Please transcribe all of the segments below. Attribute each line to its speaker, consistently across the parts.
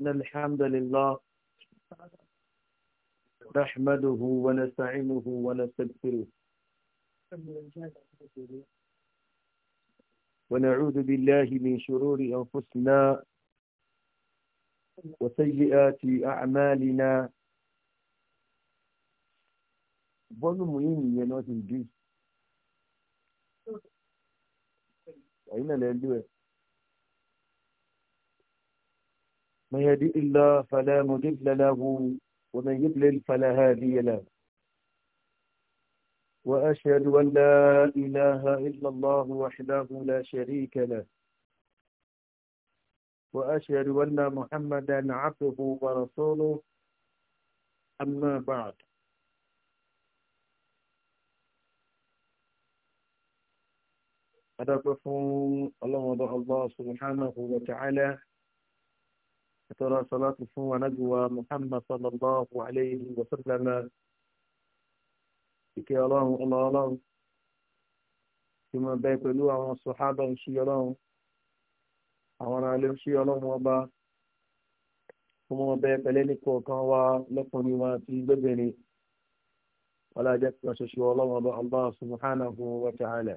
Speaker 1: إن الحمد لله نحمده ونستعينه ونستغفره ونعوذ بالله من شرور أنفسنا وسيئات أعمالنا ظلم ينوت الجزء أين الألوان من يهدئ الله فلا مضل له ومن يبلل فلا هادي له وأشهد أن لا إله إلا الله وحده لا شريك له وأشهد أن محمدا عبده ورسوله أما بعد adápẹ́ fún ọlọ́run ọba Allah subhanahu wa ta'ala àtọ́rọ salatu fún anájúwa Muhammad sallallahu alayhi wa sallam ìkẹ́ ọlọ́run ọlọ́run tí mo bẹ pẹ̀lú àwọn sọ̀hábà ń ṣí ọlọ́run àwọn ará ilé ń ṣí ọlọ́run ọba tí mo bẹ pẹ̀lẹ́ ní kọ̀ọ̀kan wa lọ́kùnrin wa ti gbẹ́bẹ̀rẹ̀ wọ́n lájẹ́ pẹ̀lú ọlọ́run ọba Allah subhanahu wa ta'ala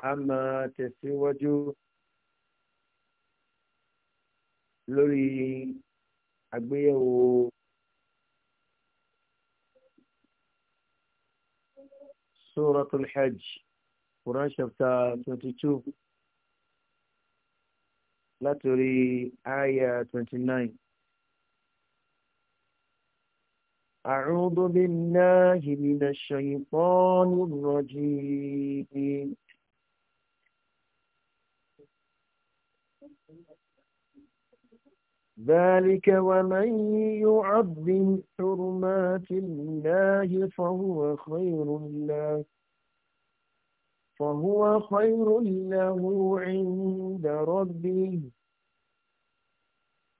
Speaker 1: a máa tẹ̀síwájú lórí àgbéyẹ̀wò Suratul Hajj, Quran chapter 22, látòrí àyà 29. أعوذ بالله من الشيطان الرجيم ذلك ومن يعظم حرمات الله فهو خير له فهو خير له عند ربه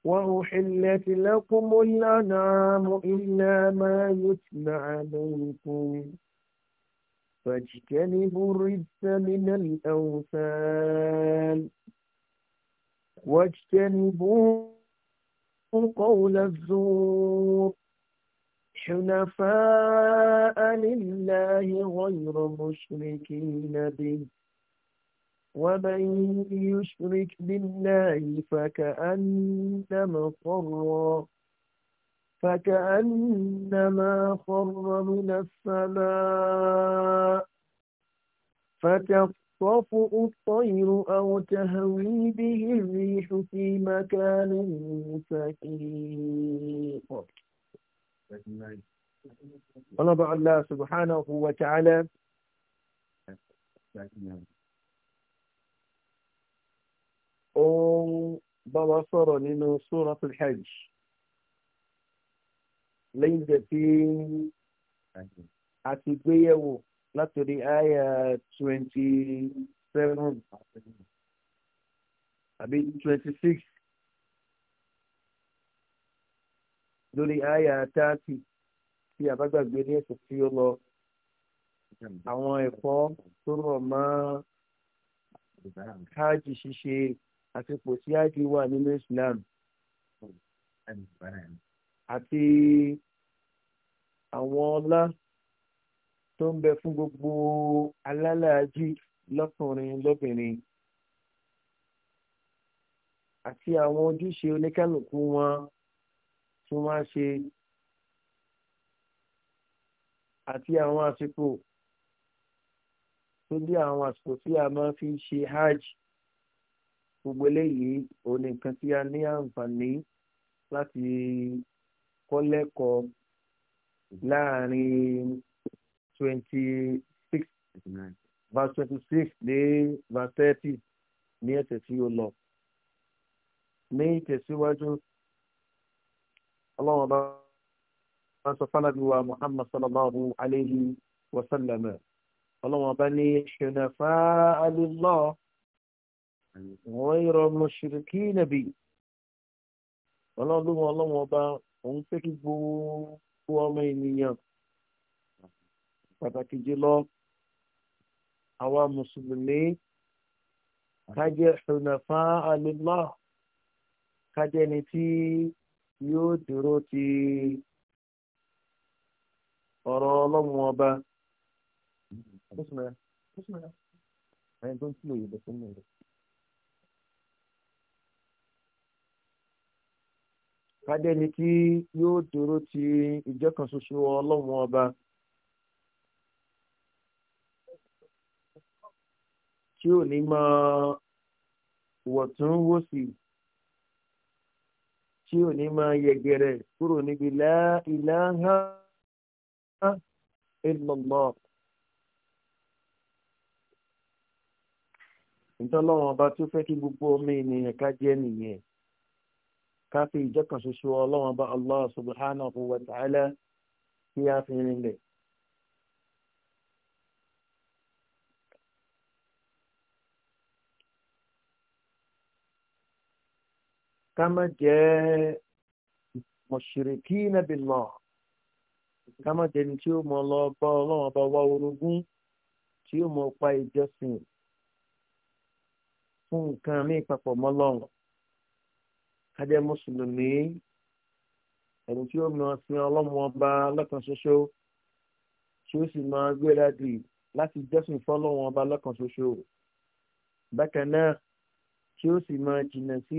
Speaker 1: وأحلت لكم الأنعام إلا ما يتلى عليكم فاجتنبوا الرجس من الأوثان واجتنبوا قول الزور حنفاء لله غير مشركين به ومن يشرك بالله فكأنما خر فكأنما خر من السماء فتق تصرفه الطير أو تهوي به الريح في مكان سحيق ونضع الله سبحانه وتعالى أو ببصر من سورة الحج ليس في àti látòrí àyà twenty seven àbí twenty six lórí àyà thirty tí a bá gbàgbé ní ẹ̀sùn tí ó lọ àwọn ẹ̀kọ́ tó rọ̀ mọ́ hajj ṣíṣe àti pò sí hajj wà nínú Islam àti àwọn ọlá tó ń bẹ fún gbogbo alálàájì lọ́kùnrin lóbìnrin àti àwọn ojúṣe oníkálukú wọn tí wọ́n á ṣe àti àwọn àsìkò tó jẹ́ àwọn àsìkò tí a máa fi ṣe hajj gbogbo eléyìí òun nìkan tí a ní àǹfààní láti kọ́ lẹ́kọ̀ọ́ láàrin twenty six verse twenty six dé verse thirty ní ẹsẹ̀ tí ó lọ ní ìtẹ̀síwájú ọlọ́run bá wọ́n sọ fánàbí wa muhammad sallallahu alayhi wa sallam ọlọ́run bá ní ṣùnàfà alùlọ́ wọ́n yọrọ mọ̀ṣirikí nàbí ọlọ́run ló wọn ọba òun fẹ́ kí gbogbo ọmọ ènìyàn pàtàkì jùlọ àwa mùsùlùmí kájẹ́ ṣùnàfà àlùmá kájẹ́ ni tí yóò dúró ti ọ̀rọ̀ ọlọ́run ọba. Ẹni tó ń kí òyìnbó tí yóò dúró ti ìjọ kan ọba. tí ò ní mọ wọ̀túnwòsì tí ò ní mọ yẹgẹrẹ kúrò níbi la ilaha illallah. ìtọ́lọ́wọ́n ọba tó fẹ́ kí gbogbo ọmọ ènìyàn ká jẹ́ nìyẹn ká fi ìjọ ṣoṣo ọlọ́wọ́n ọba Allah subhanahu wa ta'ala kí á fi rinlẹ̀. كما جاء jẹ́ mushrikina billah ká má jẹ́ ni tí ó mọ lọ bá كامي ọba wá orogún tí ó mọ pa ìjọsìn fún nǹkan mí papọ̀ mọ́ lọ́run ká jẹ́ mùsùlùmí ẹni tí ó mọ sin ọlọ́run ọba lọ́kan tí ó sì máa gbéra dì láti jọ́sìn fọ́lọ́run ọba lọ́kan bákan náà kí ó sì máa jìnnà sí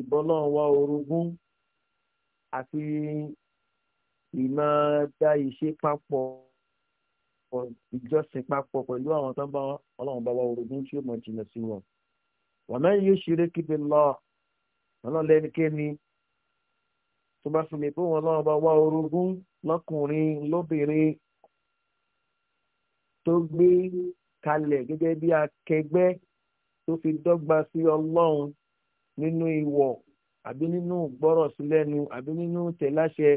Speaker 1: ìbọ́lọ́wọ́ orogún àti ìmọ̀ dá iṣẹ́ papọ̀ ìjọsìn papọ̀ pẹ̀lú àwọn tó ń bá ọlọ́run bá wá orogún tí ó máa jìnnà sí wọn. wọ́n máa ń yí ṣeré kíbi lọ ọlọ́lẹ́nikẹ́ni tó bá fi lè pé wọn lọ́wọ́ bá wá orogún lọ́kùnrin lóbìnrin tó gbé kalẹ̀ gẹ́gẹ́ bí akẹgbẹ́ tó fi dọ́gba sí ọlọ́run nínú ìwọ̀ àbí nínú gbọ́rọ̀ sí àbí nínú tẹ̀láṣẹ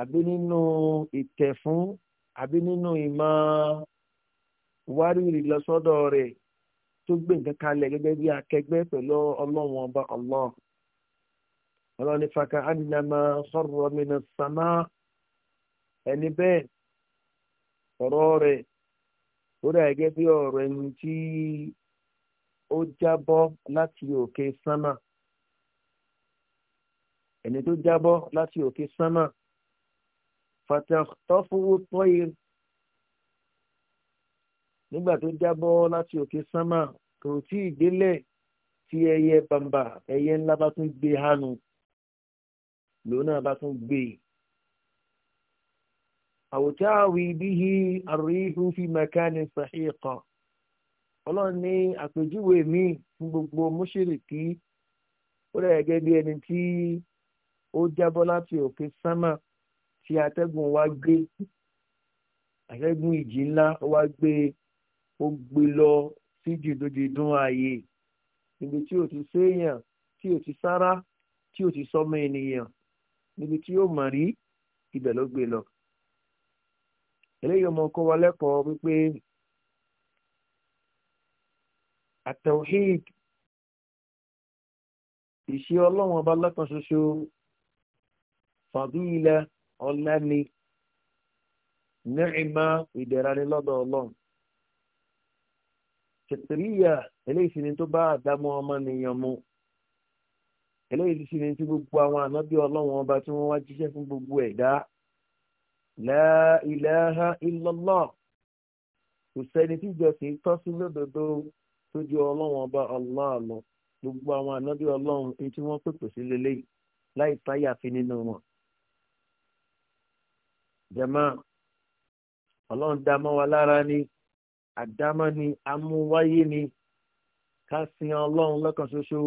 Speaker 1: àbí nínú ìtẹ̀fún àbí nínú ìmọ̀ wárìrì lọ́sọ́dọ̀ rẹ̀ tó gbé nǹkan kalẹ̀ gẹ́gẹ́ bí akẹgbẹ́ pẹ̀lú ọlọ́run ọba ẹni bẹ́ẹ̀ ọ̀rọ̀ rẹ̀ ó dà ó jábọ́ láti òkè sánmà ẹni tó jábọ́ láti òkè sánmà fàtàtọ́fowó tọ́yìn nígbà tó jábọ́ láti òkè sánmà kò tí ì délẹ̀ tí ẹyẹ bàmbà ẹyẹ ńlá bá tún gbé hánu lòun náà bá tún gbé e àwòtáwì bíi àríhùn fi mẹ́kánì sàhíkan ọlọ́run ní àpèjúwe mi fún gbogbo mùṣírìkí ó rẹ̀ gẹ́gẹ́ bí ẹni tí ó jábọ́ láti òkè sámà tí atẹ́gùn wá gbé atẹ́gùn ìjì ńlá wá gbé ó gbé lọ sí jìdójìdún ààyè níbi tí ò ti séèyàn tí ò ti sára tí ò ti sọmọ ènìyàn níbi tí ó mọ̀ rí ibẹ̀ ló gbé
Speaker 2: lọ. eléyìí ọmọ kọ́ wa lẹ́kọ̀ọ́ wípé àtẹ̀wéhìd
Speaker 1: ìṣe ọlọ́run ọba lọ́kan ṣoṣo fàdúilẹ̀ ọ̀lẹ́ni nẹ́ẹ̀mà ìdẹ̀rani lọ́dọ̀ ọlọ́run kẹtìríyà eléyìí sì ni tó bá àdámọ́ ọmọnìyàn mu eléyìí sì ni tí gbogbo àwọn ànábì ọlọ́run ọba tí wọ́n wá jíṣẹ́ fún gbogbo ẹ̀dá la ilaha kò sẹ́ni tíjọ kì í tọ́ sí lódodo tó ju ọlọ́run ọba allah lọ gbogbo àwọn ànábì ọlọ́run èyí tí wọ́n pèpè sí lélẹ́yìí láì táyà fi nínú wọn. jẹ̀mọ́ ọlọ́run dá mọ́ wa lára ni àdámọ́ ni amúwáyé ni ká sin ọlọ́run lọ́kàn ṣoṣo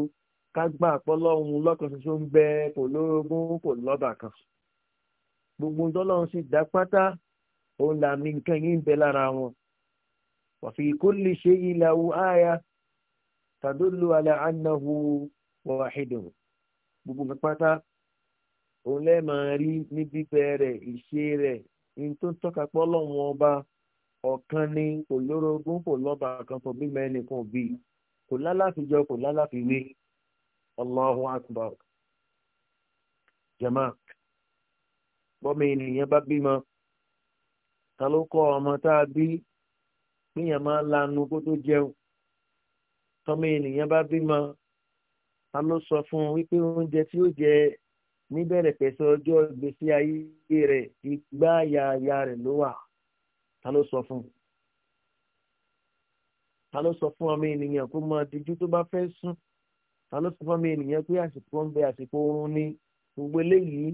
Speaker 1: ká gbà pọ́lọ́run lọ́kàn ṣoṣo ń bẹ kò lórogún kò lọ́bà kan. gbogbo ń sì dá pátá òun làmì nǹkan yìí ń bẹ lára wọn. وفي كل شيء له آية تدل على أنه واحد gbogbo nǹkan pátá òun lẹ́ẹ̀ máa rí ní bíbẹ̀ rẹ̀ ìṣe rẹ̀ ní tó ń tọ́ka pé ọlọ́run ọba ọ̀kan ni kò lórogún kò lọ́ba kan kò bímọ ẹnìkan bí kò lálàfijọ́ kò lálàfiwé Allahu akbar jama bọ́mi ènìyàn bá bímọ ta ló kọ́ ọmọ tá a bí níyàn máa lanu kó tó jẹun tọmọ ènìyàn bá bímọ ta ló sọ fún un wípé oúnjẹ tí ó jẹ níbẹ̀rẹ̀ pẹ̀sẹ̀ ọjọ́ ìgbésí ayé rẹ̀ ìgbà yàyà rẹ̀ ló wà ta ló sọ fún ta ló sọ fún ọmọ ènìyàn kó mọ díjú tó bá fẹ́ sùn ta ló sọ fún ọmọ ènìyàn pé àsìkò ń bẹ àsìkò oorun ni gbogbo eléyìí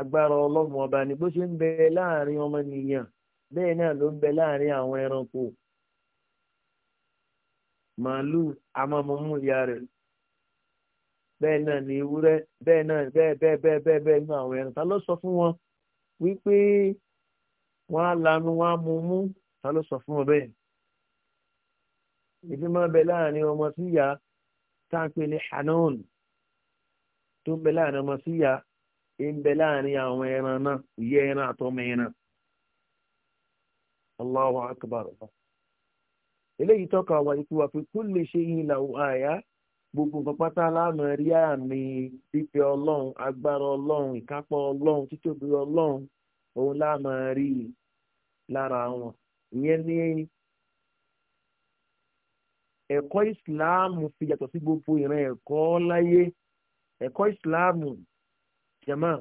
Speaker 1: agbára ọlọ́run ọba ni bó ṣe ń bẹ láàrin ọmọ ènìyàn bẹ́ẹ̀ náà ló ń bẹ láàrin àwọn ẹranko màálù ama ìyá rẹ̀ bẹ́ẹ̀ náà ni ewúrẹ́ bẹ́ẹ̀ náà bẹ́ẹ̀ bẹ́ẹ̀ bẹ́ẹ̀ bẹ́ẹ̀ bẹ́ẹ̀ nínú àwọn ẹran ta ló sọ fún wọn wípé wọ́n á lanu á mú ta ló sọ fún wọn bẹ́ẹ̀. ìdí máa bẹ láàrin ọmọ síyá tá pè ní hanon tó ń bẹ láàrin ọmọ ń bẹ láàrin àwọn ẹran náà ìyá ẹran àtọmọ akbar. eléyìí tọ́ka wà ní kí wà fi kú lè ṣe yìí làwọn àyà gbogbo nǹkan pátá láàmú rí àmì fífẹ́ ọlọ́run agbára ọlọ́run ìkápọ̀ ọlọ́run títóbi ọlọ́run òun láàmú rí lára wọn ìyẹn ní ẹ̀kọ́ ìsìláàmù fi yàtọ̀ sí gbogbo ìran ẹ̀kọ́ láyé ẹ̀kọ́ ìsìláàmù jẹ̀mọ́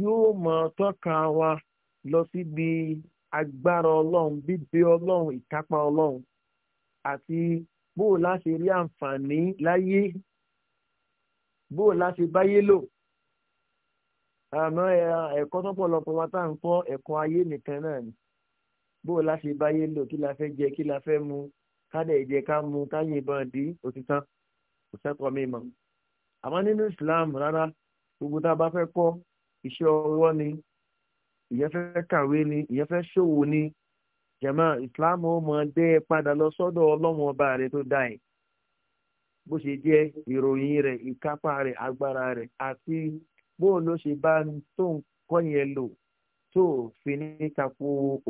Speaker 1: yóò mọ̀ tọ́ka wa lọ síbi agbára ọlọ́run bíbẹ ọlọ́run ìkápá ọlọ́run àti bó o láṣẹ rí àǹfààní láyé bó o láṣẹ báyé lò àmọ́ ẹ̀kọ́ tọ́pọ̀lọpọ̀ wa tá à ń kọ́ ẹ̀kọ́ ayé nìkan náà ni bó o láṣẹ báyé lò kí la fẹ́ jẹ kí la fẹ́ mu kádẹ ìjẹ ká mu ká yìnbọn dí òtítàn kò sẹ́kọ̀ọ́ mi mọ́ àmọ́ nínú Islam rárá gbogbo tá a bá fẹ́ kọ́ iṣẹ́ ọwọ́ ni ìyẹn fẹ́ kàwé ni ìyẹn fẹ́ ṣòwò ni jẹ̀mọ́ islam ọmọ gbé padà lọ sọ́dọ̀ ọlọ́run ọba rẹ tó dá ẹ̀ bó ṣe jẹ́ ìròyìn rẹ̀ ìkápá rẹ̀ agbára rẹ̀ àti bó ló ṣe bá tó yẹn lò tó fi ní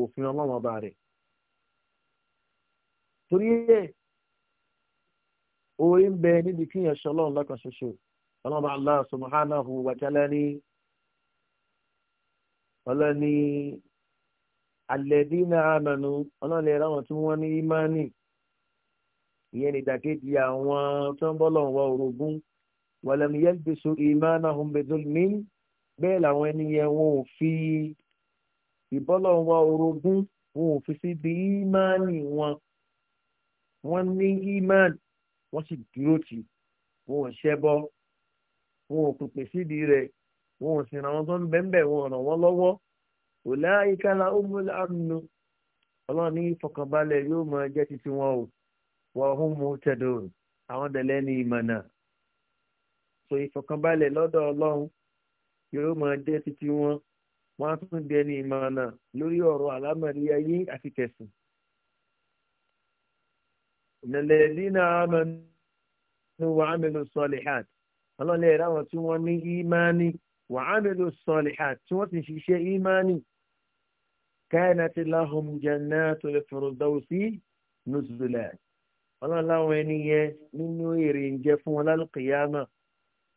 Speaker 1: òfin ọlọ́run ọba rẹ̀ torí ẹ̀ orí ń bẹ níbi kíyàn ṣọlọ́run lọ́kàn ọlọ́ni alẹ́dínà àmànù ọlọ́ni ẹ̀rọ àwọn tí wọ́n ní ìmánì ìyẹn nìdàkejì àwọn tó ń bọ́ lọ́wọ́ orogún wàlẹ́mi yẹ́lbẹ̀sọ ìmánà ọ̀húnbẹ̀dọ́lmí bẹ́ẹ̀ làwọn ẹni yẹn wọn ò fi ìbọ́lọ́wọ́ orogún wọn ò fi síbi ìmánì wọn wọ́n ní ìmánì wọ́n sì dúró tì wọ́n ò ṣẹbọ wọn ò pèpè síbi rẹ̀ wọn ò sì ràn wọn tó ń bẹ́ńbẹ́ wọn ràn wọn lọ́wọ́ kò láyìíká la ó mú láàánú ọlọ́run ní ìfọkànbalẹ̀ yóò máa jẹ́ títí wọn o mú àwọn ní so ìfọkànbalẹ̀ lọ́dọ̀ ọlọ́run yóò máa jẹ́ títí wọn wọn tún dẹni ìmọ̀nà lórí ọ̀rọ̀ àlámọ̀rí ayé àti tẹ̀sìn. ìnàlẹ́dínà àmọ́ ní wàhámẹ́lú hàn tí wọ́n wà á mélòó sọ̀lìhà tí wọ́n ti ṣiṣẹ́ ìmánì káyánátì láhùn jẹ́nà tó lè fọ̀rọ̀ dáwọ́ sí nùsùlẹ̀ ọlọ́run láwọn ẹni yẹn nínú èrè ń jẹ́ fún wọn lálùkìyàmà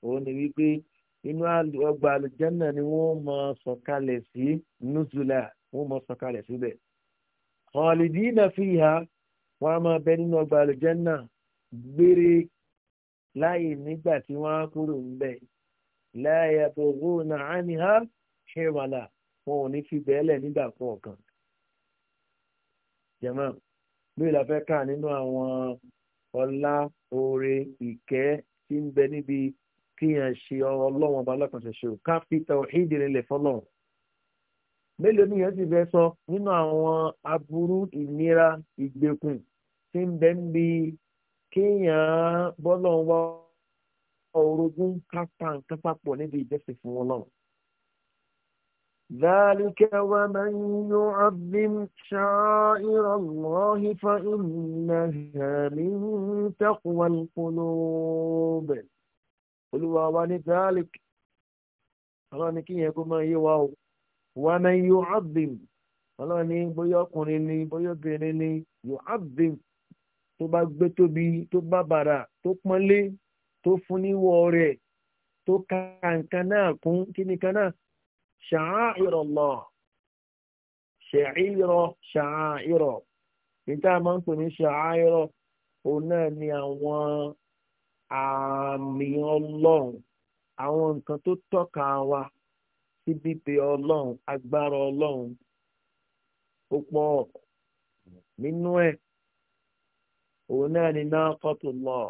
Speaker 1: òun ni wípé inú ọgbà àlùjẹ́nà ni wọ́n máa sọ̀kalẹ̀ sí nùsùlẹ̀ wọ́n máa sọ̀kalẹ̀ síbẹ̀ khalidina fiha wọ́n á máa bẹ nínú ọgbà àlùjẹ́nà gbére láì nígbà tí wọ́n á kúrò níbẹ̀ láyà tó gbóná àníhà ṣèwàlà wọn ò ní fi bẹ́ẹ̀lẹ̀ nígbà kọ̀ọ̀kan. jẹ̀mọ́ bí la fẹ́ kà nínú àwọn ọlá oore ìkẹ́ tí ń bẹ níbi kíyàn ṣe ọlọ́wọ́n ọba alákànṣẹ̀ṣe ká fi tawhid rinlẹ̀ fọlọ́run mélòó nìyẹn ti fẹ́ sọ nínú àwọn aburú ìnira ìgbèkùn tí ń bẹ ń bi kéèyàn bọ́lọ̀ orogún ká pa nǹkan papọ̀ níbi ìjọsìn fún Ọlọ́run. ذلك ومن يعظم شعائر الله فإنها من تقوى القلوب Olúwa wa ní ذلك ọlọ́run ní kí yẹn kó máa yé wa o wa man yu'azzim ọlọ́run ní bóyá ọkùnrin ni bóyá obìnrin ni yu'azzim tó bá gbé tóbi tó bá bàrà tó pọ́nlé tó fún níwọ̀ rẹ̀ tó ka nǹkan náà kún kí ni kan náà sha'airallah sha'airọ sha'airọ níta máa ń pè ní sha'airọ òun náà ni àwọn àmì ọlọ́run àwọn nǹkan tó tọ́ka wa sí bíbẹ ọlọ́run agbára ọlọ́run ó pọ̀ nínú ẹ̀ òun náà ni náà kọ́tù lọ́ọ̀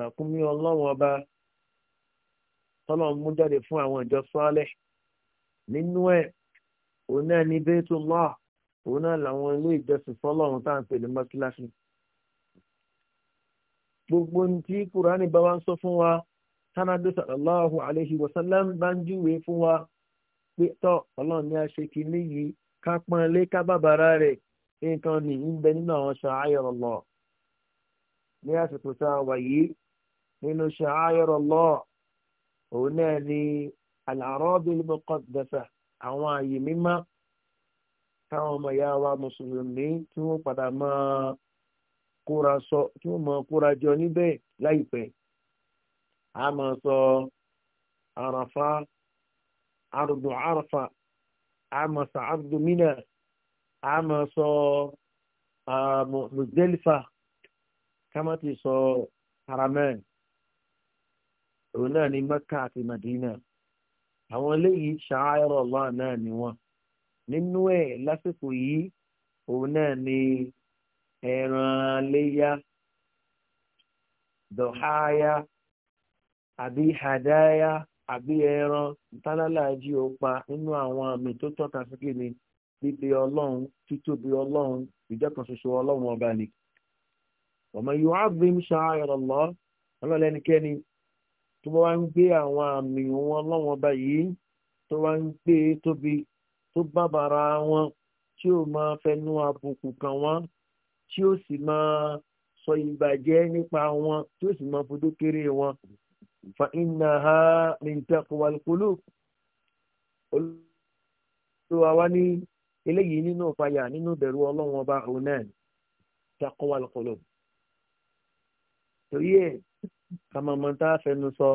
Speaker 1: ràkúnmí ọlọ́run ọba tọ́lọ́run mú jáde fún àwọn ìjọ sọ́ọ́lẹ̀ nínú ẹ̀ òun náà ní Baitullah òun náà làwọn ilé ìjọsìn fọ́lọ́run tá à ń pè ní mọ́síláṣí gbogbo ní tí kùránì bá wá ń sọ fún wa tánádé sallallahu alayhi wa bá ń júwe fún wa pé tọ́ ọlọ́run ní aṣèkí níyì ká pọ́n lé ká bàbára rẹ̀ nǹkan ní ń bẹ nínú àwọn ṣàáyọ̀ lọ ní àsìkò tá a wà yìí nínú sha'airallah òun náà ni al-aradil muqaddasah àwọn àyè mímọ́ táwọn ọmọ ìyá wa mùsùlùmí tí wọ́n padà máa kóra sọ tí wọ́n máa kóra jọ níbẹ̀ láìpẹ́ a máa sọ àràfà àrùdù àràfà a máa sọ àrùdù mínà a máa sọ ah, Muzdalifa ká ti sọ haramẹ́ẹ̀. òun náà ni mẹ́kà àti madina àwọn eléyìí ṣàárọ̀ Allah náà ni wọ́n nínú ẹ̀ lásìkò yìí òun náà ni ẹran léyà dọ̀háyà àbí hàdáyà àbí ẹran ó pa nínú àwọn àmì tó tọ́ka sí kí ni bíbi ọlọ́run títóbi ọlọ́run ìjọkan ọlọ́run ọba ni. ọmọ tó bá wá ń gbé àwọn àmì wọn lọ́wọ́n báyìí tó wá ń gbé tóbi tó bàbàrà wọn tí ó máa fẹnu àbùkù kàn wọn tí ó sì máa sọ ìbàjẹ́ nípa wọn tí ó sì máa fojú kéré wọn fa inna ha min taqwal qulub olùwà wa ní eléyìí nínú ìpayà nínú ìbẹ̀rù ọlọ́wọ́n ọba onan taqwal qulub torí ẹ̀ kàmọ̀mọ́ tá a fẹnu sọ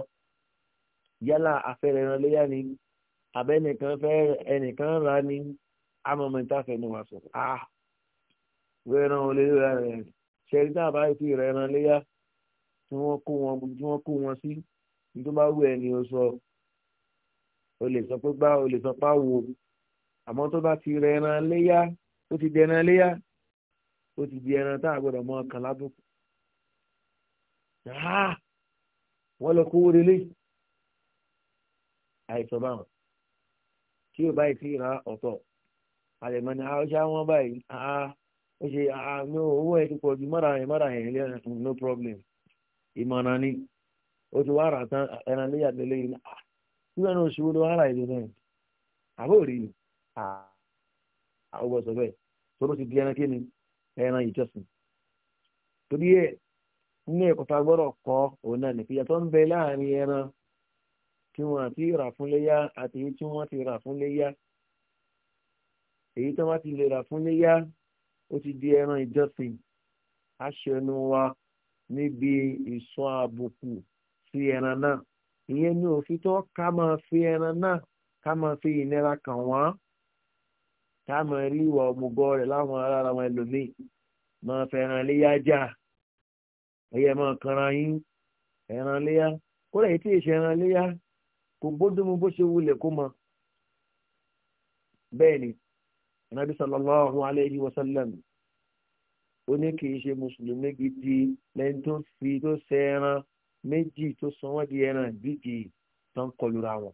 Speaker 1: yálà afẹ́rẹ́ ẹran léyà ni abẹ́nìkan fẹ́ ẹnìkan rà ni àmọ̀mọ́ tá a fẹnu wà sọ ah wẹ́ẹ̀ràn olóyè rẹ̀ ṣẹ́rí tá a bá fi rẹ̀ ẹran léyà tí wọ́n kó wọn tí wọ́n kó wọn sí ní bá wù ẹ́ ni o sọ o lè sọ pé gbá o lè sọ pá wo àmọ́ tó bá ti rẹ̀ ẹran léyà ó ti di ẹran léyà ó ti di ẹran tá a gbọ́dọ̀ mọ ọkàn lábùkù Ah, wọ́n lọ kówó relé àìsàn báwọn tí ò báyìí sí ra ọ̀tọ̀ àlẹ̀mọ́ ni àṣà ah, wọn báyìí ah, ó ṣe àánú owó ẹ̀ ti pọ̀ ju mọ́ra ẹ̀ mọ́ra ẹ̀ ilé no problem ìmọ̀ràn ni ó ti wá rà tán ẹran léyà tẹ́lẹ̀ yìí nígbà náà oṣù wo ló wá rà ìlú náà àbóòrí ni àwọn ọgbọ̀n sọ bẹ́ẹ̀ tó ló ti di ẹran kí ni ẹran ìjọsìn torí ẹ̀ ní ẹ̀kọ́ tá a gbọ́dọ̀ kọ́ òun náà nìkíyà tó ń bẹ láàrin ẹran tí wọ́n àti rà fún léyà àti èyí tí wọ́n ti rà fún léyà èyí tí wọ́n ti lè rà fún léyà ó ti di ẹran ìjọsìn aṣẹnu wa níbi ìsọ àbùkù sí ẹran náà ìyẹn ní òfin tó ká máa fi ẹran náà ká máa fi ìnira kàn wọ́n ká máa rí ìwà ọmọgọ́ rẹ̀ láwọn ará àwọn ẹlòmíì máa fẹ́ràn léyà jà ẹyẹ máa kanra yín ẹran léyà kódà yìí tí ìṣe ẹran léyà kò bójú mu bó ṣe wulẹ̀ kó mọ. bẹ́ẹ̀ ni anabi sallallahu alayhi wa sallam ó ní kì í ṣe mùsùlùmí gidi lẹ́yìn tó fi tó ṣe ẹran méjì tó san wọ́n di ẹran ìdíje tó ń kọlura wọn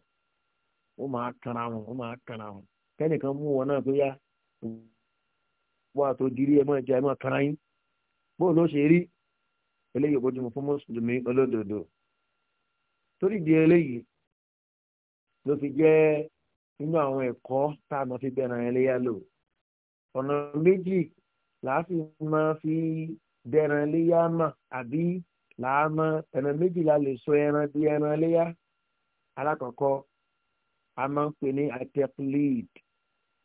Speaker 1: ó máa kanra wọn ó máa kanra wọn kẹ́nìkan mú wọn náà tó yá wọ́n àtòjírí ẹ̀ máa jẹ́ ẹ̀ máa kanra yín bó ló ṣe rí eléyìí bójúmu fún mùsùlùmí olódodo torí di eléyìí ló fi jẹ́ nínú àwọn ẹ̀kọ́ tá a máa fi bẹ̀rẹ̀ ẹlẹ́yà lò ọ̀nà méjì làá fi máa fi dẹ̀rẹ̀ ẹlẹ́yà mà àbí làá mọ méjì la lè sọ ẹran di ẹran ẹlẹ́yà alákọ̀ọ́kọ́ a máa ń pè ní atẹ́kùlíìdì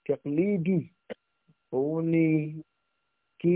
Speaker 1: tẹ̀kùlíìdì òun ni kí.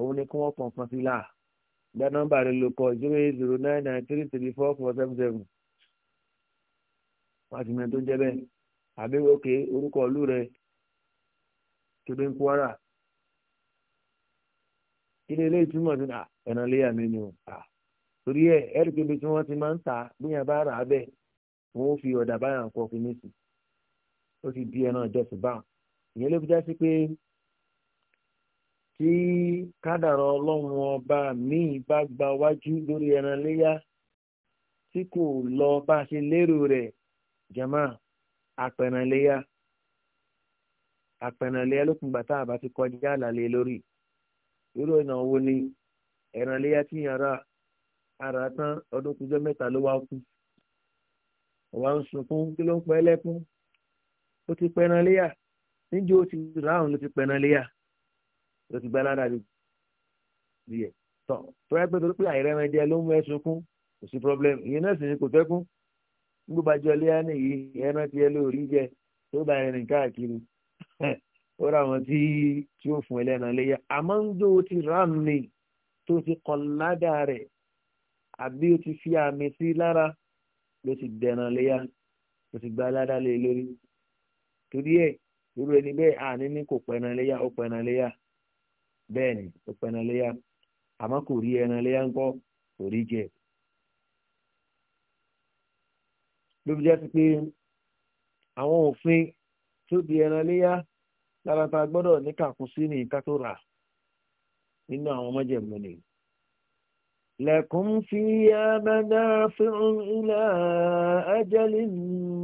Speaker 1: òun ni kí wọ́n pọ̀ kan sí là gba nọ́mbà rẹ̀ ló kọ zero eight zero nine nine three three four four seven seven wọ́n ti mẹ́ tó ń jẹ́ bẹ́ẹ̀ àbí òkè orúkọ ìlú rẹ̀ kébé ń kwara kí ni eléyìí túmọ̀ sí ẹ̀nà léyà mi ni o torí ẹ̀ ẹ̀rí kébi tí wọ́n ti máa ń ta bóyá bá rà á bẹ́ẹ̀ wọ́n fi ọ̀dà báyà ń kọ́ fi mí sí ó ti di ẹran ìjọsìn báwọn ìyẹn ló fi já sí pé tí kádàrá ọlọ́run ọba míì bá gba wájú lórí ẹran léyà tí kò lọ bá a ṣe lérò rẹ̀ jama àpẹ̀rànléyà àpẹ̀rànléyà ló kún gbàtà àbá ti kọjá àlàlé lórí irú ìnáwó ni ẹ̀rànléyà tí yàrá ara tán ọdún kújọ́ mẹ́ta ló wá kú ọ̀wá ń sunkún kí ló ń pẹ́ lẹ́kún ó ti pẹ̀rànléyà níjó ti ráhùn ló ti pẹ̀rànléyà ló ti gbá ládàá bí yẹ tọ tó yẹ pé torí pé àìrẹ́rẹ́ jẹ ló mú ẹ sunkún kò sí problem ìyẹn náà sì ni kò tẹ́kún nígbà bá jọ léyà nìyí ẹran tiẹ̀ lórí jẹ tó bá rìn káàkiri ó rà wọn tí tí ó fún ẹlẹ́nà léyà àmọ́ ń dó ti ram ni tó ti kọ́ ládàá rẹ̀ àbí ó ti fi àmì sí lára ló ti dẹ̀ràn léyà ló ti gba ládàá lé e lórí torí ẹ̀ irú ẹni bẹ́ẹ̀ àní ní kò pẹ̀ràn léyà ó pẹ̀ràn léyà bẹ́ẹ̀ ni ó pẹ́ ẹran léyà àmọ́ kò rí ẹran léyà ńkọ́ kò rí jẹ. ló fi jẹ́ sí pé àwọn òfin tó di ẹran léyà lára tá gbọ́dọ̀ ní kàkún ní ìka tó rà nínú àwọn májẹ̀mú ni. لكم فيها منافع إلى أجل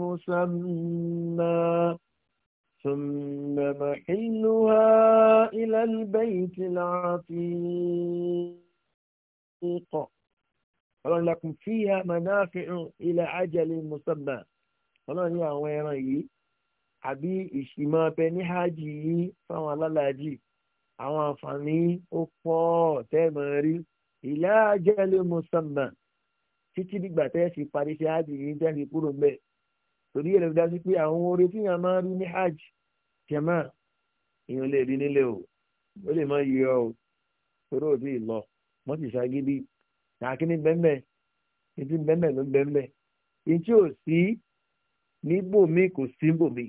Speaker 1: مسمى ثم محلها إلى البيت العتيق ọlọ́run lakum fiha manafi'u ila ajalin musamma ọlọ́run ní àwọn ẹran yìí àbí ìṣìmọ̀ abẹ ní hajj yìí fáwọn alálàájì àwọn àǹfààní ó pọ̀ tẹ́ẹ̀mọ̀ rí ila ajalin musamma títí dìgbà tẹ́ẹ̀ fi parí sí hajj yìí jáde kúrò mbẹ́ẹ̀. torí ẹ̀ ló dá sí pé àwọn oore tí yàn máa rí ní hajj jẹ̀má èèyàn lè rí nílé o ó lè máa yọ o torí òbí lọ wọ́n ti ṣàgídí àkíní bẹ́ẹ̀mẹ̀ ètí bẹ́ẹ̀mẹ̀ ló bẹ́ẹ̀mẹ̀ ìtí ò sí níbòmí kò sí bòmí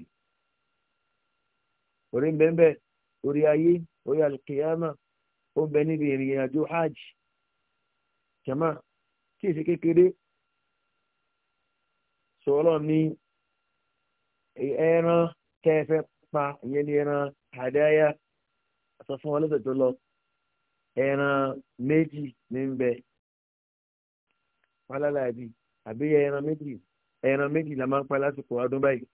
Speaker 1: orí bẹ́ẹ̀mẹ̀ orí ayé orí alkiyama ó bẹ níbi ìrìn àjò hajj jẹ̀má kí èsì kékeré ẹran tẹ́ ẹ fẹ́ pa ìyẹn ní ẹran àdáyà sọ fún wọn lọ́sẹ̀ tó lọ ẹran méjì ní ń bẹ pálálàbí àbí ẹran méjì ẹran méjì la máa ń pa lásìkò ọdún báyìí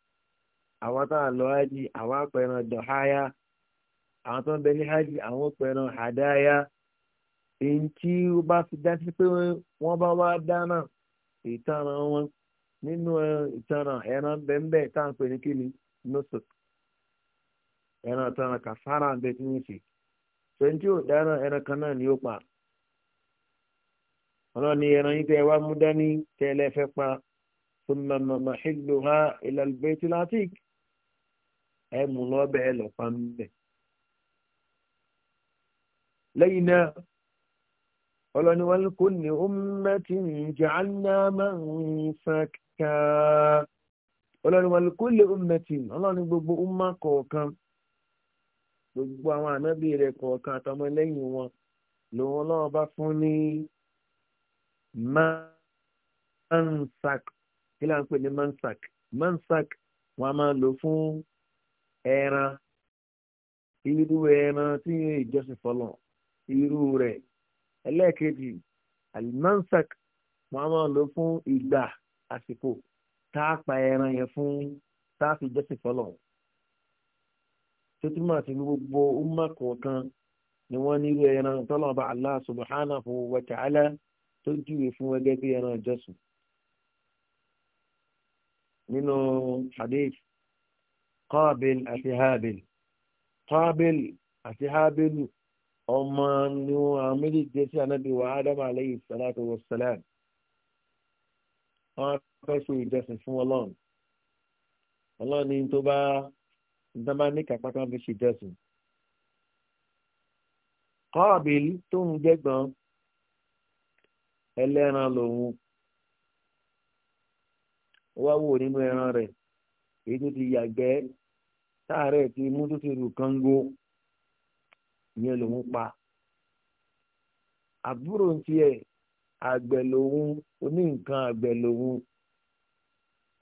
Speaker 1: àwọn tó ń lọ hajj àwọn apẹran dọ̀háyà àwọn tó ń bẹ ní hajj àwọn apẹran àdáyà èyí tí ó bá fi dá sí pé wọ́n bá wá dáná ìtàn wọn nínú eh, ìtanràn ẹran bẹ́ẹ̀ tá à ń pè ní kíni nọ́sọ̀ ẹran ìtanràn kàfàrà ń bẹ tí wọ́n ṣe ṣẹ́ni tí ò dáràn ẹran kan náà ni ó pa ọlọ́run ni ẹran yìí tẹ́ ẹ wá mú dání tẹ́ ẹ pa sọ́nà màmá ṣílò ha ìlàlùbẹ́ látìk ẹ mú lọ́bẹ̀ ẹ ń bẹ̀ lẹ́yìn náà ọlọ́ni wọn kò ní ọmọọmọtì jàǹdà máa ń fàkà ọlọ́ni wọn kò lè ọmọọmọtì ọlọ́ni gbogbo ọmọ kọ̀ọ̀kan gbogbo àwọn ànábì rẹ̀ kọ̀ọ̀kan àtọmọ lẹ́yìn wọn lòun ọlọ́run bá fún ní mansak kí ló ń pè ní mansak mansak wọn a máa lò fún ẹran irú ẹran tí ìjọsìn fọlọ irú rẹ̀ ẹlẹ́ẹ̀kejì alimansak wọn a máa lò fún ìgbà àsìkò tá a pa ẹran yẹn fún tá a fi jẹ́sìn fọlọ́ tó túmọ̀ sí gbogbo umma kọ̀ọ̀kan ni wọ́n ní irú ẹran tọ́lọ́ba Allah subhanahu wa ta'ala tó júwe fún ẹgbẹ́ bí ẹran ìjọsìn nínú hadith qabil àti habil qabil àti habilu ọmọ ni àwọn méjèèjì jẹ́ sí anábì wa ádámù alayhi salatu wa salam wọ́n fẹ́ ṣe ìjọsìn fún ọlọ́run ọlọ́run ni tó bá tó bá ní kápá tó fi ṣe ìjọsìn. kọ́ọ̀bìlì tó ń jẹ́gbọ́n ẹlẹ́ran lòun wá wò nínú ẹran rẹ̀ èyí tó ti yàgbẹ́ táàrẹ̀ ti mú tó ti rù kángo ìyẹn lòun pa àbúrò ń tiẹ̀ àgbẹ̀ lòun oní nǹkan àgbẹ̀ lòun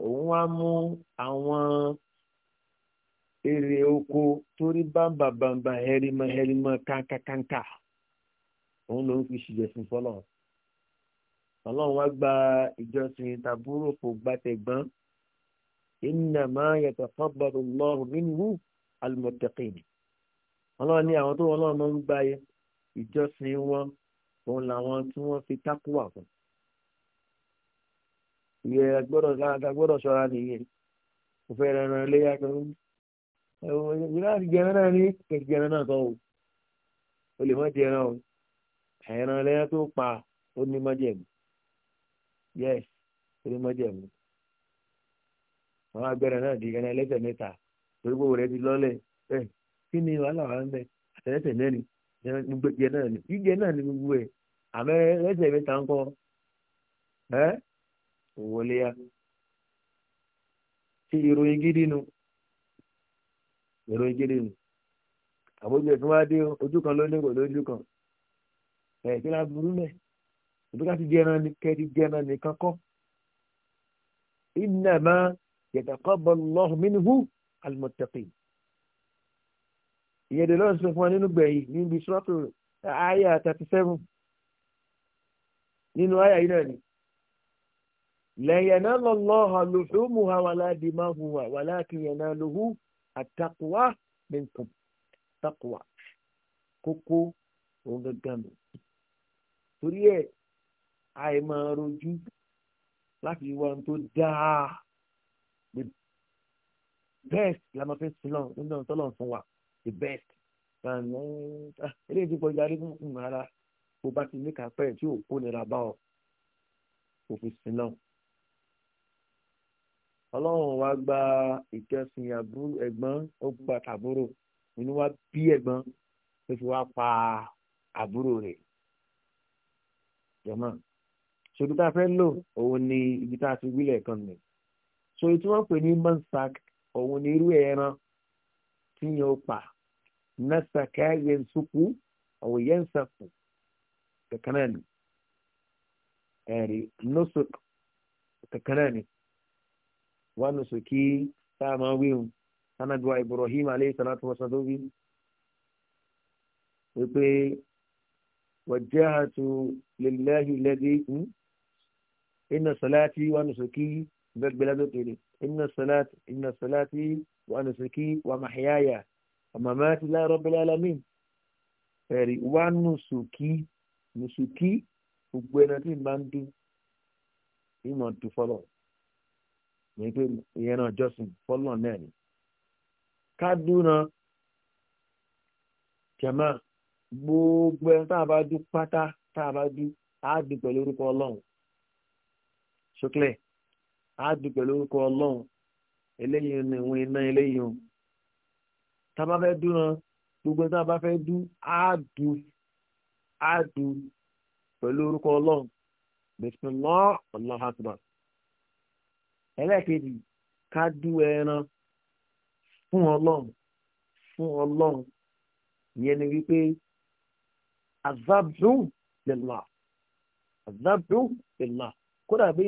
Speaker 1: òun wá mú àwọn èrè oko torí bàǹbà bàǹbà hẹrìmọ hẹrìmọ kàńkàkàńkà òun lòun fi ṣìjọsìn fọlọ Ọlọ́run wá gba ìjọsìn tàbúrò kò gbàtẹ̀gbọ́n innama yataqabbalu Allahu minhu al-muttaqin ọlọ́run ní àwọn tó wọn náà máa ń gba ìjọsìn wọn òun làwọn tí wọ́n fi tákùwà fún ìyẹ gbọ́dọ̀ láàdá gbọ́dọ̀ ṣọ́ra nìyẹn kò fẹ́ rẹran ẹlẹ́yà kan ẹ̀wọ̀n láti jẹran náà ní kẹ̀kẹ́ jẹran náà tọ́ o o lè má jẹran o ẹ̀ran ẹlẹ́yà tó pa ó ní májẹ̀mú yes ó ní májẹ̀mú àwọn agbẹ́rẹ́ náà di ẹran ẹlẹ́sẹ̀ mẹ́ta torí gbogbo rẹ ti lọ́lẹ̀ bẹ́ẹ̀ kí ni wàhálà wà ń bẹ àtẹ̀lẹ́tẹ̀ náà ni gbogbo jẹ náà ni jíjẹ náà ni gbogbo ẹ̀ àmọ́ ẹlẹ́sẹ̀ mẹ́ta ń kọ́ ẹ́ wọlé ya ṣe ìròyìn gidi nu ìròyìn gidi nu àbójú ẹ̀ tó wá dé ojú kan ló kò lójú kan ẹ̀ kí ló burú mẹ́ ìbí ká ti jẹran ni kẹ́ẹ̀dì jẹran nìkan kọ́ ìnàmá yataqabbalu Allahu minhu al-muttaqin ìyẹn dè lọ́sùn fún wa nínú gbẹ̀yìn níbi sọ́tò àyà thirty seven nínú àyà yìí náà ni lẹ́yìn náà lọ́lọ́hà lùsùmù ha wà láàdì máa hù wà wà láàkì yẹn náà lòhù àtàkùwà minkum tàkùwà kókó òun gángan mi torí ẹ àìmọ̀ rojú láti wá ohun tó dáa the la máa fẹ́ sílọ̀ nínú ọ̀tọ́lọ̀ fún wa the best and ah, eléyìí ti kọjá rí fún mi ara bó bá ti ní kápẹ́ tí ò kó nira bá ọ kò fi sin náà. ọlọ́run wa gba ìjọsìn ẹ̀gbọ́n ó gba tàbúrò inú wa bí ẹ̀gbọ́n ó fi wá pa àbúrò rẹ̀ jọ̀mọ́ ṣòbí tá a fẹ́ lò òun ni ibi tá a ti wílẹ̀ kan nì. ṣòyí tí wọ́n pè ní mansak òun ni irú ẹran tí yẹn ó pa nasaka yansuku aw yansaku kankanáà ni ẹ̀rí nusuk kankanáà ni wà nusuki tá a máa wíwù sanadua ibrahim aleyhi salatu wa sallam wípé wàjáhàtú lillahi lẹ́dí inna salati wà nusuki bẹ́ẹ̀ gbẹ́lẹ́ lókèrè inna salati inna salati wà nusuki wà mahiyaya àmàmáàtì láìrọ́bẹ̀lẹ̀ alámìn ẹ̀rí wá nùsùkí nùsùkí gbogbo ẹ̀nà tí màá ń dún ìmọ̀ tó fọlọ̀ ní pé ìyẹn náà jọ́sìn fọlọ̀ náà ni ká dúnà jẹ̀mọ́ gbogbo ẹ̀ tá a bá dún pátá tá a bá dún á dún pẹ̀lú orúkọ ọlọ́run ṣókè á dún pẹ̀lú orúkọ ọlọ́run eléyìí ni ìwọ̀n iná eléyìí tá a bá fẹ́ dúran gbogbo tá a bá fẹ́ dú àdù àdù pẹ̀lú orúkọ ọlọ́run bismillah Allahu akbar ẹlẹ́ẹ̀kejì ká dú ẹran fún ọlọ́run fún ọlọ́run ìyẹn ni wípé azabdu lillah azabdu lillah kódà e, bí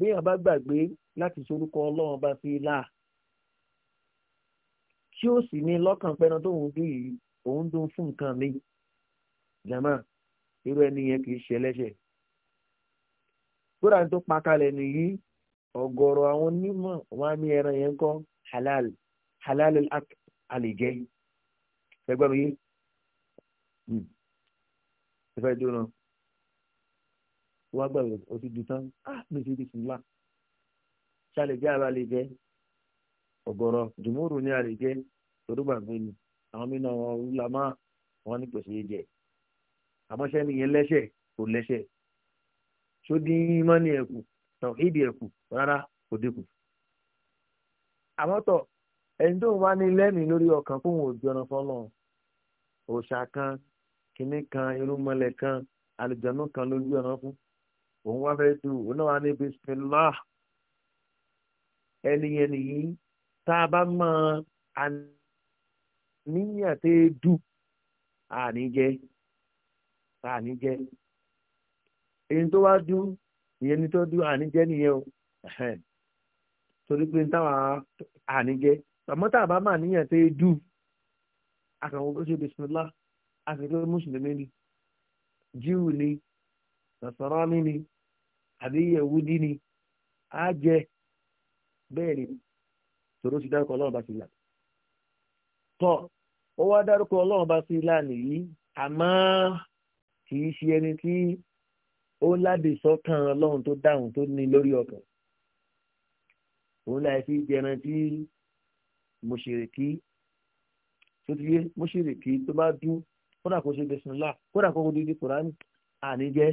Speaker 1: èèyàn bá gbàgbé láti sorúkọ ọlọ́run bá fi láà tí ó sì ní lọ́kàn pẹ́nu tó ń dún yìí òun dún fún nǹkan mi jama irú ẹni yẹn kì í ṣe ẹlẹ́ṣẹ̀ kódà tó pa kalẹ̀ nìyí ọ̀gọ̀rọ̀ àwọn onímọ̀ wọn á ní ẹran yẹn kọ́ halal halal alìjẹ́ ẹgbẹ́ mi yìí hmm. ẹ fẹ́ dúró wọ́n gbàgbé o ti dùn tán ah mi ti di fìlà ṣàlẹ̀ jẹ́ àbálẹ̀ jẹ́ ọ̀gọ̀rọ̀ jùmúrù ní àríkẹ́ torúgbàgbé ni àwọn mìíràn wọn lámà wọn ní pèsè jẹ àmọ́ṣẹ́ nìyẹn lẹsẹ kò lẹsẹ tó dín mọ́nì ẹ̀kù rárá kò dínkù. àmọ́tọ̀ ẹni tó ń wá ní lẹ́mìí ọkàn fún òun òòṣà kan kan kan àlùjọ́nù kan lójú ọ̀nà fún òun wá tu òun náà tá a bá mọ àníyàn tẹ́ dù àní jẹ́ àní jẹ́ èyí tó wá dùn ìyẹn ní tó dùn àní jẹ́ nìyẹn o torí pé táwọn àní jẹ́ àmọ́ tá a bá mọ àníyàn tẹ́ dù àkàwọn ó ṣe bisimilá àfikún mùsùlùmí ni jíù ni nasarani ni àbí yẹwudi ni á jẹ bẹ́ẹ̀ ni sọ̀rọ̀ ó ti dárúkọ ọlọ́run bá sí ilá tọ́ ó wá dárúkọ ọlọ́run bá sí ilá nìyí àmọ́ kì í ṣe ẹni tí ó ládè sọ́kàn ọlọ́run tó dáhùn tó ní lórí ọkàn òun láì fi jẹran tí mo ṣèrè kí tó ti yé mo ṣèrè kí tó bá dún kódà kó ṣe bisimilá kódà kó kó dídí kùránì àníjẹ́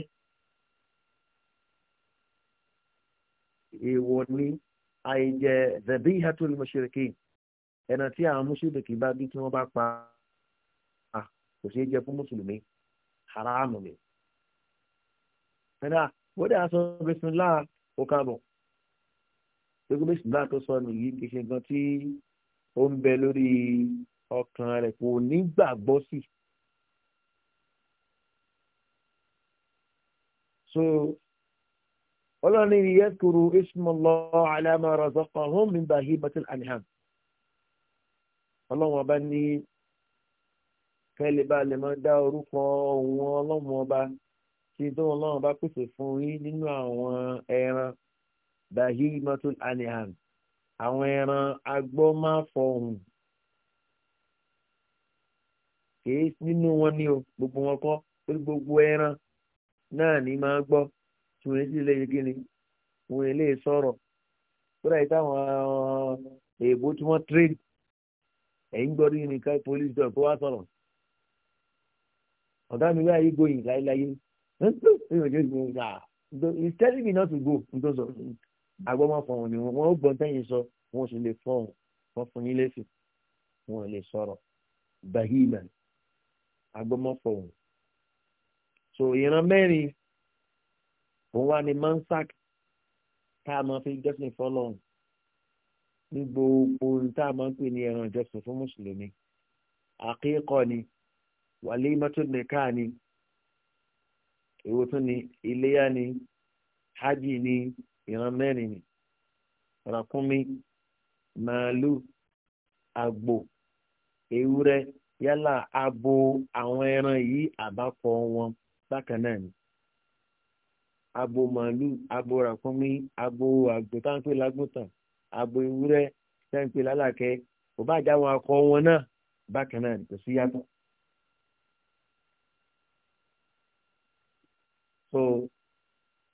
Speaker 1: èèwọ̀ ni àìjẹ zẹ̀bí ìhàtúrò mọ̀ṣẹ̀rẹ̀kì ẹ̀nà tí àwọn mọ̀ṣẹ̀rẹ̀kì bá bí tí wọ́n bá pa á kò ṣeé jẹ fún mùsùlùmí haramu ni. ẹ̀dá wọ́n dẹ̀ aṣọ bisimilá ó káàbọ̀ gbogbo bisimilá tó sọ nù yìí kì í ṣe tí ó ń bẹ lórí ọkàn rẹ̀ kò ní gbàgbọ́ sí. so ọlọ́ni yẹ́kùrù ismallah ala ma razaqahum min bahimatil an'am ọlọ́run ọba ní kẹ́lẹ́bà lè máa dá orúkọ òun ọlọ́run ọba tí tó ọlọ́run ọba pèsè fún yín nínú àwọn ẹran bahimatul an'am àwọn ẹran agbọ́máfọ̀hún kìí nínú wọn ni o gbogbo wọn kọ́ pé gbogbo ẹran náà ní máa gbọ́ ìwé tí ilé yìí kíni òun ilé sọ̀rọ̀ kódà yìí táwọn eh, èèbó tí wọ́n tírèdì ẹ̀yìn gbọ́dọ̀ yìí nìkan police dog kó wá sọ̀rọ̀ ọ̀gá mi wáyé gbóyìn láéláyé he's telling me not to go nítorí agbọ́mọ̀ fún wọn ni wọn ó gbọ́n tẹ́yìn sọ wọn sì lè fọ́ wọn fún yín lẹ́sìn wọn lè sọ̀rọ̀ bahima agbọ́mọ̀ fún wọn. so ìran mẹ́rin òun wá ní mansak tá a máa fi jọ́sìn fọ́lọ́run ní gbogbo tá a máa ń pè ní ẹran ìjọsìn fún mùsùlùmí àkíkọ ni wàlímọ́tò nìka ni èwo tún ni iléyà ni hajj ni ìran mẹ́rin ni ràkúnmí màálù àgbò ewúrẹ́ yálà abo àwọn ẹran yìí àbákọ wọn bákan náà ni abo màálù abo ràkúnmí abo àgbò tá à pè lágùntàn abo ewúrẹ́ tá à pè kò bá wọn akọ wọn náà bákan náà kò sí so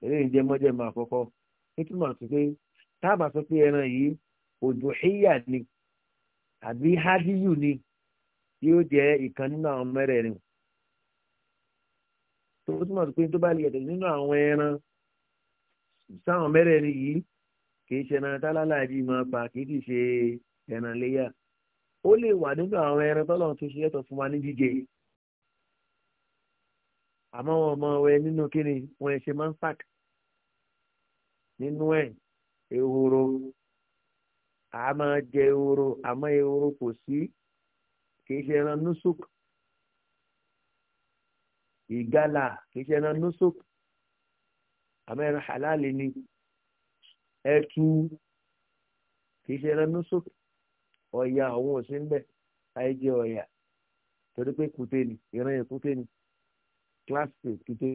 Speaker 1: eléyìí jẹ́ mọ́jẹ́mọ́ àkọ́kọ́ nítorí àti pé a sọ pé ẹran yìí òjò híyà ni àbí hádìyù ni yóò jẹ́ ìkan nínú àwọn mẹ́rẹ̀ẹ̀rin tó túmọ̀ sí pé tó bá lè yàtọ̀ nínú àwọn ẹran sáwọn mẹ́rẹ̀ẹ̀rin yìí kì í ṣe ẹran tálálàájì máa pa kì í ti ṣe ẹran léyà ó lè wà nínú àwọn ẹran tọ́lọ́run tó ṣe yẹtọ̀ fún wa ní jíjẹ àmọ́ wọn mọ ẹ nínú kíni wọn ẹ ṣe máa ń fàk nínú ẹ ehoro a jẹ ehoro àmọ́ ehoro kò sí kì í ṣe ẹran nusuk ìgalà kìí ṣe ẹran nusuk àmọ́ halali ni ẹtu kìí ṣe ẹran nusuk ọ̀yà òun ò sí ń bẹ̀ àìjẹ ọ̀yà torí pé kùté ni ìran yẹn kùté ni kíláàsì kùté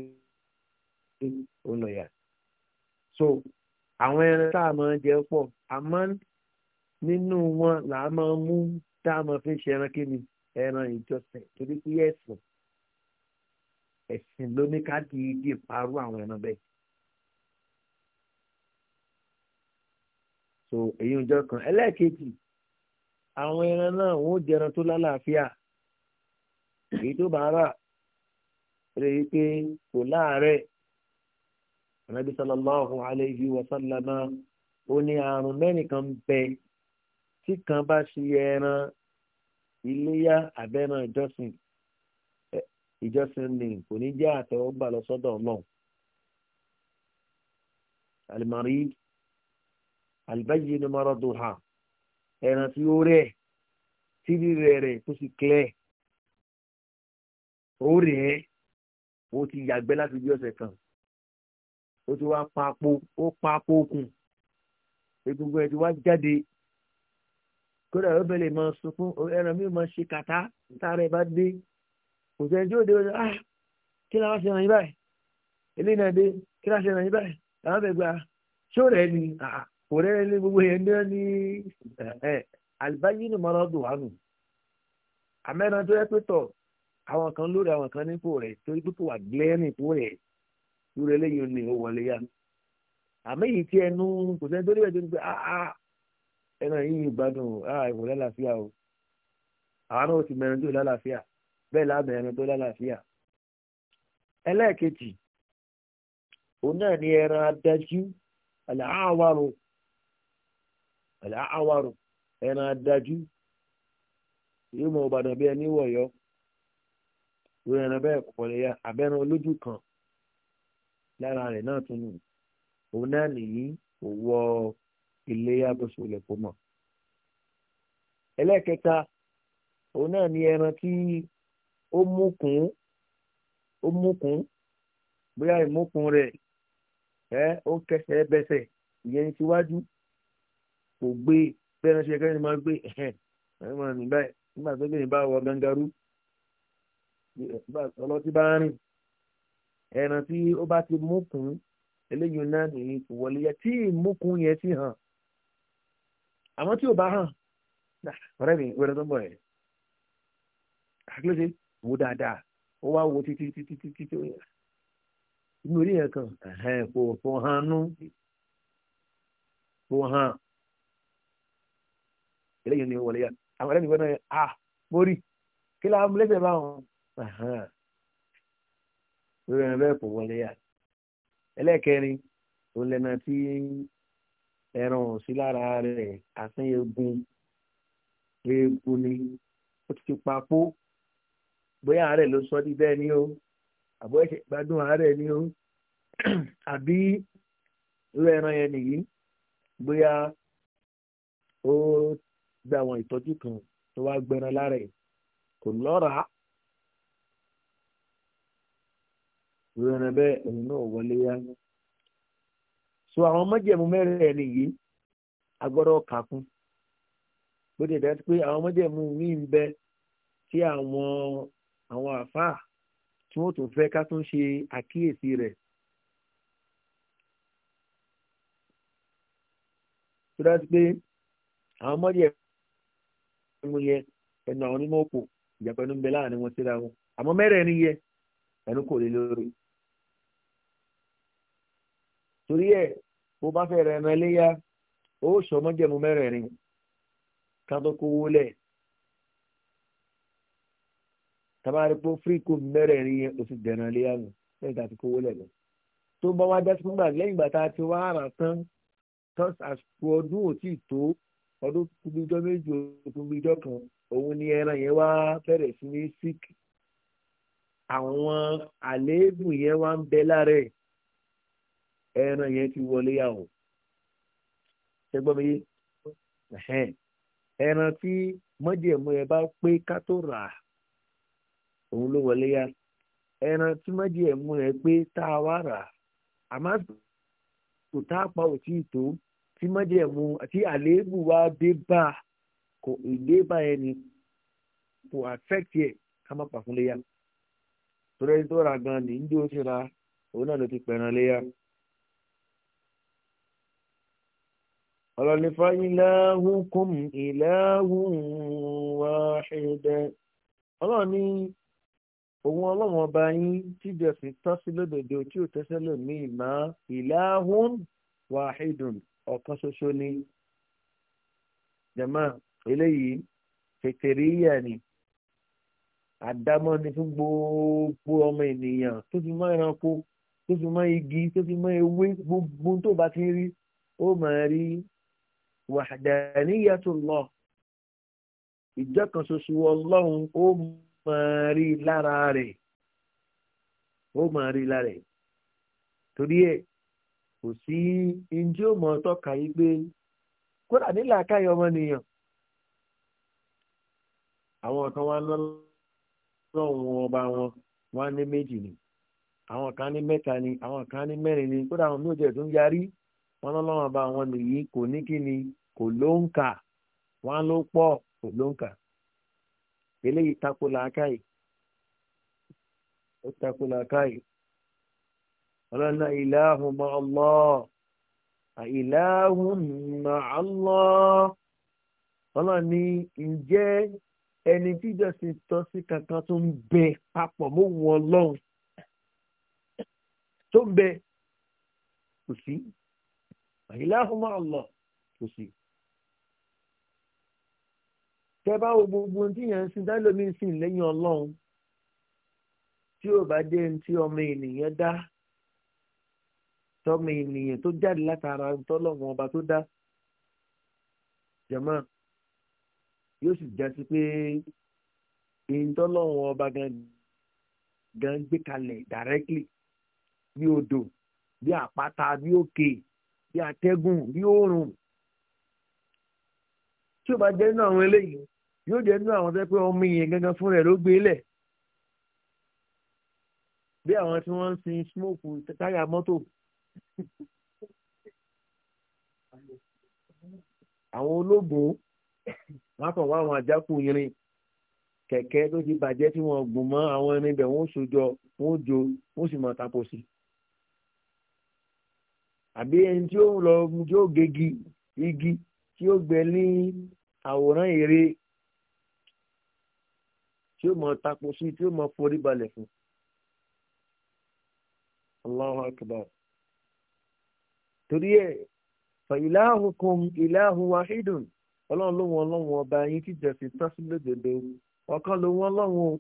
Speaker 1: òun so àwọn ẹran tá a máa jẹ pọ̀ àmọ́ nínú wọn là á máa mú tá a máa fi ṣe ẹran kí ni ẹran ìjọsìn torí pé ẹ̀sìn ẹ̀sìn ló ní ká di igi parú àwọn ẹran bẹ́ẹ̀. so èyí ń jọ kan ẹlẹ́ẹ̀kejì àwọn ẹran náà wọ́n ó jẹran tó lálàáfíà èyí tó bá rà rẹ̀ yí pé kò láàárẹ̀ anabi sallallahu alayhi wa sallama ó ní àrùn mẹ́rin kan bẹ tí kan bá ṣe ẹran iléyà abẹ́ran ìjọsìn ìjọsìn ni kò ní jẹ́ àtẹ̀wọ́gbà lọ sọ́dọ̀ ọlọ́run alimari alibayi ni mọ́rọ́dún ha ẹran tí ó rẹ̀ tíbi rẹ̀ rẹ̀ tó sì clear ó rẹ̀ ẹ́ ó ti yàgbẹ́ láti bí ọ̀sẹ̀ kan ó ti wá papò ó papò kù egungun ẹ̀ ti wá jáde kódà ó bẹ̀rẹ̀ máa sunkún ẹran mi máa ṣe kàtá tára ẹ bá dé kò sẹ́ni tí ó dé wọ́n ah kí láwọn ṣe ràn yín báyìí ilé náà dé kí láwọn ṣe ràn yín báyìí àwọn bẹ̀ gba ṣó rẹ̀ ni kò ah, rẹ̀ ni gbogbo yẹn náà ní àlùbáyé ni mo rọ́ọ̀dù wà nù àmẹ́ran tó yẹ pé tọ̀ àwọn kan lórí àwọn kan nípò rẹ̀ torí pípò wà glẹ́rìn tó rẹ̀ lórí eléyìí ni ó wọlé yá àmì yìí tí ẹnu kò sẹ́ni tó rí ẹ̀ tó ń ah, ah ẹran yìí gbádùn ah ìwòlẹ́ làáfíà o àwọn náà ti mẹ́rin tó lálàáfíà bẹ́ẹ̀ lábẹ̀rin tó lálàáfíà ẹlẹ́ẹ̀kejì òun náà ni ẹran adájú àlàáwárò àlàáwárò ẹran adájú yóò mọ ọba dàbí ẹni wọ̀yọ́ lórí ẹran bẹ́ẹ̀ kò pọ̀lẹ̀ ya abẹ́ran olójú kan lára rẹ̀ náà tún nù òun náà nìyí òwò ilé yàtọ̀sọ̀ ilẹ̀ kò ẹlẹ́ẹ̀kẹta òun náà ni ẹran tí ó mú kún ó mú kún bóyá ìmúkun rẹ̀ ẹ ó kẹsẹ̀ bẹsẹ̀ ìyẹn ní tiwájú kò gbé bẹ́ẹ̀ náà ṣe kẹ́rin ni máa gbé ẹ̀hẹ́n ẹ̀hẹ́n máa nì báyìí nígbà tó gbé ní bá wọ gangaru ọlọ́tí bá rìn ẹran tí ó bá ti múkun eléyìí náà nìyí kò wọlé yẹ tí ìmúkun yẹn ti hàn àmọ́ tí ò bá hàn ọ̀rẹ́ mi wẹ́rẹ́ tó ń bọ̀ ẹ̀ àkílẹ́sẹ̀ wò dáadáa ó wá wo títí títí títí tó yẹ inú orí yẹn kan kò fò hàn nú fò hàn eléyìí ni wọlé yá àwọn ẹlẹ́ni wọ́n náà ah, à mórí kí láwọn lẹ́sẹ̀ bá wọn lórí ẹ̀rọ bẹ́ẹ̀ kò wọlé yá ẹlẹ́kẹrin òun lẹ́nà tí ẹran ò sí lára rẹ̀ àfihàn egun egun ni ó ti papò. bóyá àárẹ̀ ló sọ ní bẹ́ẹ̀ ni o àbọ̀ ẹ̀ṣẹ̀ gbádùn àárẹ̀ ni ó àbí irú ẹran yẹn nìyí bóyá ó gba àwọn ìtọ́jú kan tó wá gbẹran lára ẹ̀ kò lọ́ra irú ẹran bẹ́ẹ̀ náà wọlé yá so àwọn mẹ́rin ẹ̀ nìyí agbọ́dọ̀ kàkún bó ti pé àwọn mi ń tí àwọn àwọn àfáà tí wọ́n tún fẹ́ ká tún ṣe àkíyèsí rẹ̀. tó dájú pé àwọn ọmọdé ẹ̀mú yẹ ẹnu àwọn onímọ̀ òkò ìjàpá ẹnu ń bẹ láàrin wọn síra wọn àmọ́ mẹ́rẹ̀ẹ̀rin yẹ ẹnu kò lè lórí. torí ẹ̀ bó bá fẹ́ rẹ̀ ẹran ẹlẹ́yà ó sọ ọmọdé ẹ̀mú mẹ́rẹ̀ẹ̀rin ká tó kówó lẹ̀ tàbárí pé fíríkù mẹ́rẹ̀ẹ̀rin yẹn oṣù dẹ̀nà léyà nù lẹ́yìn tá a ti kówó lẹ̀ lọ. tó bá wá dẹ́sí gbà lẹ́yìn ìgbà tá a ti wá rà tán tán àsìkò ọdún ò tí ì tó ọdún kúbíjọ́ méjì oṣù kúbíjọ́ kan òun ni ẹran yẹn wá bẹ̀rẹ̀ sí ní sick àwọn àléébù yẹn wá ń bẹ lára ẹran yẹn ti wọlé yà wò ṣẹgbọ́n mi ẹran tí mọ́jẹ̀mọ́ yẹn bá pé ká tó rà òun ló wọlé ẹran tí mọ́jì ẹ̀ mú ẹ pé tá a wá rà àmọ́ kò tá a pa òtí tí mọ́jì ẹ̀ mú àti àléébù affect ẹ ká má pa fún tó ra gan ni ndí ó ti ra òun náà ló ti pẹ̀ràn ọlọ́ni òun ọlọ́run ọba yín tíjọsìn tán sí lódodo tí ò tẹ́sẹ̀ lómii mọ́ ìlàhún wàhídùn ọ̀kan ṣoṣo ni jẹ̀mọ́ eléyìí kékeré yíyà ni àdámọ́ ni fún gbogbo ọmọ ènìyàn tó fi mọ́ ẹranko tó fi mọ́ igi tó fi mọ́ ewé gbogbo tó bá ti rí ó máa rí wahdaniyatullah ìjọ kan ṣoṣo ọlọ́run ó mú. máa rí lára rẹ̀ ó máa rí lára rẹ̀ torí ẹ̀ kò sí injí ó tọ́ka yìí pé kódà nílà káyọ̀ ọmọnìyàn àwọn kan wá lọ́wọ́ ọba wọn wá ní méjì ni àwọn kan ní mẹ́ta ni àwọn kan ní mẹ́rin ni kódà àwọn tó ń ọba wọn nìyí kò ni kò ló ń kà wọn ló pọ̀ kò eléyìí tako làákàyè ó tako làákàyè ọlọ́nà ìlàhùn mọ́ ọlọ́ àìláhùn mọ́ ọlọ́ ọlọ́ni ǹjẹ́ ẹni jíjọ sí tọ́ sí kankan tó ń bẹ papọ̀ mọ́ wọn lọ́hùn tó ń bẹ kò sí àìláhùn mọ́ ọlọ́ kò sí tẹ́ bá wo gbogbo ohun tí yẹn ń sin dálómi ń sìn lẹ́yìn ọlọ́run tí ò bá dé tí ọmọ ènìyàn dá tọmọ ènìyàn tó jáde látara tọlọ́wọ́n ọba tó dá jẹ̀mọ́ yóò sì já sí pé ìtọ́lọ́wọ́n ọba gan gbé kalẹ̀ directly bí odò bí àpáta bí òkè bí atẹ́gùn bí oòrùn tí ò bá jẹ́ nínú àwọn eléyìí yóò jẹ́ inú àwọn tó pé ọmọ yẹn gangan fún rẹ̀ ló gbé lẹ̀ bí àwọn tí wọ́n ń sin smoke táyà mọ́tò àwọn ológun wọn kàn wá àwọn àjákù irin kẹ̀kẹ́ tó ti bàjẹ́ tí wọ́n gùn mọ́ àwọn irin ibẹ̀ wọ́n sojọ wọ́n jo wọ́n sì mọ̀ tapo sí. àbí ẹni tí ó lọ tí ó gegi igi tí ó gbẹ ní àwòrán ère tí ó mọ tapo sí tí ó mọ forí balẹ̀ fún. Allahu akbar. Torí ẹ̀ fa ilahukum ilahu wahidun ọlọ́run ló wọn ọlọ́run ọba yín tí jẹ̀sí tásílẹ̀ dèdè ọ̀kan ló wọn ọlọ́run o.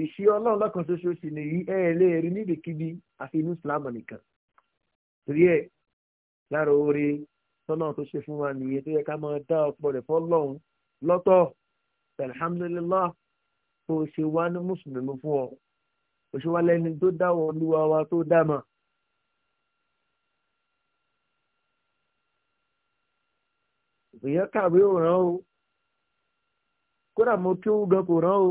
Speaker 1: ìṣe ọlọ́run lọ́kàn ṣoṣo sì nìyí ẹ ẹ lè rí níbikíbi àfi inú ìsìlámù nìkan. torí ẹ̀ lára oore tọ́nà tó ṣe fún wa nìyẹn tó yẹ ká máa dá ọ̀pọ̀ rẹ̀ fọ́lọ́run lọ́tọ̀ alhamdulilah tó o ṣe wá ní mùsùlùmí fún ọ o ṣe wá lẹ́ni tó dáwọ́ olúwa wa tó dá mọ̀. ìyá kàwé ò rán o kódà mo kí ó gan kò rán o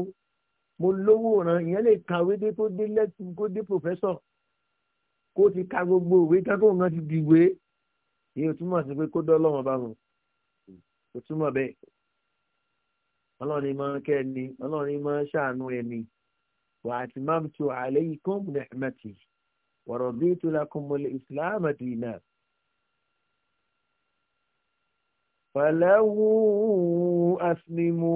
Speaker 1: mo lówó ràn ìyẹn lè kàwé dé kó dé lẹ́tùn kó dé pòfẹ́sọ̀ kó ti ka gbogbo òwe kákó nǹkan ti dìwé ìyẹn ò túmọ̀ sí pé kó dọ́ lọ́wọ́ bá wọn kò túmọ̀ bẹ́ẹ̀ ọlọ́run máa ń kẹ́ ni ọlọ́run máa ń ṣàánú ẹni wà á ti máa ń tu alaykum ni'mati wa raditu lakumul islam dina. pẹ̀lẹ́wù asinimu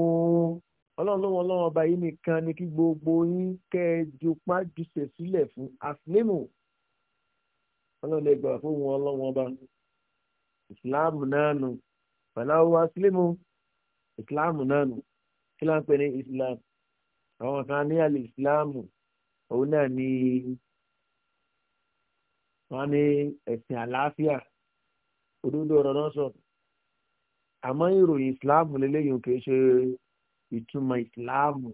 Speaker 1: ọlọ́run lóhun ọlọ́run ọba yìí nìkan ni kí gbogbo yín kẹ́ ẹ jupá jùṣẹ̀ sílẹ̀ fún asinimu ọlọ́run lè gbà fún wọn ọlọ́run ọba ìsìláàmù náà nù pẹ̀lẹ́wù asinimu ìsìláàmù náà nù kí ló ń pè ní islam àwọn kan ní àlè ìsìláàmù òun náà ní wọn ní ẹ̀sìn àlàáfíà òdodo ọ̀rọ̀ náà sọ àmọ́ ìròyìn ìsìláàmù lélẹ́yìn kì í ṣe ìtumọ̀ ìsìláàmù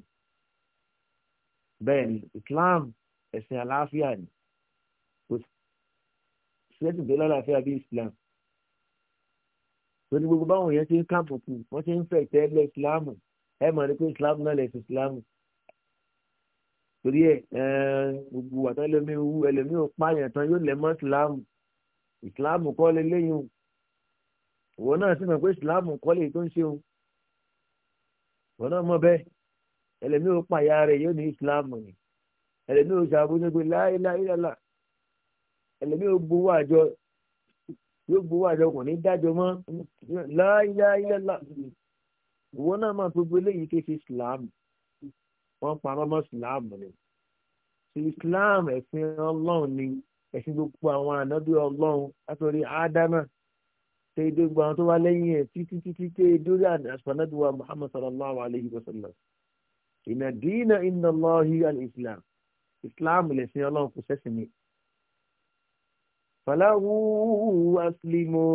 Speaker 1: bẹ́ẹ̀ ni islam ẹ̀sìn àlàáfíà ni kò sí ẹ̀sìn tó lálàáfíà bí islam tó ní gbogbo báwọn yẹn ti ń kàmpùkù wọ́n ti ń fẹ̀ tẹ́lẹ̀ ìsìláàmù ẹ mọ̀ ní pé islam náà lè fi islam torí ẹ gbogbo àtọ́ ẹlẹ́mìí wú ẹlẹ́mìí ò pààyàn tán yóò lẹ̀ mọ́ islam islam kọ́ lélẹ́yìn o ìwọ náà sì mọ̀ pé islam kọ́ lè tó ń ṣe o ìwọ náà mọ̀ bẹ́ẹ̀ ẹlẹ́mìí ò pààyà rẹ̀ yóò ní islam ni ẹlẹ́mìí ò ṣàbójú pé láéláéláà ẹlẹ́mìí ò gbowó àjọ yóò gbowó àjọ kò ní dájọ mọ́ láéláéláà ìwọ náà máa gbogbo eléyìí kéfì islam wọn parọ́ mọ́ islam ni islam ẹ̀sìn ọlọ́run ni ẹ̀sìn gbogbo àwọn ànábì ọlọ́run látọ̀rí ádámà ṣe é gbogbo àwọn tó wá lẹ́yìn ẹ̀ títí títí tẹ dórí àṣànàdùwà muhammad sallallahu alayhi wa sallam ìnà dínà iná lọ́hí al-islam islam lẹ̀sìn kò sẹ́sìn ni. falahu aslimu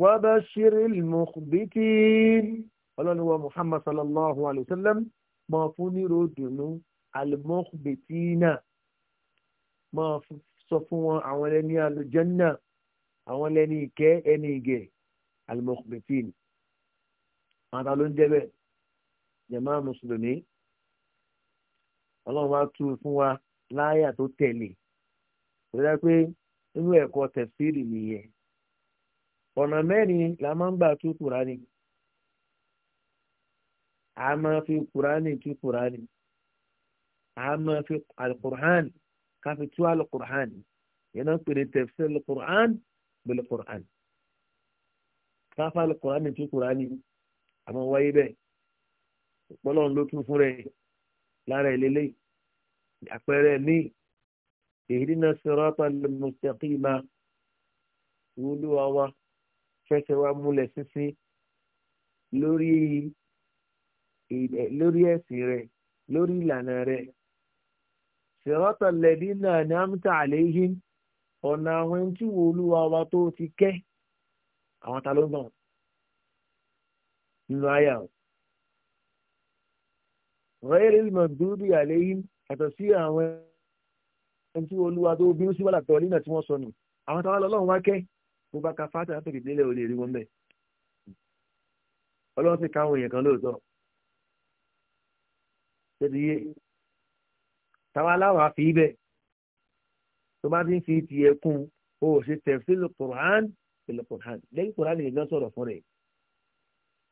Speaker 1: wabashiril mukhbitin ọlọ́niwọ̀ muhammad sallallahu alayhi wa sallam máa fún nírò dùnú alimọ́kùbẹ̀tìnà máa sọ fún wọn àwọn ẹlẹ́ni alùjẹ́nà àwọn ẹlẹ́ni ìkẹ́ ẹni ìgẹ̀ alimọ́kùbẹ̀tìn àwọn ta ló ń jẹ́ bẹ́ẹ̀ jẹ̀má mùsùlùmí ọlọ́run wá tú fún wa láyà tó tẹ̀lé kò dá pé nínú ẹ̀kọ́ tẹ̀síìrì nìyẹn ọ̀nà mẹ́rin la máa ń gbà tú Kùránì a máa fi kùránì tú kùránì a máa fi alukur'an ká fi tú alukur'an yẹn náà pèrè tafsir alukur'an bil kur'an ká fa alukur'an tú kùránì a máa wáyé bẹ́ẹ̀ ọpọlọ́run ló tún fún rẹ̀ lára ìlélẹ́ àpẹẹrẹ ní ihdina siratal mustaqima wúlúwa wa fẹsẹ̀ wa múlẹ̀ sísìn lórí lórí ẹ̀sìn rẹ̀ lórí ìlànà rẹ̀ siratal ladina an'amta alayhim ọ̀nà àwọn tí wo olúwa wa tó ti kẹ́ àwọn ta ló gbọ̀n nínú àyà o. ghayril maghdubi alayhim yàtọ̀ sí àwọn ẹni tí olúwa tó bínú sí wàlàtọ̀ nínà tí wọ́n sọnù àwọn táwọn ọlọ́run wá kẹ́ bó bá ka fátà látòkè délẹ̀ ò rí wọn bẹ́ẹ̀ ọlọ́run ti káwọn èèyàn kan lóòótọ́ tẹ́lẹ̀ yé táwa láwọn àfi ibẹ̀ tó bá ti ń fi ti ẹkún o ò ṣe tẹ̀sílù quran tẹ̀lé quran lẹ́yìn quran yìí gan sọ̀rọ̀ fún rẹ̀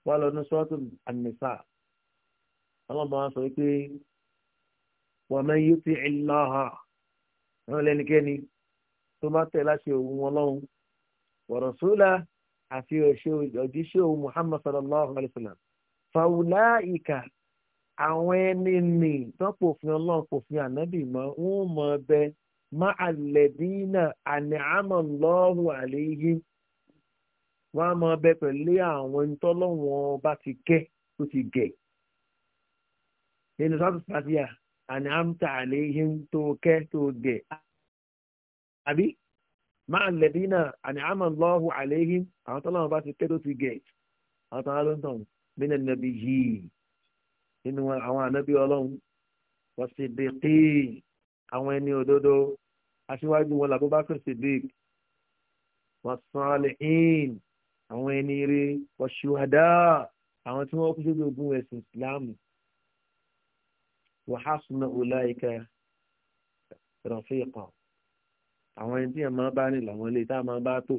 Speaker 1: wọ́n lọ ní sọ́ọ́tù ànífà ọlọ́mọ wa sọ pé wọ́n máa yí ti ìlàhà wọn lẹ́nikẹ́ni tó bá tẹ̀ láṣẹ òun ọlọ́run wọ̀rọ̀ sólà àfi òṣìṣẹ́ òun muhammad sallallahu alayhi wa sallam fàwùlá ìkà àwọn ẹni nì tán pòfin ọlọ́run ànábì mọ́ wọn ò mọ ọbẹ̀ má àlẹ́dínà àníhámọ̀ lọ́rùn àléyé wọn á mọ ọbẹ̀ pẹ̀lú àwọn ìtọ́lọ́wọ́n bá ti kẹ́ tó ti gẹ̀. nínú sọ́tù pàtíyà àníhámọ̀ àléyé tó kẹ́ tó gẹ̀. àbí má àlẹ́dínà lọ́rùn àléyé àwọn bá ti kẹ́ tó ti gẹ̀. àwọn tó ń nínú àwọn ànábí ọlọ́run wọ́sídìkì àwọn ẹni òdodo aṣíwájú wọn làbúbákùn sídìk wọ́sánlẹ̀hìn àwọn ẹni rí wọ́ṣúwádà àwọn tí wọ́n kú sójú ogun ẹ̀sìn ìsìláàmù wàhásùnà ọláìka rọ̀fíìkọ̀ àwọn ẹni tí a máa bá ní làwọn ilé tá a máa bá tó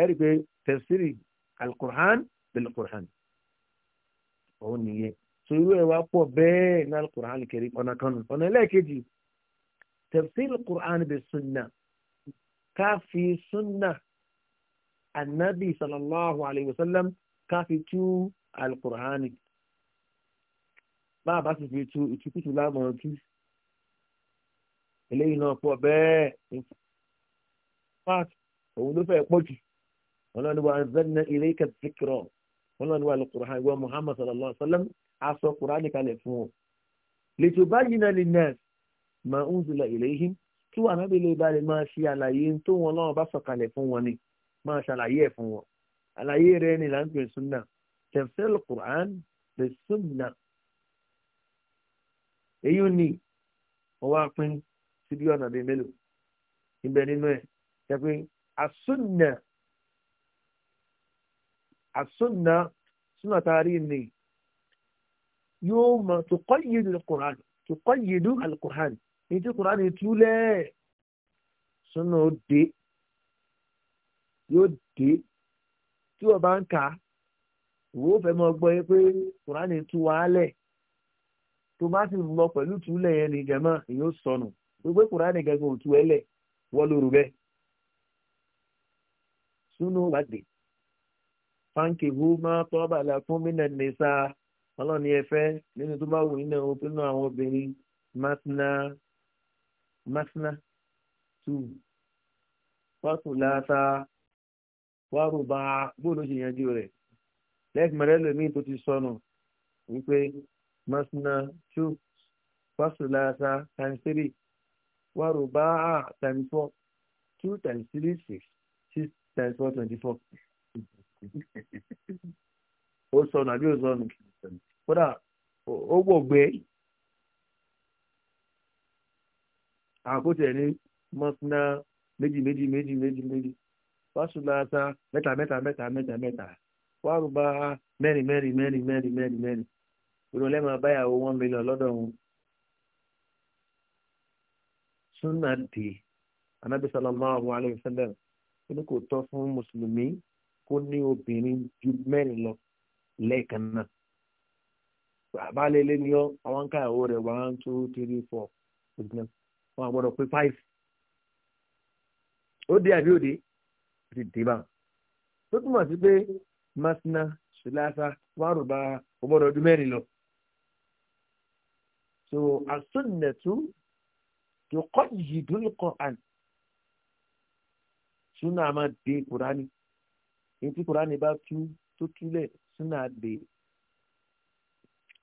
Speaker 1: ẹ rí i pé tafsiri alukur'an bil òun nìyẹn
Speaker 2: sòrú ẹ̀ wá pọ̀
Speaker 1: bẹ́ẹ̀ ní alukur'an al-karim ọ̀nà kan ọ̀nà ẹlẹ́ẹ̀kejì tafsir alukur'an bi sunna ká fi sunna anabi sallallahu alayhi wa sallam ká fi tú alukur'an bá a bá sì fi tú ìtukùtù láwọn tú eléyìí náà pọ̀ bẹ́ẹ̀ fat òun ló fẹ́ pọ̀ jù wọn lọ́nà wà zanna ilayka dhikra wọn lọ́nà wà alukur'an wa muhammad sallallahu alayhi wa sallam aṣọ kùránì kalẹ̀ fún ọ lètò báyìí náà lè nẹ́ẹ̀s máa ń zùlọ ìlẹ́yìn kí wà náà lè bá lè máa ṣe àlàyé tó wọn lọ́wọ́ bá sọ̀kalẹ̀ fún wọn ni máa ṣàlàyé ẹ̀ fún wọn àlàyé rẹ̀ ni là ń pè súnà tẹ̀sílẹ̀ kùrán lè súnà èyí ni ọwọ́ apín síbi ọ̀nà bíi mélòó ibẹ̀ nínú ẹ̀ jẹ́ àsúnà àsúnà súnà tá ni yóò mọ̀ tó kọ́ yé lu Qur'an tó kọ́ yé lu al-Qur'an èyí tí Qur'an túlẹ̀ sọ́nà ó dé yóò dé tí wọ́n bá ń kà á ìwọ fẹ́ mọ gbọ́ yẹn pé Qur'an tú wàhálẹ̀ tó bá sì lọ pẹ̀lú túlẹ̀ yẹn nìjẹ́ mọ́ èyí sọnù gbogbo Qur'an gẹ́gẹ́ òtú ẹlẹ̀ wọ́n lóru bẹ́ẹ̀ sunu wàdí fáńkì hu máa tọ́ bàlá fún mí nà nìsa ọlọ́ni ẹ̀fẹ́ nínú tó bá wù yín náà nínú àwọn obìnrin masina masina tù wàtúláta wàrúbà bóòlù ṣe yanjú rẹ̀ lẹ́yìn mẹ́rẹ́ lómi tó ti sọnù wípé masina tù wàtúláta times three wàrúbà times four two times three six six times four twenty four. ó sọnù àbí ó sọnù kódà ó gbògbé àkótẹ ní mọ́sánná méjì méjì méjì méjì méjì fásúlàtà mẹ́ta mẹ́ta mẹ́ta mẹ́ta mẹ́ta wárúbá mẹ́rin mẹ́rin mẹ́rin mẹ́rin mẹ́rin mẹ́rin ìrọ̀lẹ́ máa báyàwó one million lọ́dọ̀ wọn. súnà dé anábì sallallahu alayhi wa sallam ó ní kò tọ́ fún mùsùlùmí kó ní obìnrin ju mẹ́rin lọ lẹ́ẹ̀kan náà bàbá lélẹ́ ni ọ́ àwọn ká ìwọ rẹ̀ one two three four ojúmọ́ wọn àgbọ̀dọ̀ pé five ó dé àbí òde ó ti dé bá tó túmọ̀ sí pé masina ṣùlásá márùbá ọgbọ́dọ̀ ọdún mẹ́rin lọ. so as-sunnatu tuqayyidul Qur'an sunna máa dé kúránì èyí tí kúránì bá tú tó túlẹ̀ súnà dé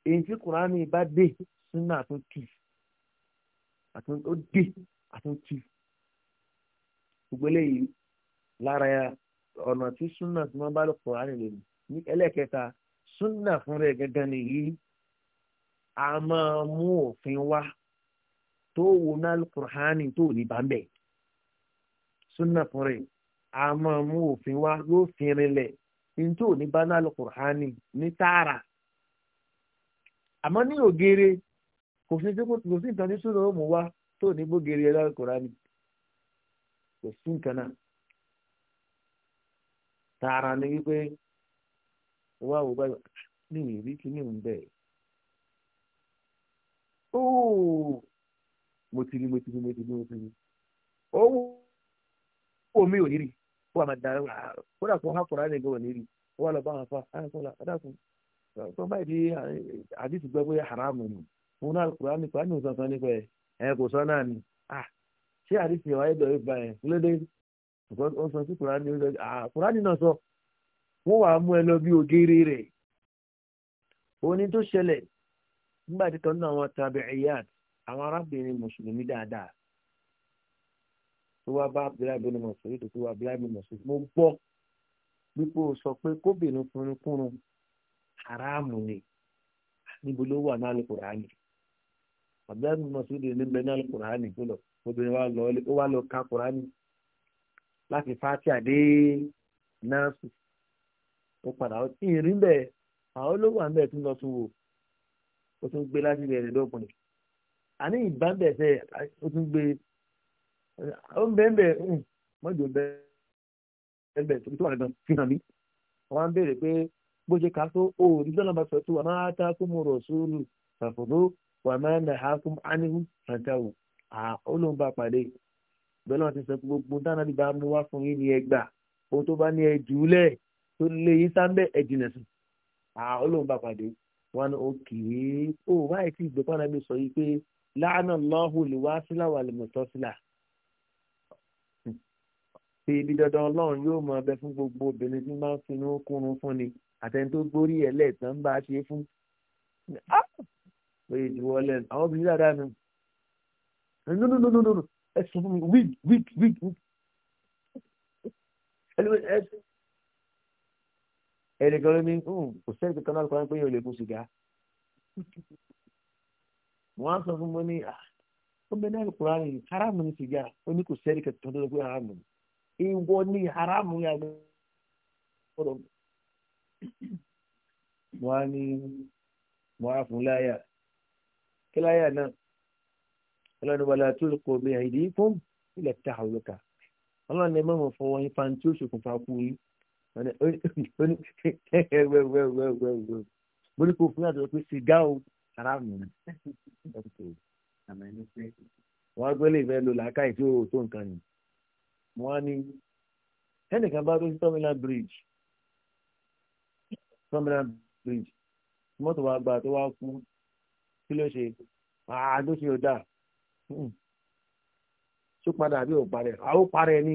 Speaker 1: èyí tí kùránì bá dé súnà tó tù ó dé àtúntù gbogbo eléyìí lára ọ̀nà tí súnà tí wọ́n bá lọ kùránì lè mú ní ẹlẹ́kẹta súnà fún rẹ̀ gẹ́gẹ́ nìyí a máa mú òfin wá tó wo náà kùránì tó ní bá ń fún rẹ̀ a máa mú òfin wá yóò fi rinlẹ̀ ntí ni ní bánú ni tara amani àmọ́ ní ògèrè kò sí nǹkan ní sùnà ó mú wá tó ní gbógèrè ẹ̀ alukur'ani kò sí nǹkan náà tààrà ni wípé wá wò báyìí ní ìrí kíní ń bẹ̀ ooo mo mo ti rí mo ti rí mo ti rí owó omi ò ní rí. wà máa da kódà kó hàn kóra nìkan wọn níbi wọn lọ bá wọn fa àwọn sọlá adákun tó báyìí di àdìsí gbẹ bóyá haramu ni wọn náà kóra nípa ní nípa ẹ ẹ kò sọ náà ni eh, ah, ṣé wáyé bá ó sọ sí ah, náà sọ wọn wà á mú ẹ lọ bí ògiri rẹ òní tó nígbà tí kan náà tó wá bá abdullahi bin masoud tó wá abdullahi bin masoud mo gbọ́ wípé o sọ pé kóbìnrin kúnrúnkúnrún haramu ni níbo ló wà náà lùkùránì abdullahi bin masoud ní bẹ náà lùkùránì tó lọ obìnrin wa lọ ó wá lọ ka kùránì láti fàtíà dé nọ́ọ̀sì ó padà ó tí rí bẹ́ẹ̀ àwọn olówó àmì ẹ̀ tún lọ tún wò ó tún gbé láti bẹ̀rẹ̀ lọ́gbọ̀n àní ó ń bẹ́ẹ̀ bẹ́ẹ̀ mọ́jọ bẹ́ẹ̀ bẹ́ẹ̀ tó wà nìkan fi hàn mí wọ́n á ń pé bó ṣe kà tó o rí lọ́nà bá sọ tó wà máa ta kó mo rọ̀ sóòlù ṣàfùrú wà máa nà ha kó ánihu ṣàtàwù ó ló ń bá pàdé bẹ́ẹ̀ lọ́nà ti sọ gbogbo dáná bí bá mú wá fún yín ní ẹgbà ohun tó bá ní ẹ jù ú lẹ̀ tó lé yín sáńbẹ́ ẹ jìnà sí ó ló ń bá pàdé wọn ni ó kì í ó wáyé tí ìgbẹ́pọ̀ náà mi sọ yìí pé láàánú lọ́hùn lè wá sílá lè mọ̀ tọ́ sílá pé ibi dandan ọlọ́run yóò mọ ọbẹ̀ fún gbogbo obìnrin tí máa ń finú kúrun fún ni àtẹni tó gbórí ẹ̀ lẹ́ẹ̀tàn bá a ṣe fún. Ah! pé ìdíwọ́lẹ̀ àwọn obìnrin dáadáa nù
Speaker 2: no ẹ sọ fún mi wig wig wig
Speaker 1: ẹnìkan ló ní hmm, kò sẹ́ni kankan náà kọ́ra pé yóò lè mu sìgá wọ́n á sọ fún mi ní ah, ó bẹ náà kúránì haramu ní sìgá ó ní kò sẹ́ni kankan tó lè pé haramu ní ìwọ ni haramu yà ló gbọ́dọ̀ mo á ní mo á fún láyà kí láyà náà ọlọ́run wàlá tó lè kó mi àìdí fún ilẹ̀ tá a lọ́ka ọlọ́run lè mọ̀mọ́ fọwọ́ yín fan tí ó ṣokùnfà kú yín wẹ́wẹ́wẹ́wẹ́wẹ́wẹ́ mo ní kó fún yàtọ̀ pé sìgá o haramu wọ́n á gbélé ìfẹ́ lo làákàyè tí ó nǹkan nìyí wọ́n á ní ẹnìkan bá dúró sí terminal bridge terminal bridge mọ́tò wa gba tó wá kú kí ló ṣe àádó ṣe ò dà tó hmm. padà àbí ò parẹ́ àwọn parẹ́ ní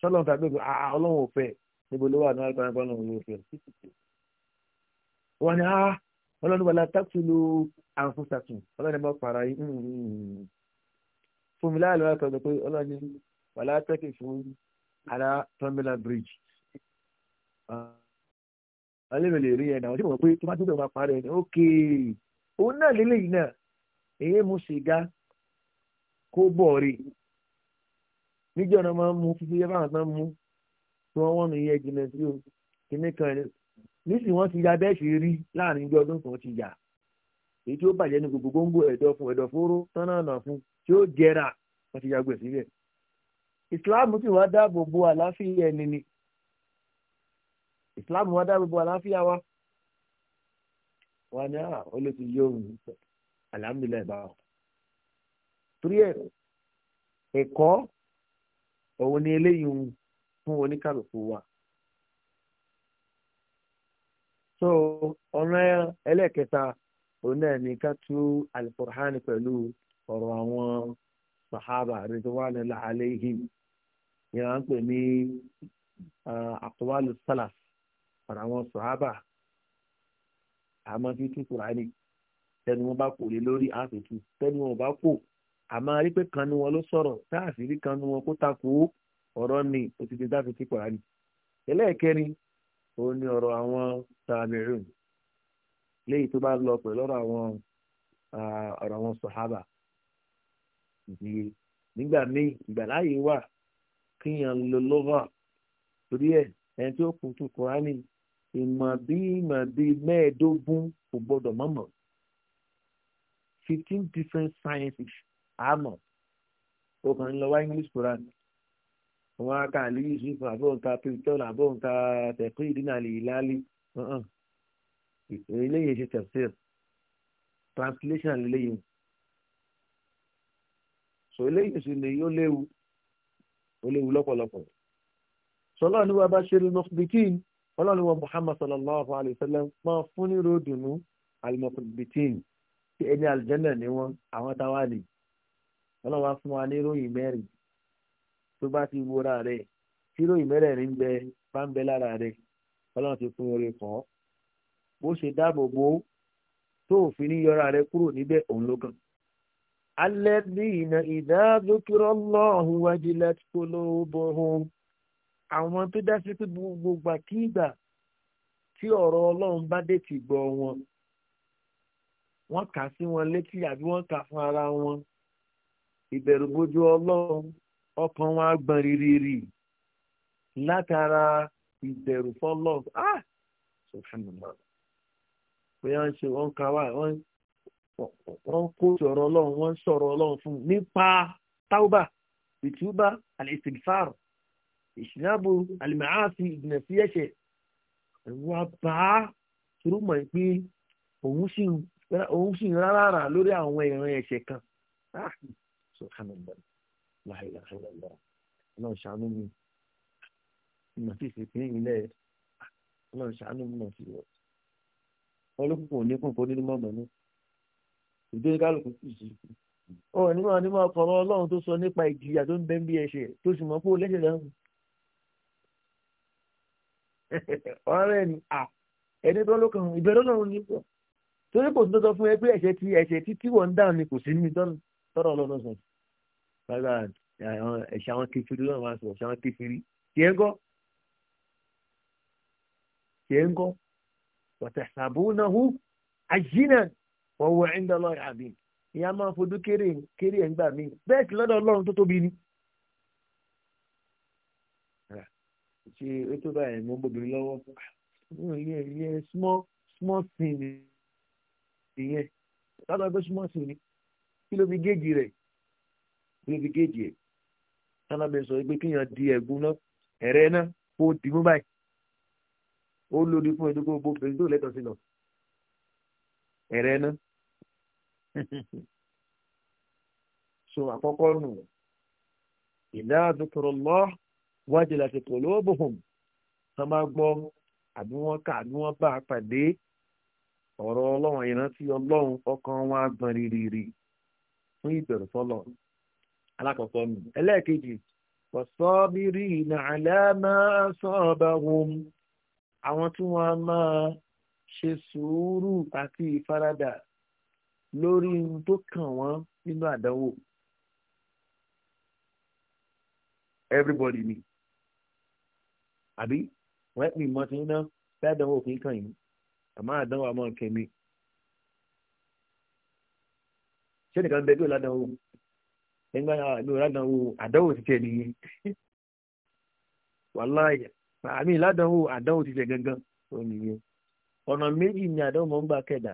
Speaker 1: sọ́lọ́n tàbí ọlọ́run ò fẹ́ níbo ló wà ní agbára pọ́nà òun ò fẹ́. wọ́n ní ah ọlọ́run wàlá tákìlù àǹfọ̀sàtún ọlọ́run bá para yìí hmm, hmm, fún mi láàlú àtọ̀dọ̀ pé ọlọ́run wàlá tẹ́kì fún ara tọ́mílà bridge ah, alẹ́bẹ̀lẹ̀ rí ẹ̀nà ọdún wọn pé tó bá tó bẹ̀rẹ̀ máa parẹ́ ẹ̀nà ókè òun náà lélẹ́yìn náà èyí mu sìgá kó bọ̀ rí níjọ́ náà máa ń mu fífi yẹ́fà náà mú tí wọ́n wọ́n mi yẹ jìnnà sí o kìnnì kan ní nísìnyí wọ́n ti ya bẹ́ẹ̀ sì rí láàrin ibi ọdún kan ti yà èyí tí ó bàjẹ́ ní gbogbo gbòǹgbò ẹ̀dọ̀ fún ẹ̀dọ̀ fóró tán náà nà fún tí ó jẹrà wọ́n ti ya gbèsè Islam sì wá dáàbò bo àlàáfíà ẹni ni ìsìláàmù wá dáàbò bo àlàáfíà wa wọn ni ah ó lè ti alhamdulilayi bá torí ẹ ẹ̀kọ́ òun ni eléyìí ń fún oníkàlùkù wa. so ọ̀nà ẹlẹ́ẹ̀kẹta òun náà ni ká tú alukur'an pẹ̀lú ọ̀rọ̀ àwọn sàhábà ridwanul alayhim ni wọ́n ń pè ní aqwalu salaf ọ̀rọ̀ àwọn sàhábà àmọ́ fi tú kùránì tẹnu wọn bá kò lé lórí àfẹ̀tù tẹnu wọn bá kò àmọ́ rí pé kan nu wọn ló sọ̀rọ̀ táàsì rí kan nu wọn kó takò ọ̀rọ̀ ni ó ti di dáfi tí kùránì ẹlẹ́ẹ̀kẹrin òun ni ọ̀rọ̀ àwọn tààmìrún léyìí tó bá lọ pẹ̀lú ọ̀rọ̀ àwọn ọ̀rọ̀ àwọn sàhábà ìdíye nígbà míì ìgbàláyè wà kíyàn lọ lọ́wọ́ torí ẹ̀ ẹni tí ó kù tún kùránì ìmọ̀ bí ìmọ̀ bí mẹ́ẹ̀ẹ́dógún kò gbọ́dọ̀ mọ̀mọ́ fifteen different sciences àmọ́ ọkàn lọ wá English Quran wọn á kà lè yíṣu fún àbọ̀nká pẹ̀lú àbọ̀nká tẹ̀kọ́ ìdínà lè lálé eléyìí ṣe tẹ̀síl translation lélẹ́yìn sọ eléyìí sì ni yóò léwu ó léwu lọ́pọ̀lọpọ̀ sọlá ni wàá bá ṣe lè mọ̀kùbìtín ọlọ́run wa muhammad sallallahu alayhi wa sallam máa fún ní ròdùnú alimọ̀kùbìtín tí ẹni aljanna ni wọn àwọn táwa ni ọlọ́run wa fún wa ní ròyìn mẹ́rin tó bá ti wúra rẹ̀ tí ròyìn mẹ́rẹ̀ẹ̀rin ń bẹ bá ń bẹ lára rẹ̀ ọlọ́run ti fún oore kàn bó ṣe dáàbò bo tó òfin yọra rẹ̀ kúrò níbẹ̀ òun ló kàn. الذين إذا na الله وجلت قلوبهم àwọn tó dá sí pé gbogbo gbàkígbà tí ọ̀rọ̀ ọlọ́run bá dé ti gbọ́ wọn wọ́n kà sí wọn létí àbí wọ́n kà fún ara wọn ọlọ́run ọkàn wọn á látara ìbẹ̀rù fọlọ́ọ̀ ah! wọ́n kó sọ̀rọ̀ ọlọ́run wọ́n sọ̀rọ̀ ọlọ́run fún un nípa tauba ìtúbà àlẹ́sìgfàr ìṣìlábù àlìmáàfi ìgbìnàsí ẹ̀ṣẹ̀ wà bá turu mọ̀ pé òun sì ń rárá rà lórí àwọn ìran ẹ̀ṣẹ̀ kan ah, ọlọ́run ṣàánú mi ìmọ̀ sí ìsìnkú ìlẹ̀ ọlọ́run ṣàánú mi náà sí wọ́n olókùnkùn oníkùnkùn onímọ̀ mọ̀ náà ìdóni kálukú kù sí ọ ní máa ní máa fọ̀rọ̀ ọlọ́run tó sọ nípa ìjìyà tó ń bẹ ń bí ẹ̀ṣẹ̀ tó sì mọ̀ pé ó lẹ́ṣẹ̀ lẹ́hùn ọ̀rẹ́ ni à ẹni tó lókàn ìbẹ̀rẹ̀ ọlọ́run ní pọ̀ torí kò tó sọ fún ẹ pé ẹ̀ṣẹ̀ tí ẹ̀ṣẹ̀ tí tí wọ́n ń dáhùn ni kò sí ní tọ́rọ̀ ọlọ́run sọ bàbá ẹ̀ṣẹ̀ àwọn kẹfìrí lọ́run máa sọ ẹ̀ṣẹ̀ àwọn kẹfìrí tiẹ̀ ń gọ́ tiẹ̀ ń gọ́ wọ́tẹ̀ sàbónáhù wọ́n wọ ẹ̀ ń dán lọ́ọ̀yà àbí ìyá máa fojú kéré kéré ẹ̀ ń gbà mí bẹ́ẹ̀ sì lọ́dọ̀ ọlọ́run tó tóbi ni. ṣe ó tó báyìí mo ń bòbí lọ́wọ́ ìyẹn ìyẹn small small thing ìyẹn lọ́dọ̀ ẹgbẹ́ small thing ni kí ló fi géèjì rẹ̀ kí ló fi géèjì ẹ̀ sálábẹ̀ sọ pé kéèyàn di ẹ̀gún náà ẹ̀rẹ́ náà kó o dì mú báyìí ó lòdì fún ẹ̀dógún gbogbo fèrè lẹ́tọ̀ọ́ sí lọ ẹ̀rẹ́ náà. so àkọ́kọ́ nù ìdá àdúkọ̀rọ̀ lọ wájú láti pọ̀ lóòbùhùn tó máa gbọ́ àbí wọ́n àbí wọ́n bá a pàdé ọ̀rọ̀ ọlọ́run ìrántí ọlọ́run ọkàn wọn agbọ̀n rírì fún ìbẹ̀rù fọlọ́ alákọ̀ọ́kọ́ nù ẹlẹ́ẹ̀kejì àwọn tí wọ́n máa ṣe lórí ohun tó kàn wọ́n nínú àdánwò everybody ni àbí wọ́n pè mọ́ ti ná bí àdánwò kì í kàn yín àmọ́ àdánwò àmọ́ kẹ́mi ṣé nìkan bẹ́ẹ̀ bí ò ládánwò nígbà mi ò ládánwò àdánwò ti tẹ̀ àmì àdánwò ti gangan ò ọ̀nà ni àdánwò mọ̀ ń gbà kẹ̀dà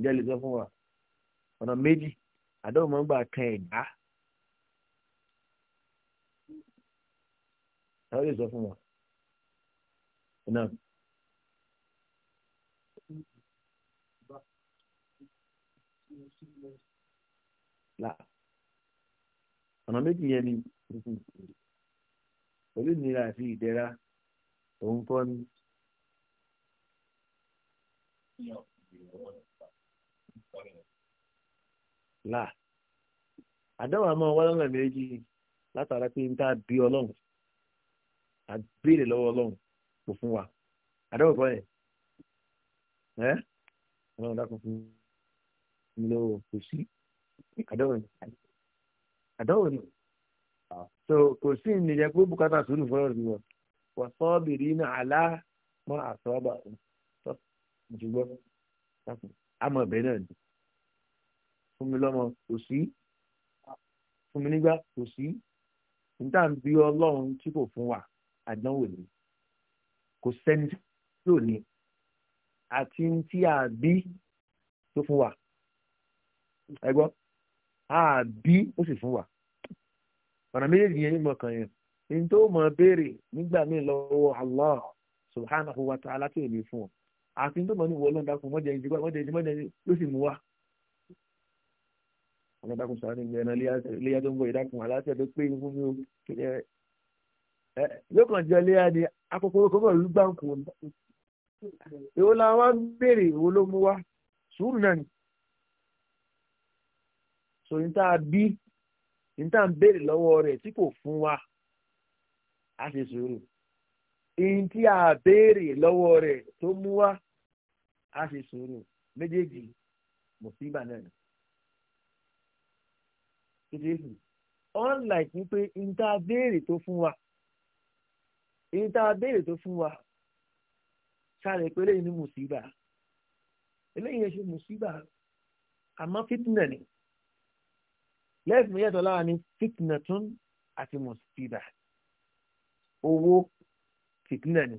Speaker 1: ǹjẹ́ lè sọ fún wa ọ̀nà méjì àdéhùn máa ń gbà kan ẹ̀dá ẹ lè sọ fún wa
Speaker 2: náà. là
Speaker 1: ọ̀nà méjì yẹn ni pẹ̀lú ìnira àti ìdẹ̀ra òun kọ́ ni. là àdáwà máa wá lọ́nà méjì látara pé n ta bí ọlọ́run àbèrè lọ́wọ́ ọlọ́run kò fún wa kọ́ ẹ́ ọlọ́run dákun fún mi lọ́wọ́ kò sí àmọ́ ọ̀bẹ náà ni fún mi lọ́mọ kò sí fún mi nígbà kò sí níta ń bí ọlọ́run tí kò fún wa àdánwò ni kò sẹ́ni tí ò ní àti tí a bí tó fún wa ẹ gbọ́ a bí ó sì fún wa ọ̀nà méjèèjì yẹn ní mọ̀kàn yẹn ní tó mọ̀ béèrè nígbà míì lọ́wọ́ Allah subhanahu wa ta'ala tí èmi fún ọ àti tó mọ̀ ní ìwọ ọlọ́run dákun mọ́jẹ ìjìgbá mọ́jẹ ìjìgbá mọ́jẹ ló sì mú wa. ọlọ́run dákun sọ̀rọ̀ ní ìgbẹ́ran léyà tó ń bọ̀ ìdákun aláṣẹ tó pé fún mi ó yóò kàn jẹ́ léyà ni akókòrò kókò ló gbà ń kú. èwo la wá ń béèrè èwo ló mú wa sùúrù náà ni. sòyìn tá a bí ní béèrè lọ́wọ́ rẹ̀ tí kò fún wa a ṣe sùúrù ihun tí a béèrè lọ́wọ́ rẹ̀ tó mú wá a ṣe sùúrù méjèèjì mùsíbà náà ìdíhù unlike wípé ihun tá a béèrè tó fún wa ihun tá a béèrè tó fún wa ṣàlẹ̀ pé eléyìí ní mùsíbà eléyìí ṣe mùsíbà àmọ́ fitna ni lẹ́ẹ̀fún yẹtọ̀ láwa ní fitna tún àti mùsíbà owó fìtínà ni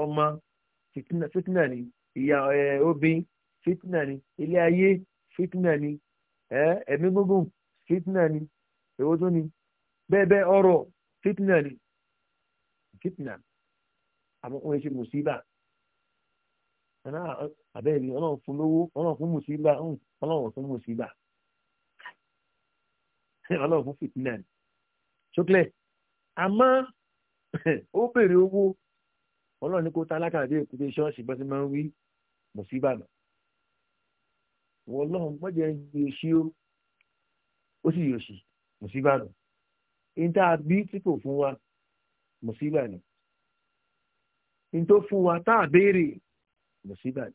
Speaker 1: ọmọ fìtínà ni ìyá obìnrin fìtínà ni ilé ayé fìtínà ni ẹ̀mí gbógun fìtínà ni èwo tó ni bẹ́ẹ̀bẹ́ ọ̀rọ̀ fìtínà ni fìtínà àmọ́ wọ́n ṣe mùsíbà àbẹ́ẹ̀ni ọlọ́run fún lówó ọlọ́run fún mùsíbà ọlọ́run fún mùsíbà ọlọ́run fún fìtínà ni ṣókè àmọ́ ó béèrè owó ọlọ́run ní kó tálákà dé èkúté ṣọ́ọ̀ṣì bá ti máa ń wí mùsíbàdàn wọ́n lọ́run mọ́jẹ́ yòòṣì ó ó sì yòòṣì mùsíbàdàn níta bí tí kò fún wa mùsíbàdàn níta fún wa tá a béèrè mùsíbàdàn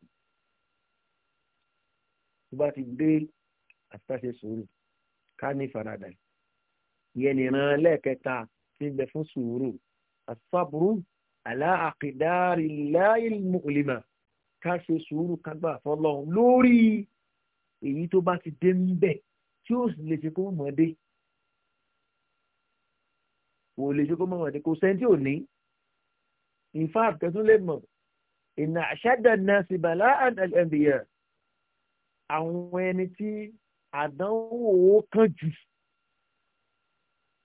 Speaker 1: tó bá ti dé àti tá a ká ní faradà yẹn nìran lẹ́ẹ̀kẹta ti bẹ fún sùúrù àti fábùrú aláàkìdárì láìmọ̀lẹ́mà ká ṣe sùúrù ká gbà fọlọ́run lórí èyí tó bá ti dé níbẹ̀ tí ó sì lè ṣe kó mọ̀ọ́dé kò lè ṣe kó mọ̀ọ́dé kò sẹ́ńtì ò ní in fact kẹ́tún lè mọ̀ ìnà àṣàdà náà sì bàlá àdàlẹ́bìyà àwọn ẹni tí àdánwò kàn jù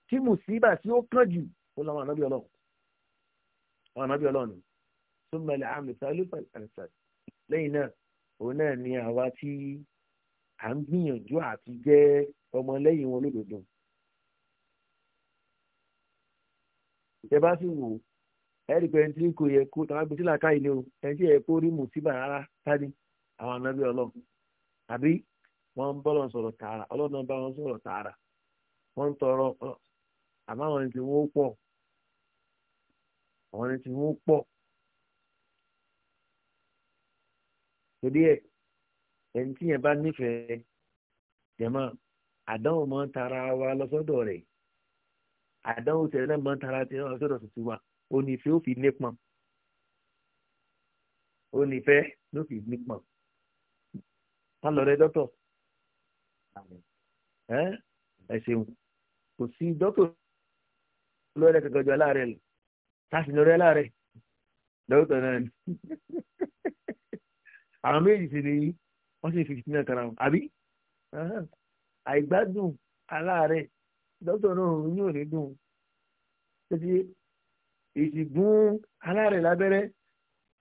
Speaker 1: tí mùsíbà tí ó kàn jù ó làwọn ànábì ọlọ́run
Speaker 2: àwọn ànábì ọlọ́run
Speaker 1: súnmọ́ ilẹ̀ àmì sálú pẹ̀lẹ́sẹ̀ lẹ́yìn náà òun náà ni àwa tí à ń gbìyànjú àti jẹ́ ọmọlẹ́yìn wọn lódodo. ìjọba sì wò ẹ̀rí pé ẹni tí kò yẹ kó tàwọn agbèsí làkà ilé o ẹni tí yẹ kó rí mùsíbà rárá tani àwọn ànábì ọlọ́run àbí wọ́n ń bọ́lọ̀ sọ̀rọ̀ tààrà ọlọ́run bá wọn sọ̀rọ̀ tààrà wọ́n ń tọrọ àmọ́ àwọn ẹni tí wọ́n pọ̀ àwọn ẹni tí wọ́n pọ̀ torí ẹ̀ ẹni tí yẹn bá nífẹ̀ẹ́ jẹ̀mọ́ àdánwò máa ń tara wa lọ́sọ́dọ̀ rẹ̀ àdánwò tẹ̀lé náà máa ń tara tiẹ̀ lọ́sọ́dọ̀ tuntun wa onífẹ́ ó fi nípọn onífẹ́ ló fi nípọn
Speaker 2: má lọ rẹ dọ́tọ̀
Speaker 1: ẹ ṣeun kò sí dọ́tọ̀ lọ́rẹ́ kankan jọ aláàárẹ̀ lọ láti lọ rẹ láàrẹ lọ́wọ́tọ̀ náà ni àwọn méjì sì ni wọ́n sì fi ìtìlẹ̀ kan àwọn àbí àìgbádùn aláàárẹ̀ dókítà náà yóò ní dùn títí ìsìgún aláàárẹ̀ lábẹ́rẹ́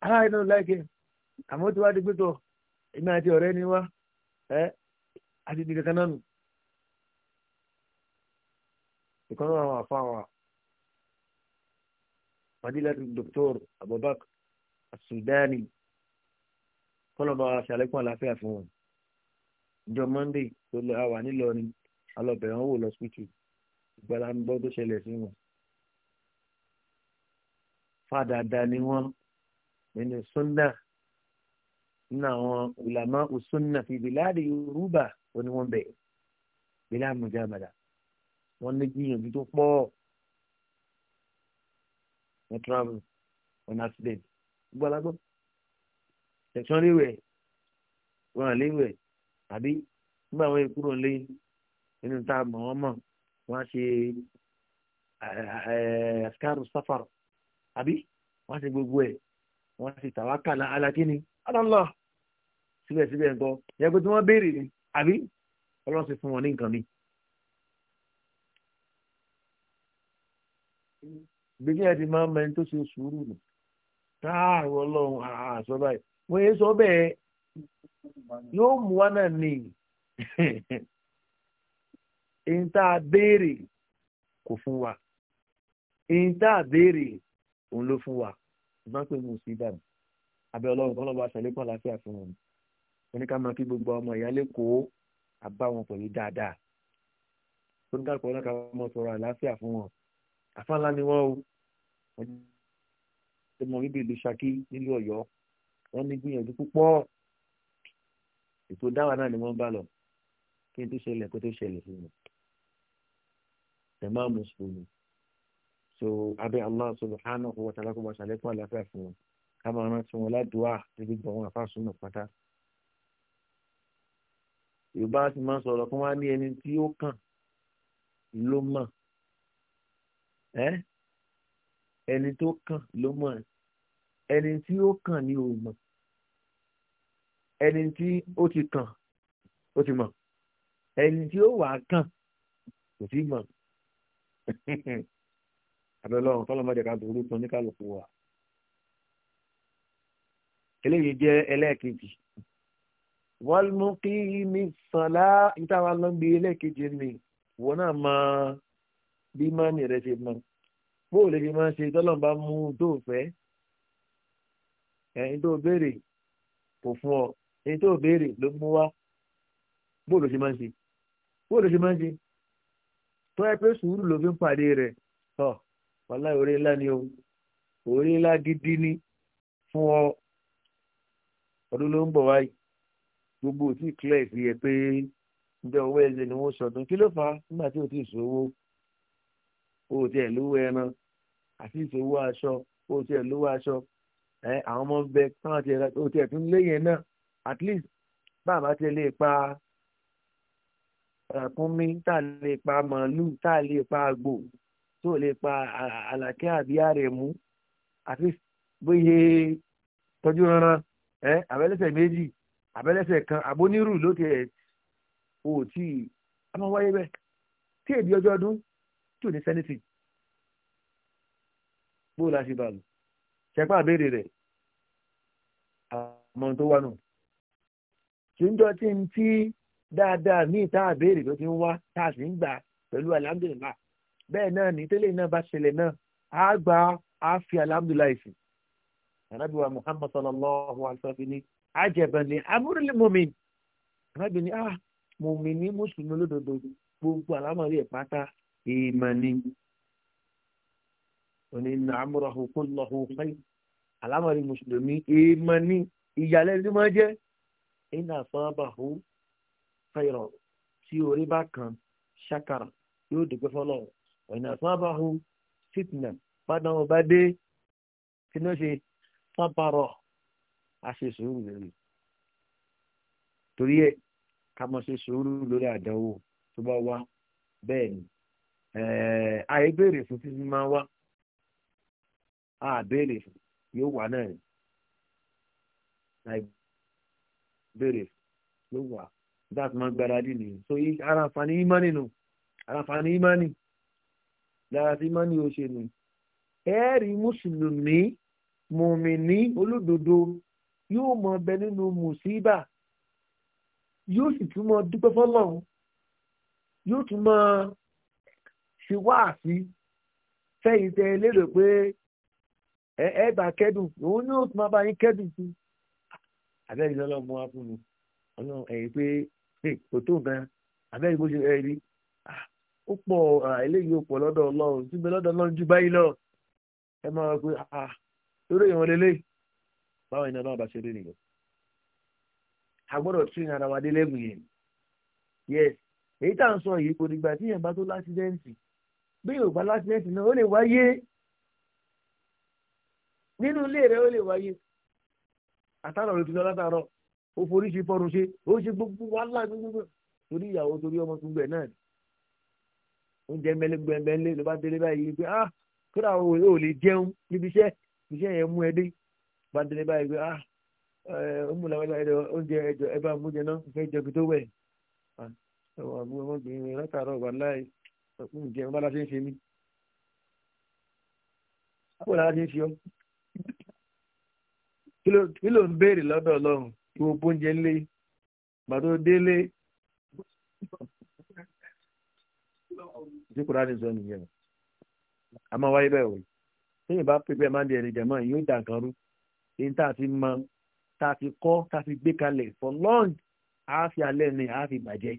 Speaker 1: aláàárẹ̀ náà láìkẹ́ àmọ́ tí wàá di pẹ́tọ̀ èmi àti ọ̀rẹ́ ni wá ẹ́ àti ìdí kankan náà nù ìkànnì àwọn àfa àwọn فضيلة الدكتور أبو بكر السوداني kọ́lọ̀ bá wa ṣàlékún àlàáfíà fún wọn ìjọ monday tó lọ àwà nílọrin alọbẹ̀rẹ̀ wọn wò lọ síkìtì ìgbàlá ń bọ́ tó ṣẹlẹ̀ sí wọn. fàdàdà ni wọn nínú sunna nínú àwọn ìlànà òsunna fi bìláàdì yorùbá oníwọ̀n bẹ̀ bìláàmù jàmàdà wọn ní gbìyànjú tó pọ̀ wọn travel on accident gbogbo alágbọ́ section léwẹ̀ wọn à léwẹ̀ àbí nígbà wọn kúrò lé nínú tá a mọ̀ wọ́n mọ̀ wọ́n á ṣe àṣkárù sáfàrọ̀ àbí wọ́n á she gbogbo ẹ̀ wọ́n á ṣe tàwákà alákíní aláàlá síbẹ̀síbẹ̀ nǹkan yẹ kó tí wọ́n my baby. àbí ọlọ́run ti fún wọn ní nǹkan mìíràn. gbèsè ẹ̀ ti máa ń mọ ẹni tó ṣe sùúrù nù káàrọ̀ ọlọ́run àṣọ báyìí wọ́n yé sọ bẹ́ẹ̀ yóò mú wa náà ní èyí tá a béèrè kò fún wa èyí tá a béèrè òun ló fún wa ìbá pé mo sì dànù abẹ́ ọlọ́run kọ́ lọ́ba àṣàlékún àlàáfíà fún wọn oníkàmá kí gbogbo ọmọ ìyálé kó àbá pẹ̀lú dáadáa oníkàkọ́ ọlọ́kà wọn sọ̀rọ̀ àlàáfíà fún wọn àfáńlá ni wọ́n o wọ́n ti mọ bíbí ìlú Ṣakí nílùú Ọ̀yọ́ wọ́n ní gbìyànjú púpọ̀ ètò dáwà náà ni wọ́n bá lọ kí n tó ṣẹlẹ̀ kó tó ṣẹlẹ̀ fún mi ẹ̀má mùsùlùmí so abẹ́ Allah subhanahu wa ta'ala kó bá ṣàlékún àlàáfíà fún wọn ká máa rántí wọn ládùúà níbi gbọ̀n wọn àfa súnmọ̀ pátá yorùbá ti máa sọ̀rọ̀ kí wọ́n á ní ẹni tí ó kàn ló mọ̀ ẹ́ ẹni tó kàn ló mọ̀ ẹni tí ó kàn ni ò mọ̀ ẹni tí ó ti kàn ó ti mọ̀ ẹni tí ó wà á kàn kò tí mọ̀ abẹ́lọ́run tọ́lọ́mọdé ká burú tán níkàlùkù wa eléyìí jẹ́ ẹlẹ́ẹ̀kejì wọ́n mú kí mi sànlá ìtawà lọ́gbé ẹlẹ́ẹ̀kejì mi wọ́n náà máa bí mọ́ni rẹ̀ ṣe mọ́ bó o lè fi máa ṣe tọ́lọ́ bá mú un tó fẹ́ ẹ̀yin tó béèrè kò fún ọ ẹ̀yin tó béèrè ló mú wá bó o lè ṣe máa ṣe bó o lè ṣe máa ṣe tó ẹ pé sùúrù ló fi ń pàdé rẹ̀ tọ́ wàhálà orí ńlá ni o orí ńlá gidi ni fún ọ ọdún ló ń bọ̀ wáyé gbogbo ò tí ì clear pé ǹjẹ́ owó ẹ̀jẹ̀ ni wọ́n sọdún kí ló fà á nígbà tí o ti sòwò o ò tiẹ̀ lówó ẹran àti ìṣòwò aṣọ ó tiẹ̀ lówó aṣọ ẹ àwọn ọmọ bẹ táwọn tiẹ̀ ó tiẹ̀ tún léyìn náà at least bá àbá tiẹ̀ lè pa ẹ̀kúnmí tá a lè pa màálù tá a lè pa àgbò tó lè pa àlàkẹ́ àbí àrẹ̀mú at least bóyá tọ́jú rárá ẹ abẹ́lẹ́sẹ̀ méjì abẹ́lẹ́sẹ̀ kan abonírù ló tiẹ̀ ò tí a máa wáyé bẹ́ẹ̀ tí èdè ọjọ́ ọdún tí ò ní sẹ́nitì bó la ṣe bàlù ṣẹpá àbèrè rẹ̀ àmọ́ tó wà nù ṣíńjọ tí ń tí dáadáa míì tá àbèrè tó ti ń wá tá a sì ń gbà pẹ̀lú alhamdulillah bẹ́ẹ̀ náà ní tẹ́lẹ̀ náà bá ṣẹlẹ̀ náà á gba á fi alhamdulillah ìsìn arábíwá muhammad sallallahu alaihi wa sallam ajaban li amúrílẹ̀ mọ́mìn arábìnrin ah mọ́mìn ní mùsùlùmí olódodo gbogbo àlámọ̀rí pátá ìmọ̀ ni òní nà amúrahù kó lọ́hù fẹ́yì alámọ̀rí mùsùlùmí èèmọ̀ ní ìyàlẹ́nu máa jẹ́ iná fọ́nbàhù fẹ́rọ̀ tí orí bá kan ṣàkàrà yóò dùgbẹ́ fọlọ́ ọ̀nà fọ́nbàhù fitna fádàn ọba dé tí náà ṣe fọ́nbàrọ̀ àṣẹ sùúrù lórí torí ẹ ká ṣe sùúrù lórí àdánwò tó bá wá bẹ́ẹ̀ ni ààyè béèrè fún títí máa wá a béèrè fún na wà náà ni béèrè yóò wà that man gbáradì nìyí so ara àǹfààní ìmánì nù ara àǹfààní ìmánì lára tí ìmánì ò ṣe nù ẹ̀ẹ́rì mùsùlùmí mùmìnì olódodo yóò mọ bẹ nínú mùsíbà yóò sì tún mọ dúpẹ́ fọlọ́run yóò tún mọ ṣe wáàsí fẹ́yìntẹ́ lérò pé ẹ ẹ bá kẹ́dùn òun ní òtún máa bá yín kẹ́dùn sí i abẹ́rẹ́ ìlú ọlọ́run mú wá fún mi ọlọ́run ẹ̀yìn pé kò tó nǹkan abẹ́rẹ́ ìbò ṣe ẹ rí ó pọ̀ eléyìí ó pọ̀ lọ́dọ̀ ọlọ́run síbẹ̀ lọ́dọ̀ ọlọ́run ju báyìí lọ ẹ máa wọ pé lórí ìwọ̀n lélẹ̀ báwọn iná náà bá ṣe rí nìyẹn a gbọ́dọ̀ tún ara wa dé lẹ́gùn yẹn yes èyí tá à ń sọ yìí kò dìgbà tí yẹn bá tó lásìdẹ́ǹtì bí yóò bá lásìdẹ́ǹtì náà ó lè wáyé nínú ilé rẹ ó lè wáyé àtàrà rẹ ti lọ látàrọ ó forí ṣe fọrùn ṣe ó ṣe gbogbo wàhálà gbogbo torí ìyàwó torí ọmọ gbogbo ẹ náà ni oúnjẹ mẹlẹgbẹmẹlẹ ló bá délé báyìí pé ah kódà o ò lè jẹun níbi iṣẹ́ iṣẹ́ yẹn mú ẹ dé bá délé báyìí pé ah eh, ó mú làwọn ẹlẹ oúnjẹ ẹjọ ẹ bá mú náà fẹ́ jẹ kí tó wẹ ẹwà àbúrò ọmọbìnrin látàrọ wà láì ọkùnrin jẹun bá la ń ṣe mí kí ló ń béèrè lọ́dọ̀ ọlọ́run ìwò oúnjẹ ńlé gbàdó délé tí kúránì sọ nìyẹn a máa wáyé bẹ́ẹ̀ wò téèyàn bá pépé máa ń di ẹ̀rìn jẹ̀mọ́ yóò dà kan rú èyí tá a ti mọ tá a ti kọ́ tá a ti gbé kalẹ̀ for long a fi alẹ́ ni a fi bàjẹ́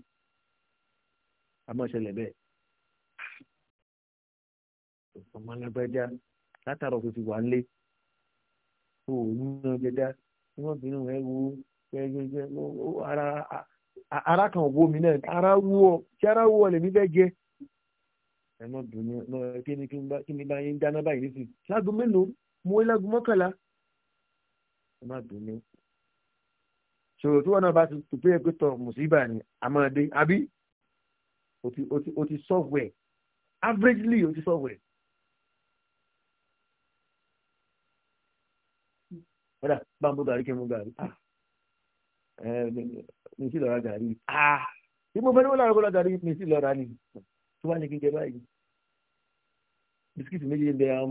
Speaker 1: a máa ṣẹlẹ̀ bẹ́ẹ̀ ọmọ alágbájá látàrọ̀ tó ti wà ń lé o ò ní yan jẹjá tí wọ́n bínú ẹ wo jẹjẹjẹ ara ara kan wo mi náà ara wú ọ tí ara wú ọ lèmi bẹ́ẹ̀ jẹ ẹ má dùnú náà kí ni kí ni bá yín dáná báyìí nísìn láago mélòó mo wé láago mọ́kànlá ẹ má dùnú ṣòro tí wọn náà bá ti pè é pé tọ mùsíbà ni àmọ́ dé àbí o ti sọ́ọ̀wẹ̀ averagely o ti sọ́ọ̀wẹ̀. kódà bá ń bó gàrí kí n mú gàrí ah. eh, mi sì lọ́ra gàrí ah. bí mo fẹ́ ní wọ́n lára kó lọ gàrí mi sì lọ́ra ni tó wá ní kí n jẹ báyìí bisikíìtì méjì ń bẹ àwọn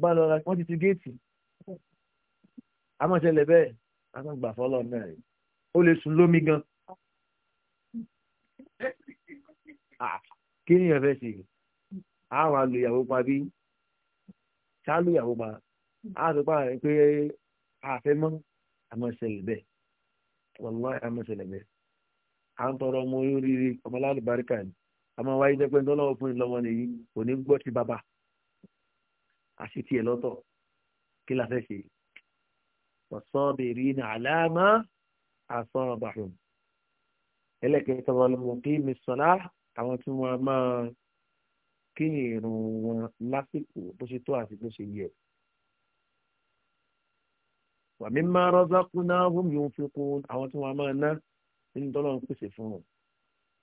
Speaker 1: bá lọ́ra wọ́n ti ti géètì amọ̀ṣẹlẹ̀ bẹ́ẹ̀ agbàgbà fọlọ́ náà rẹ̀ gan ah. kí ni ìyẹn fẹ́ ṣe àwọn àlùyàwó pa bí ṣáà lùyàwó pa á sọ pé àfẹ́ ah, mọ́ àmọ́ ṣẹlẹ̀ bẹ́ẹ̀ wàlúwà àmọ́ ṣẹlẹ̀ bẹ́ẹ̀ à ń tọrọ ọmọ oríire ọmọ alábàríkà ni àmọ́ wáyé jẹ́ pé ńlọ́wọ́ fún ìlọ́wọ́ nìyí kò ní gbọ́ ti bàbá àti tiẹ̀ lọ́tọ̀ kí la fẹ́ ṣe wàsọ́ọ̀bẹ̀rì ní àlámà àsọ̀ọ̀bàrùn ẹlẹ́kẹ̀ẹ́ta wọn lọ́wọ́ kí mi sọ̀lá àwọn tí wọ́n máa kí ìrùn wọn lásìkò bó ṣe tó àti bó ṣe yẹ wa mimma razaqnahum yunfiqun àwọn tí wọ́n máa ná nínú tọ́lọ́ ń pèsè fún wọn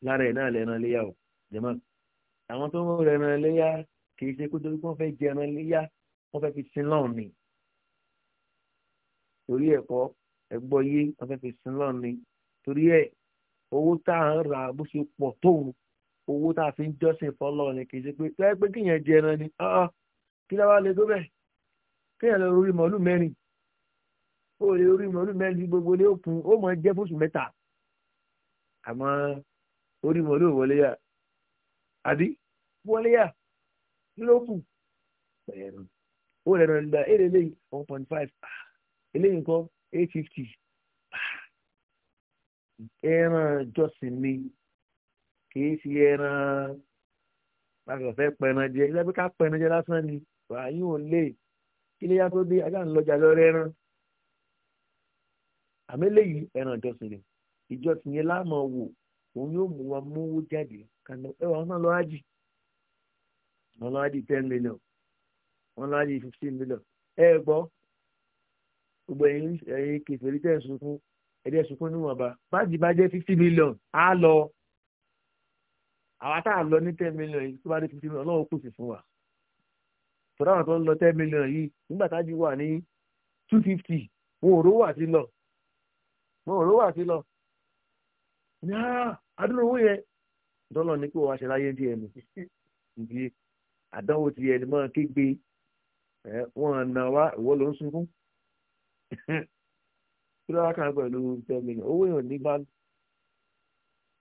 Speaker 1: lára ẹ̀ náà lẹ́ran léyà o jẹ́mọ́ àwọn tó ń rẹran léyà kì í ṣe kó torí wọ́n fẹ́ jẹran léyà wọ́n fẹ́ fi sin lọ́ọ̀ ni torí ẹ̀kọ́ ẹ̀gbọ́ yé wọ́n fẹ́ fi sin lọ́ọ̀ ni torí ẹ̀ owó tá à ń ra bó ṣe pọ̀ tóun owó tá a fi ń jọ́sìn fọlọ́ ni kì í ṣe pé tẹ́ pé kíyàn jẹran ni ah, kí ló lè tó bẹ́ẹ̀ kíyàn lọ orí mọ̀ọ́lù mẹ́rin ó lè orí mọ̀lú mẹ́rin gbogbo lé òkun ó mọ̀ jẹ́ fóṣù mẹ́ta àmọ́ orí mọ̀lú wọlé yà àbí wọlé yà lókù ó lè ràn nígbà èrè lẹ́yìn one point five eléyìí nǹkan eight fifty ẹran jọ́sìn ni kìí fi ẹran pàṣẹfẹ́ pẹran jẹ ẹgbẹ́ ká pẹran jẹ lásán ni wàá yóò lè kí lè yá tó dé ajá ń lọjà lọ rẹ́ran àmẹ́lẹ́ yìí ẹran ìjọsìn rẹ̀ ìjọsìn yẹn láàmú wò òun yóò mú wa mówó jáde kàná ẹwà wọn lọ ájì wọn lọ ten million wọn lọ fifteen million ẹ gbọ́ gbogbo ẹ̀yin ẹ̀yin kẹfẹ́rí tẹ̀ sunkún ẹ̀dẹ̀ sunkún níwọ̀nba bájì bá jẹ́ fifty million á lọ àwa tá a lọ ní ten million yìí tó bá dé fifty million ọlọ́run pèsè fún wa tọ́lá àwọn tó ń lọ ten million yìí nígbà tájú wà ní two fifty wọn ò rówó àti lọ mo rò wà sí lọ ní àdúrà ah, owó yẹn dọ́lọ̀ ní kí wọ́n wá ṣe láyé díẹ̀ ni ibi àdánwò ti ẹni máa kégbe wọn nà wá ìwọ ló ń sunkún kí ló wá kàn pẹ̀lú ten million owó yẹn ò ní bálù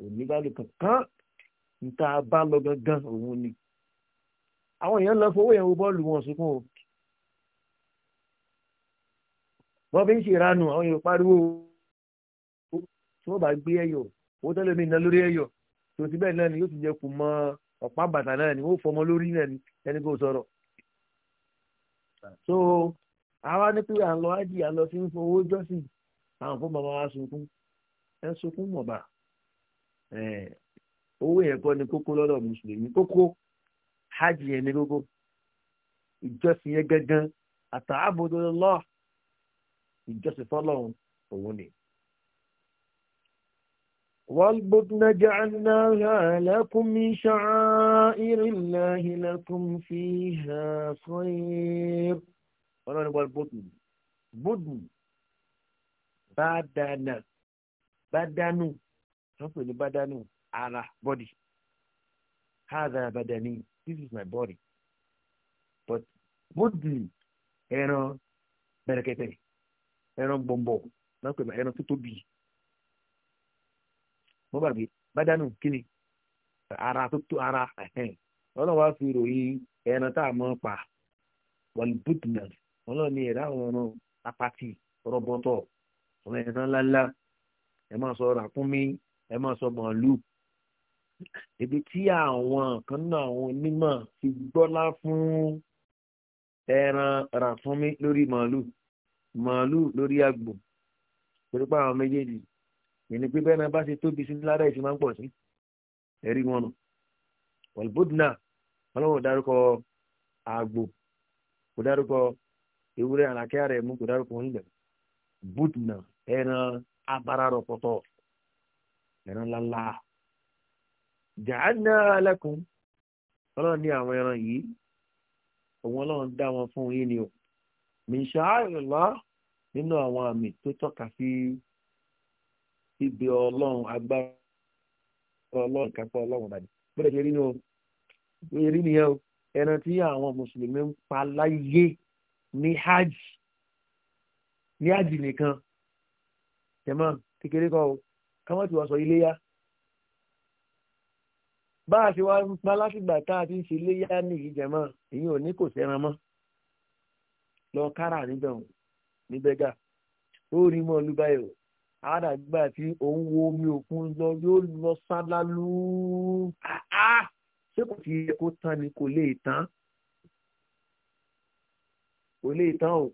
Speaker 1: ò ní bálù kankan níta bá lọ gangan òun ni àwọn èèyàn lọ fowó yẹn wo bọ́ọ̀lù wọn sunkún o wọ́n fi ń ṣèrànù àwọn èèyàn pariwo o tí wọ́n bá gbé ẹ̀yọ̀ owó tẹ́lẹ̀ mi ná lórí ẹ̀yọ̀ tó ti bẹ́ẹ̀ náà ni yóò ti jẹ kù mọ́ ọ̀pá bàtà náà ni wọ́n fọmọ lórí náà ni ẹni kò sọ̀rọ̀. so àwa ní pé à ń lọ ájì à ń lọ sí ń fowó jọ́sìn àwọn fún bàbá wa sunkún ẹ sunkún mọ̀bà owó yẹn kọ́ ni kókó lọ́dọ̀ mùsùlùmí kókó hajj yẹn ni kókó ìjọsìn yẹn gangan àtàbọ̀dọ̀ lọ́ọ̀ ìjọsìn fọlọ́run òun nìyí. والبطن جعلناها لكم من شعائر الله لكم فيها خير ọlọ́run والبطن bùdùn bá dáná bá dánú wọ́n pè ní bá dánú ara body hàdà badani this is my body but bùdùn ẹran bẹ̀rẹ̀kẹ̀tẹ̀ ẹran gbọ̀ngbọ̀ wọ́n pè ní ẹran tó tóbi mo gbàgbé bádánù kíni ara tó tó ara ọlọ́run wá fi ròyìn ẹran tá a mọ̀ pa wàlúbùtùnà ọlọ́run ní ẹ̀dá àwọn ọ̀nà apati rọ́bọ́tọ̀ ọ̀nà ẹ̀sán ńláńlá ẹ máa sọ ràkúnmí ẹ máa sọ màálù ibi tí àwọn kan náà àwọn onímọ̀ ti gbọ́lá fún ẹran ràkúnmí lórí màálù màálù lórí àgbò torí pé àwọn méjèèjì ìní pé bẹ́ẹ̀ náà bá ṣe tóbi sí ládàá ìsìn máa ń pọ̀ sí ẹ̀rí wọn nù wàlúbọ̀dínà ọlọ́run ò dárúkọ àgbò kò dárúkọ ewúrẹ́ àlàkẹ́ rẹ̀ mú kò dárúkọ onílẹ̀ bùdínà ẹran abararọ̀ pọ̀tọ̀ ẹran lánlá jàánà alẹ́kùn ọlọ́run ní àwọn ẹran yìí òun ọlọ́run dá wọn fún yín ni o mìṣáà ìlọ́ nínú àwọn àmì tó tọ́ka sí ibẹ̀ ọlọ́run agbára ọlọ́run kápá ọlọ́run bàdí bẹ́ẹ̀ ṣe rí ni o ṣe rí nìyẹn o ẹran tí àwọn mùsùlùmí ń pa láyé ní hajj ní hajj nìkan jẹ̀mọ́ kékeré kan o káwọn ti wá sọ iléyá bá a ṣe wá ń pa látìgbà tá a ti ń ṣe iléyá nìyí jẹ̀mọ́ èyí ò ní kò sẹ́ran mọ́ lọ kára níbẹ̀ níbẹ̀ gà ó rí mọ́ olúbáyọ̀ àràgbà tí òun wo omi òkun lọ yóò lọ sálálú ṣé kò tiẹ̀ kó tán ni kò lè tán kò lè tán o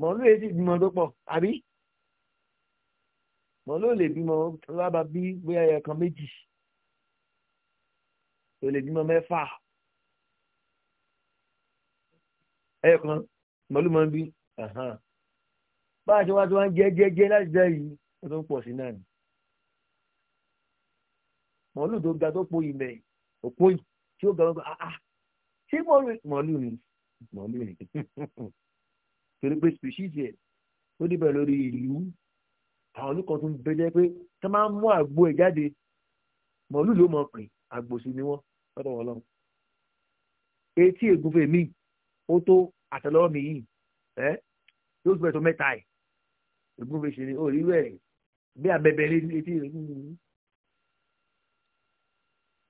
Speaker 1: mọ̀lú èyí ti bímọ tó pọ̀ àbí mọ̀lú ò lè bímọ lábàá bí bóyá ẹ̀yà kan méjì ò lè bímọ mẹ́fà ẹ̀yà kan mọ̀lú máa bí báwọn ṣe wá tí wọ́n ń jẹ́ jẹ́jẹ́ láti jẹ́ yìí ó tó ń pọ̀ sí náà ni. mọ̀ọ́lù tó ga tó po ìmẹ̀ òpó tí ó ga wọn kọ́ ah, ah ṣé mọ̀ọ́lù ni mọ̀ọ́lù ni torí pé species yẹn ó débẹ̀ lórí ìlú àwọn olùkọ́ tó ń bẹ́jẹ́ pé tí wọ́n máa ń mú àgbo ẹ̀ jáde mọ̀ọ́lù ló mọ̀ pé àgbò sí ni wọ́n lọ́dọ̀ wọn lọ́wọ́ etí ègúnfẹ̀ mi ó tó àtẹlọ́wọ́ mi yìí ẹ́ yóò gbẹ̀ tó mẹ́ta ẹ̀ ègún fi ṣe ni ó rí wẹ̀rẹ̀ bí abẹ́bẹ́ etí rẹ̀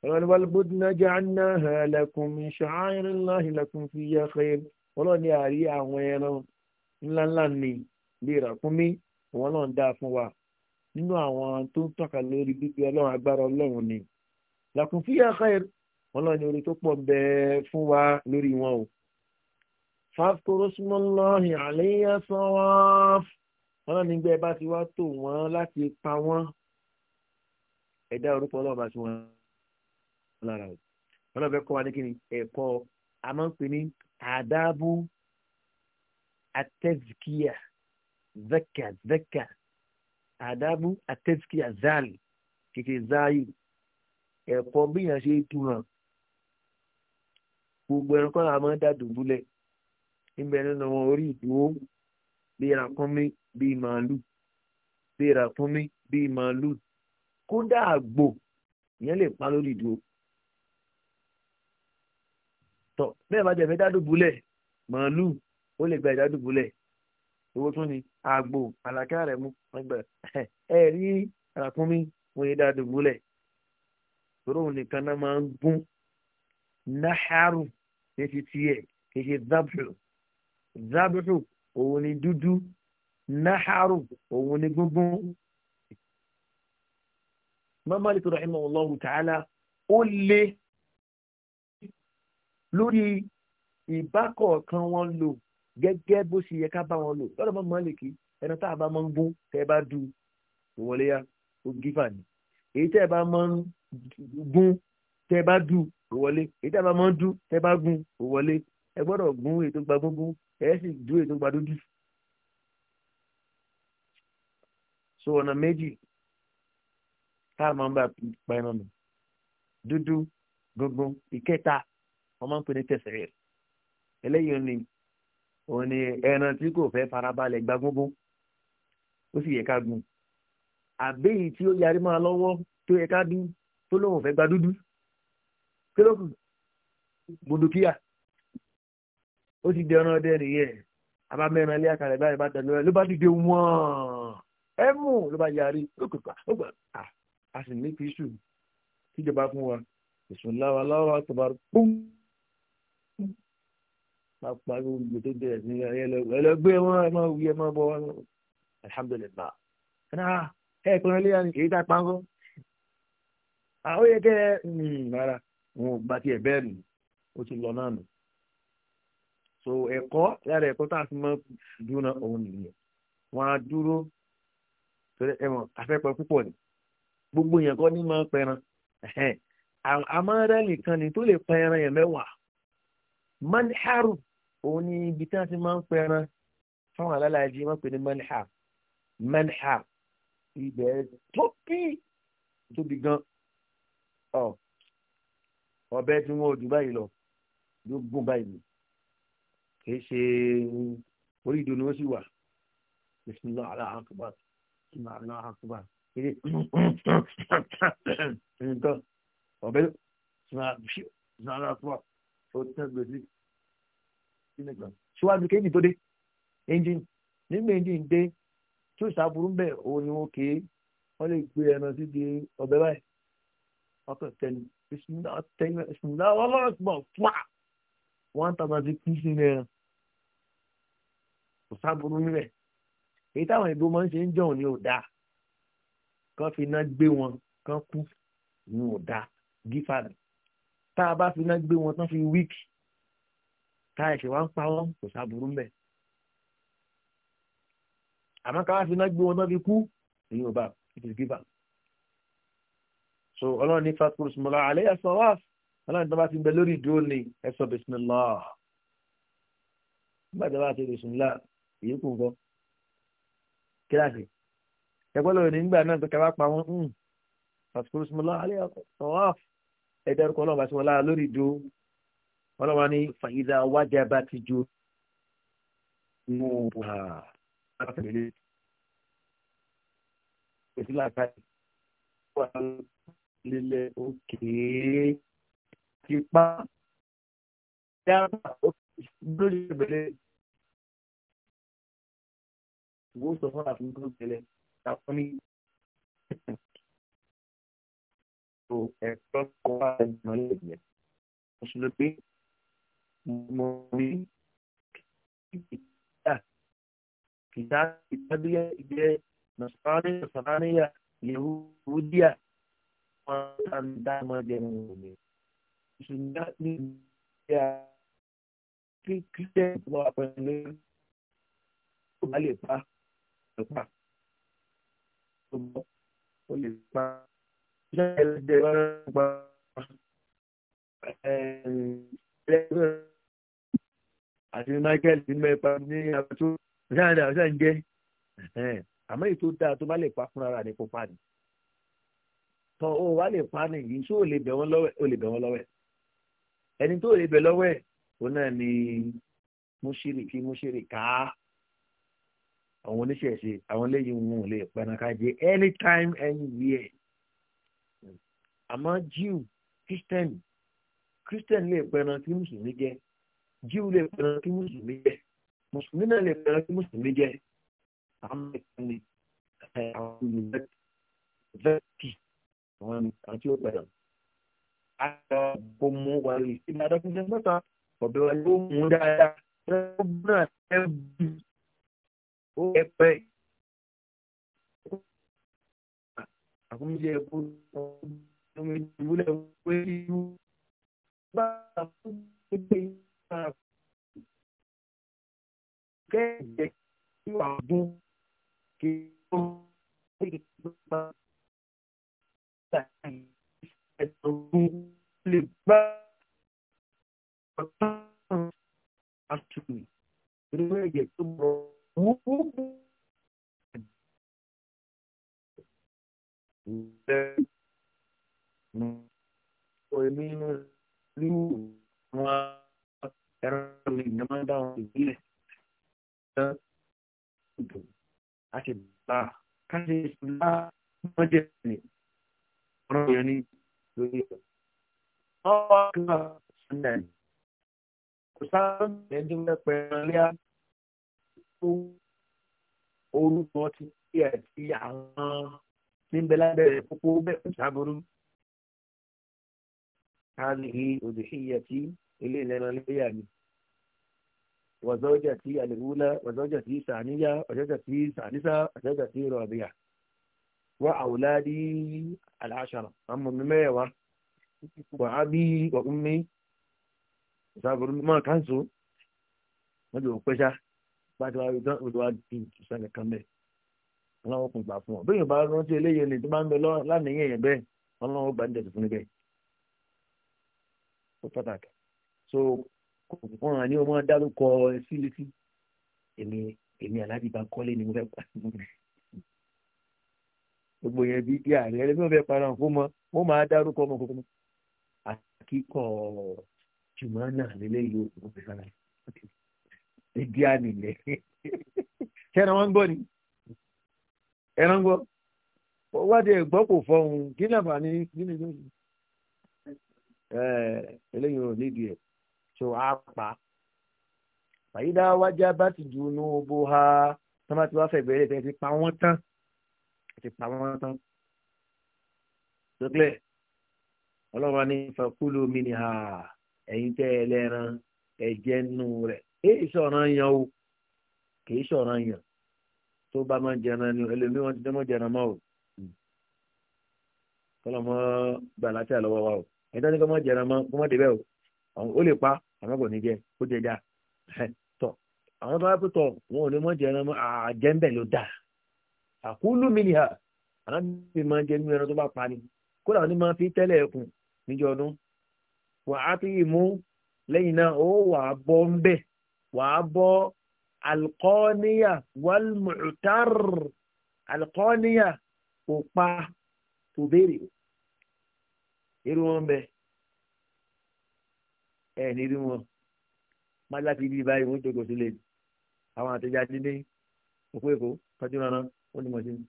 Speaker 1: ọlọ́ni wàlú bódúná jẹ́ àná lakum min sha'airillahi lakum fiha khair ọlọ́ni àrí àwọn ẹran ńláńlá ni lè rà fún mi wọn náà ń dáa fún wa nínú àwọn tó ń tọ́ka lórí gbígbé ọlọ́run agbára ọlọ́run ni lakum fiha khair ọlọ́run ní orí tó pọ̀ ń fún wa lórí wọn o. fàfikúrú súnmọ́ lọ́hìn àléyé sọ́wọ́fù ọlọ́run nígbà ẹ bá ti wá tò wọ́n láti pa wọ́n ẹ̀dá orúkọ ọlọ́run bá ti lára o ọlọ́run fẹ́ kọ́ wa ní kí ni ẹ̀kọ́ a máa ń pè ní àdábù atẹ́síkíà zẹ́kà zẹ́kà àdábù atẹ́síkíà záàlì kìkì záàyè ẹ̀kọ́ bí yàn ṣe tu hàn gbogbo ẹran kọ́ máa ń dá dùbúlẹ̀ níbẹ̀ nínú wọn orí ìdúró bí ẹran bíi màálù bíi ràkúnmí bíi màálù kódà àgbò ìyẹn lè pa lórí ìdúró tọ bẹ́ẹ̀ bá jẹ̀fẹ́ dádùbúlẹ̀ màálù ó lè gba ìdádùbúlẹ̀ owó tún ni àgbò àlàkà rẹ̀ mú ẹgbẹ́ ẹ rí ràkúnmí wọ́n yẹ dádùbúlẹ̀ tòrò nìkan náà máa ń gún náhàrù ní ti tiẹ̀ kì í ṣe zábùrù zábùrù òun ni dúdú náhàrù òun ni gbogbo mamali tó rahimu allahu ta'ala ó lé lórí ìbákọ̀ọ̀kan wọn lò gẹ́gẹ́ bó ṣe yẹ ká bá wọn lò lọ́dọ̀ mọ́ mọ́lìkì ẹni tá a bá máa ń gún tẹ́ ẹ bá du ìwọlé ya ó ni èyí tẹ́ ẹ bá máa ń gún tẹ́ ẹ bá du ìwọlé èyí tẹ́ ẹ bá máa ń du tẹ́ ẹ bá gún ìwọlé ẹ gbọ́dọ̀ gún èyí tó ẹ sì du èyí tó so ọ̀nà méjì tá a máa ń bá pa ẹran nù dúdú gbogbo ìkẹta wọn máa ń pè ní tẹsẹrẹ eléyìí ni òun ni ẹran tí kò fẹ́ farabalẹ̀ gba gbogbo ó sì yẹ ká gun àbẹ́yìí tí ó yarí máa lọ́wọ́ tó yẹ ká dún tó lóun fẹ́ gba dúdú kí ló kù gbòdòkíyà ó ti di ọ̀nà ọdẹ nìyẹn abamẹ́ran ilé àkàlẹ̀ báyìí bá tẹ̀lé ló bá dìde wọ́n ẹ mú ló bá yarí ó gbà ó gbà à a sì ní píṣù kíjọba fún wa ìsùn láwa láwa tọba pún máa pariwo ìgbè tó bẹ̀rẹ̀ sí ẹlẹgbẹ́ wọn ẹ máa wí ẹ máa bọ wọn alhamdulilah ẹ kọ́ ẹ léyà ni kì í dá pàǹgọ́ àwọn yẹ kẹ́ ẹ hmm, rárá wọn ò gbà tiẹ̀ bẹ́ẹ̀ nù ó ti lọ náà nù so ẹ̀kọ́ lára ẹ̀kọ́ tá a fi máa dúró náà òun nìyẹn wọn á dúró torí ẹ̀wọ̀n afẹ́pẹ́ púpọ̀ ni gbogbo yẹn kọ́ ní máa ń pẹran amárẹ́lì kan ni tó lè pẹran yẹn mẹ́wàá manharu òun ni ibi tí wọ́n ti máa ń pẹran fáwọn alálàájì wọ́n pè ní manhar manhar ibẹ̀ tóbi tóbi gan ọ ọbẹ̀ tí wọ́n ò jù báyìí lọ ló gùn báyìí ni kì í ṣe orí ìdùnnú sí wa bisimilahi alaakubar ìmọ̀ràn àkùbà eré nǹkan ọ̀bẹ ìmọ̀ràn àkùbà ó tẹ́ gbèsè sílẹ̀gbà síwájú kéjì tó dé engine nígbà engine dé tí òṣìṣẹ́ burú bẹ́ẹ̀ òun ni wọ́n ké wọ́n lè gbé ẹran sí di ọ̀bẹ báyìí ọkọ̀ tẹ̀lé ìsúná ọlọ́run pọ̀ fún wa one thousand fifty naira kò sábúrú níbẹ̀ èyí táwọn ìbò máa ń ṣe ń jọ̀hún ni ò dáa kán fi iná gbé wọn kán kú ni ò dáa gífàdì tá a bá fi iná gbé wọn tán fi wíìkì tá a ẹ̀ṣẹ̀ wá ń pa wọn kò sábúrú mbẹ̀ àmọ́ ká fi iná gbé wọn tán fi kú èyí ò it is given so ọlọ́run ní fat kúrò sùmọ́lá àlẹ́ ẹ̀sán wá ọlọ́run tó bá ti bẹ lórí ìdúró ni ẹ̀sán bisimilá nígbà tó bá ti bisimilá èyí kò gbọ́ kíláàsì ẹgbẹ́lẹ́ òní nígbà náà tó kẹ́ wá pa wọ́n ń pàṣípòrò sí mi lọ alẹ́ ọ̀hún ẹ̀dá orúkọ ọlọ́run bá sí wọn lára lórí ìdó ọlọ́run ní fàyídà wájà bá ti jó inú ọ̀hà àtàlẹ́lẹ́
Speaker 2: ètí làkàtì wà lílẹ̀ òkè tipa dábàá lórí ìbẹ̀lẹ̀ ṣùgbọ́n ó sọ fún àfihàn tó tẹ́lẹ̀ táwọn ní. tó ẹ̀kọ́ kọ́ àìmọ́ lẹ́yìn mùsùlùmí mo rí kìtà kìtà ìtàbíyà ìgbẹ́ nasarani
Speaker 1: nasaraniya yahudiya
Speaker 2: wọn ta ní dáhùn
Speaker 1: ọjọ́ ìrìn òní ṣùgbọ́n ní ìgbà kí kíkẹ́ ìtura pẹ̀lú
Speaker 2: ó bá lè pa pa tó bọ́ ó lè pa iṣẹ́ ẹlẹ́dẹ̀ bá pa ẹ̀ẹ́dẹ́gbẹ́ àti Michael ní
Speaker 1: mẹ́pa ní àtúntò ṣáàdà ṣáà àmọ́ èyí dáa tó bá lè pa fúnra rà ní kó ni tọ́ ó wá lè pa nìyí tí ó lè bẹ̀ wọ́n lọ́wẹ̀ ẹni tó lè bẹ̀ lọ́wẹ̀ òun náà ni mùsírì kí mùsírì káá àwọn oníṣẹ̀ṣe àwọn eléyìí wọn ò lè pẹnakajẹ anytime anywhere àmọ́ Jew Christian Christian lè pẹran kí mùsùlùmí jẹ Jew lè pẹran kí mùsùlùmí jẹ mùsùlùmí náà lè pẹran kí mùsùlùmí jẹ àwọn ìkànnì àwọn yunifásitì àwọn àwọn tí ó pẹran
Speaker 2: àgbà kò mú wàlúù ìsinmi adókùnrin mẹ́ta ọbẹ wàlúù ó mú dáadáa ẹ ó bẹ̀rẹ̀ ẹ bí ó ẹ̀pẹ́ àkúnjẹ epo ọmọ ìdìbòlẹ̀ wẹ́ yú bá àkúnjẹ ìgbà kẹ́ẹ̀jẹ̀ kí wà dún kí ó lè gbà ẹ̀sọ̀gbọ́n lè gbà ọ̀tún àtúnì ìrú ẹ̀jẹ̀ tó bọ̀. Èmi rí àwọn ẹ̀rọ mi ní máa ń dá wọn ìbílẹ̀ tán ìdò àti bá káṣe ìṣúná wọ́n jẹ́ ní ọ̀rọ̀ yẹn ní lórí ẹ̀. Wọ́n wá kí wọ́n sọ́nà ẹ̀. Kò sáà ń bẹ̀ẹ́ dúró pẹ̀lú ẹ̀rọ orúkọ ti fi àti àwọn níbẹ̀ lábẹ́rẹ́ pópó bẹ́ẹ̀ kò sábúrú.
Speaker 1: هذه أضحيتي إلى لمالية وزوجتي الأولى وزوجتي الثانية وزوجتي الثالثة وزوجتي الرابعة وأولادي العشرة أم ميوة وأبي وأمي sáàbùrù máa kánṣó wọ́n jẹ́ òpẹ́ṣá bá ti wá rí tán òdo wá di ìṣẹ̀lẹ̀ kan bẹ́ẹ̀ ọlọ́run kò gbà fún ọ bẹ́ẹ̀ bá rántí eléyìí ni tó bá ń bẹ lánàá yẹn bẹ́ẹ̀ ọlọ́run ó gbà ń jẹ̀sùn fún níbẹ̀ ó pàtàkì so kò fún wa ní o máa dárúkọ sí létí èmi èmi aláàbí bá kọ́lé ni mo fẹ́ pa gbogbo yẹn bí bí ààrẹ ẹlẹ́mi ò fẹ́ para fún mọ́ mo máa dárúkọ ọmọ kókó àkíkọ̀ jùmọ́ náà lélẹ́yìí ó fi sára èdè ànìlẹ̀ ṣẹ́ni wọ́n ń gbọ́ ni ẹ̀rọ ń gbọ́ wádìí ẹ̀gbọ́ kò fọhùn kí ni àbá kí ni lóyún eléyìí ò nídìí ẹ̀ tó a pa fàyídá wájà bá ti ju inú bó ha tó bá ti wá fẹ̀ bẹ̀rẹ̀ tẹ̀ ti pa wọ́n tán ti pa wọ́n tán sọ́kẹ́lẹ̀ ọlọ́wọ́ ní fakulu mi ni ha ẹ̀yin tẹ́ ẹ lẹ́ran ẹ̀jẹ̀ nù rẹ̀ é ìṣọ̀ràn yan o kì í ṣọ̀ràn yan tó bá máa jẹran ni ẹlòmíì wọn ti dẹ́mọ̀ jẹran mọ́ o kọ́lọ́mọ́ gbàlátì àlọ́wọ́ wa o ẹ̀dá ni kọ́ mọ́ jẹran mọ́ kọ́ mọ́ débẹ̀ o ó lè pa àmọ́ kò ní jẹ kó jẹ já tọ̀ àwọn tó bá pẹ́ tọ̀ wọn ò ní mọ́ jẹran mọ́ àjẹ́ńbẹ̀ ló dáa àkúlù mi nìyà ànábì máa jẹ ẹran tó bá pa ni kódà ní máa fi tẹ́lẹ̀ ẹkùn níjọ ọdún wà á ti mú lẹ́yìn náà ó wà á bọ́ ń bẹ́ẹ̀ wàá bọ́ alkọ́níyà wàlmùtàr alkọ́níyà òpa tó béèrè irú wọn bẹ ẹ ní irú wọn má láti ibi báyìí wọn jókòó sílẹ̀ àwọn àtẹjáde ní òkú èkó tọ́jú rárá wọn ni mo ti ń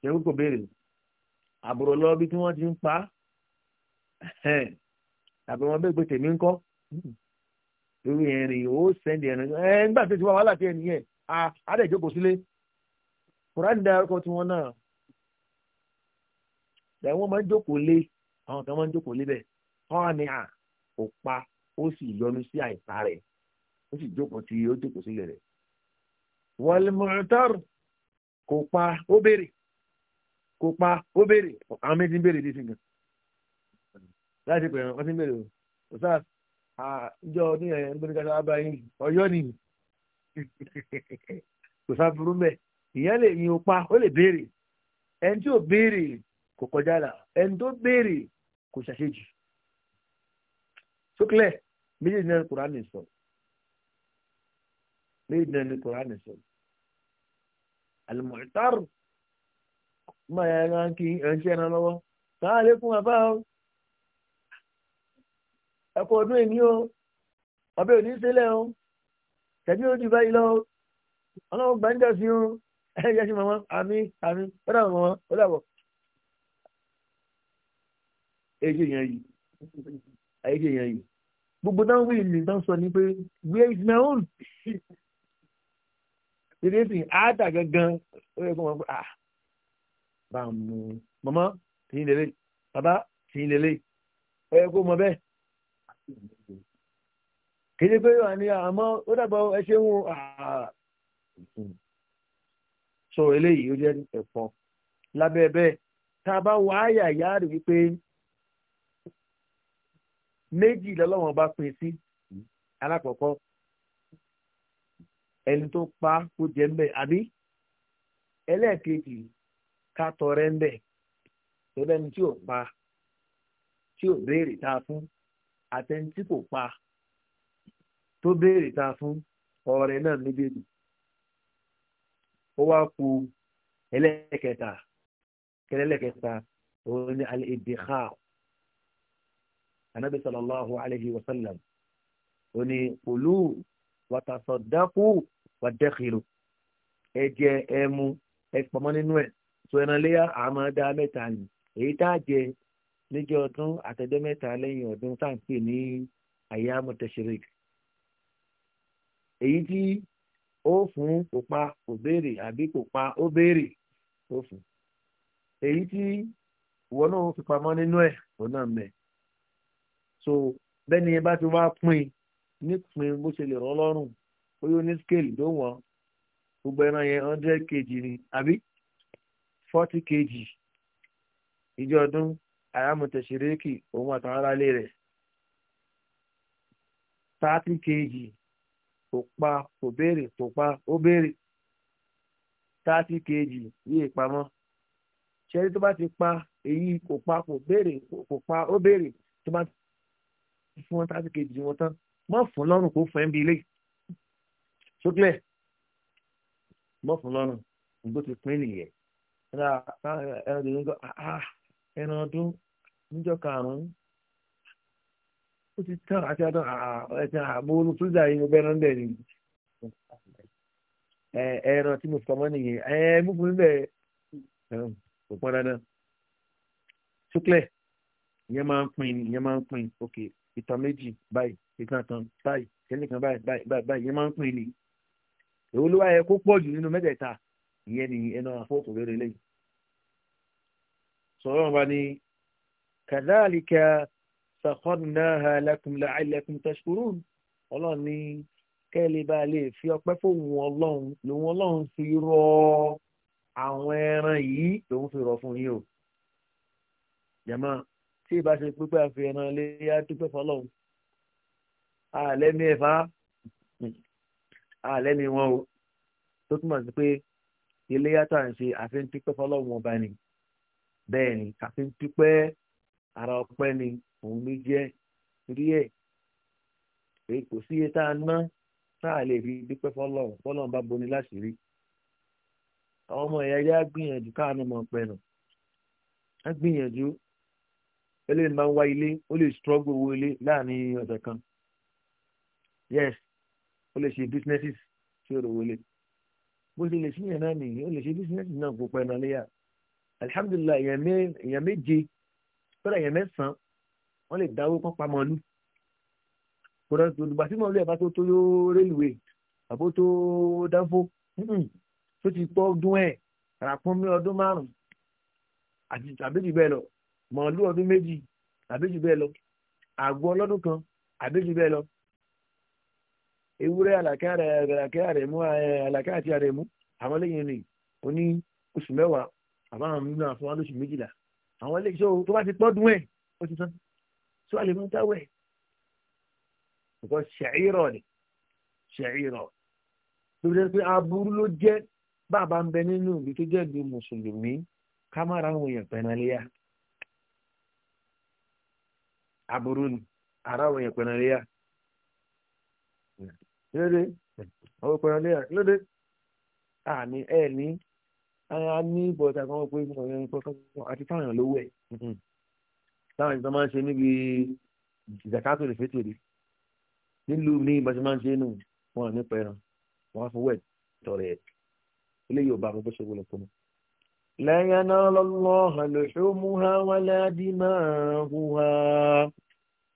Speaker 1: ṣẹ́gun kò béèrè àbúrò lọ bí tí wọ́n ti ń pa àbẹ̀wọ̀n bẹ́ẹ̀ gbé tèmi ń kọ́ lórí ẹ̀rìn ó sẹ́ndì ẹ̀rìn ẹ̀ nígbà tó ti wá wàhálà tí ẹ̀nìyẹn á dẹ̀ jókòó sílé kùránì dá ọkọ̀ tí wọ́n náà ṣe wọ́n máa ń jókòó lé àwọn kan máa ń jókòó lé bẹ́ẹ̀ wọ́n ní à ó pa ó sì yọnu sí àìpa rẹ̀ ó sì jókòó tí ó jókòó sílẹ̀ rẹ̀ wàlmùtárù kò pa ó béèrè kò pa ó béèrè àwọn méjì ń béèrè dé sí gan láti pè wọ́n ti ń béèrè o ìjọ ní ẹ̀ ń gbẹ́ni kàtà bá yín ọ̀yọ́ nìyí kò sáburú mẹ́ ìyẹn lè yin opa ó lè béèrè ẹni tí ò béèrè kò kọjá là ẹni tó béèrè kò ṣàṣejù sókèlè méjèèjì náà ni kùránì sọ méjèèjì náà ni kùránì sọ àlùmọ̀ọ́tàrù máa yára kí ẹ̀ ń ṣe ẹran lọ́wọ́ sáà lè fún o ẹ̀kọ́ ọdún èmi o ọbẹ̀ òní sílẹ̀ o tẹ̀mí ó ti báyìí lọ ọlọ́run gbà ń jà sí o ẹ̀yẹ sí màmá àmì àmì ó dàbọ̀ màmá ó dàbọ̀. èyí yẹn yìí èyí yẹn yìí gbogbo náà wí ìlú náà sọ ni pé where is my own ìdí sì áàdà gangan
Speaker 2: ó yẹ kó wọn pé ah
Speaker 1: bá a mú màmá tìyín lélẹ̀ bàbá tìyín ó yẹ kó mọ bẹ́ẹ̀ kéde pé wà ní àmọ́ ó dàbọ̀ ẹ ṣe ń wo so eléyìí ó jẹ́ ẹ̀fọn lábẹ́ bẹ́ẹ̀ tá a bá wà á yà yá rí wípé méjì lọ́lọ́wọ́n bá pín sí alákọ̀ọ́kọ́ ẹni tó pa kó jẹ́ mbẹ́ àbí ẹlẹ́ẹ̀kejì ká tọrẹ mbẹ́ tó dẹni tí ò pa tí ò béèrè tá a fún àtẹni tí kò pa tó béèrè ta fún ọ̀rẹ́ náà níbejì ó wá ku ẹlẹ́kẹta kẹlẹ́lẹ́kẹta òun ni alìdíkà anabi sallallahu alayhi wa sallam òun ni kulu wàtàsọ̀dákù wàdẹ́kìrò ẹ jẹ ẹ mu ẹ pamọ́ nínú ẹ̀ tó ẹran léyà àmọ́ dá mẹ́ta ni èyí tá a jẹ níjọ́ ọdún àtẹ̀dẹ́ lẹ́yìn ọdún tá ní àyàmú tẹ̀sírìkì èyí tí ó fún kò pa kò béèrè àbí kò pa ó béèrè ó fún èyí tí ìwọ náà fi pamọ́ nínú ẹ̀ òun náà mẹ́ so bẹ́ẹ̀ ni ẹ bá ti wá pín nípìn bó ṣe lè rán lọ́rùn ó yóò ní scale ló wọ́n gbogbo ẹran yẹn hundred kg ni àbí forty kg ìjọ ọdún àyàmùtẹ̀síríkì òun àtàwọn aráalé rẹ̀ thirty kg kò pa kò béèrè kò pa ó béèrè thirty kg ní ìpamọ́ ṣẹ́rí tó bá ti pa èyí kò pa kò béèrè kò pa ó béèrè tó bá ti fún wọn thirty kg wọn tán mọ́ fún lọ́rùn kó fún ẹ́ bí ilé sókèlè mọ́ fún lọ́rùn ìgbó ti pín nìyẹn ẹran ọdún níjọ́ karùn-ún ó ti tán àti àdán ẹ̀sìn àbò oorun yìí mo bẹ́ẹ̀ lọ́ndẹ̀ ni ẹran tí mo sọ mọ́ nìyẹn ẹ mú bẹ́ẹ̀ kò pọn dandan ṣúklẹ̀ ìyẹn máa ń pin ìyẹn máa ń pin ok ìtàn méjì báyìí ìtàn tán báyìí kẹ́nìkan báyìí báyìí báyìí ìyẹn máa ń pin ni èwo ló wá yẹ kó pọ̀ jù nínú mẹ́tẹ̀ẹ̀ta ìyẹn ni ẹnu àfọ́kù rere lẹ́yìn sọ̀rọ̀ wa ni kàdáàlìkà sàkọ́nàhà lakum la'allakum tashkurun ọlọ́run ní kẹ́lẹ́ bá lè fi ọpẹ́ fóun ọlọ́run lòun ọlọ́run fi rọ àwọn ẹran yìí lòun fi rọ fún yín o jàmá tí ìbá ṣe pípẹ́ àfi ẹran lé yá dúpẹ́ fọlọ́run àlẹ́mí ẹ̀fá àlẹ́mí wọn o tó túmọ̀ sí pé ilé yàtọ̀ à ń fọlọ́run ọba ni bẹ́ẹ̀ ni àfi ń ara ọpẹ́ ni òun ló jẹ́ rí ẹ̀ pé kò sí iye tá a ná tá a lè fi dúpẹ́ fọlọ́run fọlọ́run bá boni láṣìírí àwọn ọmọ ẹ̀yà yá gbìyànjú káàánú mọ̀ pẹ̀nà á gbìyànjú ẹlẹ́ni máa ń wá ilé ó lè struggle owó ilé láàrin ọ̀sẹ̀ kan yes ó lè ṣe businesses tí ó rówó ilé bó ṣe lè ṣíyàn náà nìyí ó lè ṣe businesses náà kó pẹ̀nà léyà alihamudulilayi èèyàn méje tọ́lá èèyàn mẹ́sàn-án wọ́n lè dáwó kán pa màálù kódà olùgbà tí màálù ẹ̀ bá tó tó yó rélùwé àbó tó dáfó tó ti pọ́ ọdún ẹ̀ ràpọ́n mi ọdún márùn-ún àti àbẹ́jì bẹ́ẹ̀ lọ màálù ọdún méjì àbẹ́jì bẹ́ẹ̀ lọ àgbo ọlọ́dún kan àbẹ́jì bẹ́ẹ̀ lọ ewúrẹ́ àlàkẹ́ àrẹ̀mú àlàkẹ́ àti àrẹ̀mú àwọn lẹ́yìn rìn oní oṣù mẹ́wàá àbáwọn nínú àfọwọ́n lóṣù méjìlá àwọn lẹ́yìn tó bá ti pọ́dún ẹ̀ ó ti tán tó a lè máa dáwẹ̀ nǹkan ṣàìrọ̀ ni ṣàìrọ̀ tó bí pé aburú ló jẹ́ bàbá ń bẹ nínú ìlú tó jẹ́ ìlú mùsùlùmí ká má ra àwọn èèyàn pẹ̀nàlẹ́yà aburú ni ara àwọn èèyàn pẹ̀nàlẹ́yà lóde àwọn pẹ̀nàlẹ́yà lóde àmì ẹ̀ ní a ní bọ̀dà kan pé àti táwọn èèyàn lówó ẹ̀ táwọn ìjọba máa ń ṣe níbi ìjàkátò lè fẹ́tìrì nílùú ní ìbáṣe máa ń ṣe nù wọn ní pẹran wọn fowó ẹ tọrẹ ẹ eléyìí ò bá gbogbo ṣe wọlé fún mi. la yanalallaha luhumuha wala dimahuha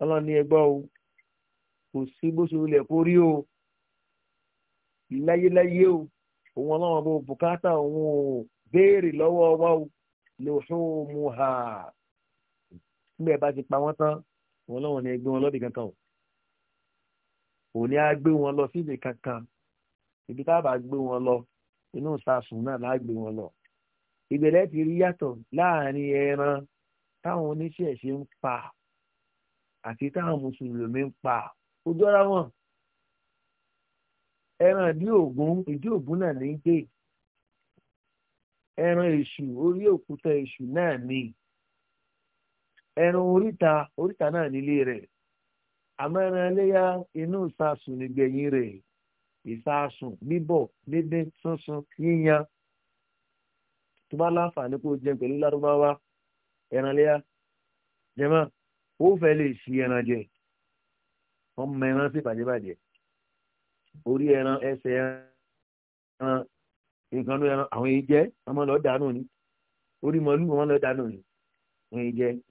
Speaker 1: ọlọ́run ní ẹgbọ́ o kò sí bó ṣe wọlé kó o láyéláyé o òun ọlọ́run bó bùkátà òun o béèrè lọ́wọ́ wa o luhumuha nígbà ẹ bá ti pa wọ́n tán wọn lọ́wọ́ ni ẹ gbé wọn lọ́bì kankan o ò ní á gbé wọn lọ síbi kankan ibi tá a bá gbé wọn lọ inú sàásùn náà láà gbé wọn lọ ìbẹ̀rẹ̀ ti rí yàtọ̀ láàrin ẹran táwọn oníṣẹ̀ṣe ń pa àti táwọn mùsùlùmí ń pa ó jọra wọn ẹran ìdí ògún ìdí ògún náà ní gbé ẹran èṣù orí òkúta èṣù náà ní ẹran oríta oríta náà nílé rẹ àmọ́ ẹran ẹlẹ́yà inú ìsásùn nígbẹ̀yìn rẹ̀ ìsásùn bíbọ̀ dídín sísun yíyan tó bá láǹfààní kó jẹ pẹ̀lú lárúbáwá ẹran ẹlẹ́yà jẹ́mọ́ ó fẹ́ lè ẹran jẹ wọ́n ẹran sí bàjẹ́bàjẹ́ orí ẹran ẹsẹ ẹran nǹkan ló ẹran àwọn èyí jẹ́ ọmọ dànù ni orí dànù ni èyí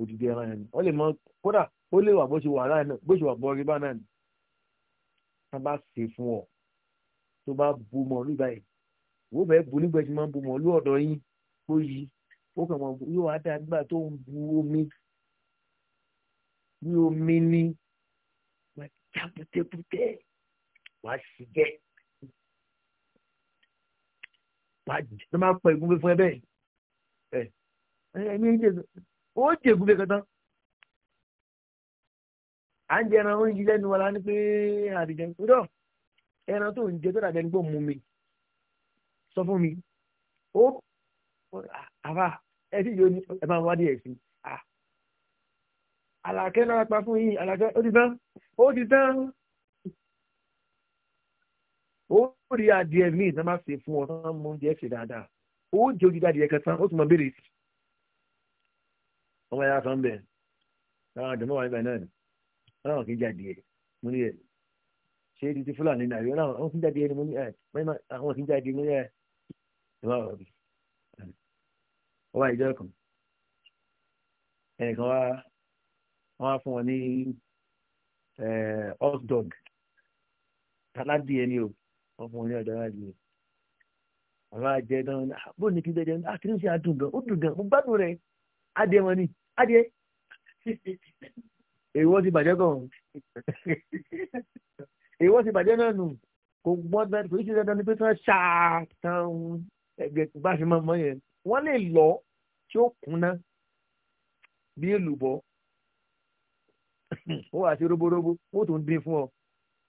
Speaker 1: òdìdí ẹran yẹn ni wọ́n lè mọ kódà ó lè wà bó ṣe wà láàyè náà bó ṣe wà bọ́ rí bá náà ni tá bá ṣe fún ọ tó bá bu mọ̀ọ́lù báyìí wò ó bẹ́ẹ̀ bu nígbà tí máa ń bu mọ̀ọ́lù ọ̀dọ̀ yín ó yí ó kàn mọ̀ yóò wá dáa nígbà tó ń bu omi bí omi ní wà jábútẹ́bútẹ́
Speaker 2: wà sì jẹ́ wà jẹ́
Speaker 1: tó máa pọ̀ ìgúnfẹ́ fún ẹ bẹ́ẹ̀ ẹ ẹ ní ìdè ó jègún bẹ́ẹ̀ kẹtàn à ń jẹ ẹran oúnjẹ lẹ́nu wa la ní pé àdìjẹ ńkúdọ̀ ẹran tó ń jẹ tó dàbí ẹni pé mú mi sọ fún mi ó àbá ẹ sì yóò ní ẹ máa wádìí ẹ̀ sí àlàkẹ́ lára pa fún yìí àlàkẹ́ ó ti tán ó ti tán ó rí adìẹ míì tó máa ṣe fún ọ tó máa mú oúnjẹ ṣe dáadáa ó jẹ ojú dáadìẹ kẹta ó tún máa béèrè sí i ọmọ yàrá kan bẹ̀ àwọn àdùnmọ́ wà níbẹ̀ náà ni ọlọ́run kì í jáde ẹ̀ mo ní ẹ̀ ṣé títí fúlàní náà yóò láwọn kì í jáde ẹ̀ ni mo ní ẹ̀ àwọn kì í jáde mo ní ẹ̀ ìwà ọ̀bì ọwọ́ ìjọ kan ẹnìkan wá wọ́n á fún wọn ní hot dog tàládìí ẹni o wọ́n fún wọn ní ọ̀dọ́ aládìí ọ̀rọ̀ àjẹ náà bó ní kí n jẹ jẹun ah, àti ní ṣe àdùn gan ó dùn gan mo gbádùn rẹ̀ adìẹ wọn ni adìẹ èèwọ̀ ti bàjẹ́ gan èèwọ̀ ti bàjẹ́ náà nù kò gbọ́n dandan kò ní ṣe dandan ni pé tí wọ́n ṣàtàn ẹgbẹ́ bá ṣe máa mọ́ yẹn wọ́n lè lọ tí ó kúnná bí èlùbọ́ ó wà sí roborobo ó tún dín fún ọ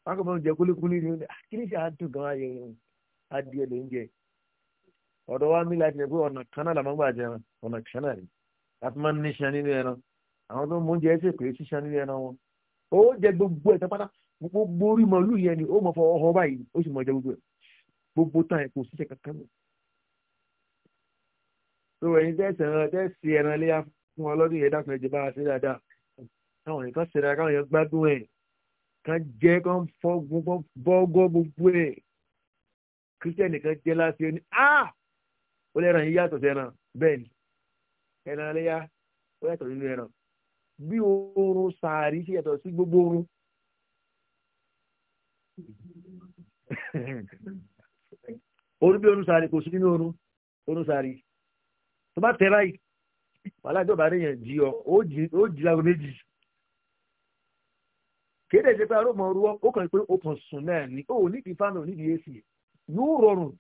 Speaker 1: wọn kò máa ń jẹ kúlíkúlí ní ọdún ah, kí ni ṣe àdùn gan ayẹ adìẹ ló ń jẹ ọ̀dọ̀ wa mi láti rẹ̀ pé ọ̀nà kan náà làwọn gbà jẹun ọ̀nà kan náà ni láti máa ń ní ṣan nínú ẹran àwọn tó ń múnjẹ ẹsẹ pé ṣíṣan nínú ẹran wọn ó jẹ gbogbo ẹ̀ tápátá gbogbo orí màálù yẹn ni ó mọ̀ fọ ọhọ báyìí ó sì mọ̀ jẹ gbogbo ẹ̀ gbogbo tán ẹ̀ kò síṣẹ́ kankan mọ́. tó ẹ̀yin tẹ́sí ẹran tẹ́sí ẹran léyà fún ọlọ́dún yẹn dákun ẹ̀jẹ̀ bá a ṣe dáadáa káwọn yẹn kan ṣẹlẹ̀ káwọn yẹn gbádùn ẹ̀ kan jẹ́ kan fọ́gun kan bọ́gọ́ gbogbo ẹ̀ kírísítẹ́nì kan jẹ́ láti ẹni ah ó lẹ́ran yìí yàtọ̀ sẹ́ran bẹ́ẹ̀ ni ẹran aléyá ó yàtọ̀ nínú ẹran bí oorun sàárì ṣe yàtọ̀ sí gbogbo oorun oorun bí oorun sàárì kò sí nínú oorun oorun sàárì tó bá tẹ báyìí wàhálà tó bá níyàn jí ọ ó jí lágo méjì kéde ṣe pé arómọ ruwọ ó kàn pé ó kàn sùn náà ni ó nídìí fáànù nídìí èsì yóò rọrùn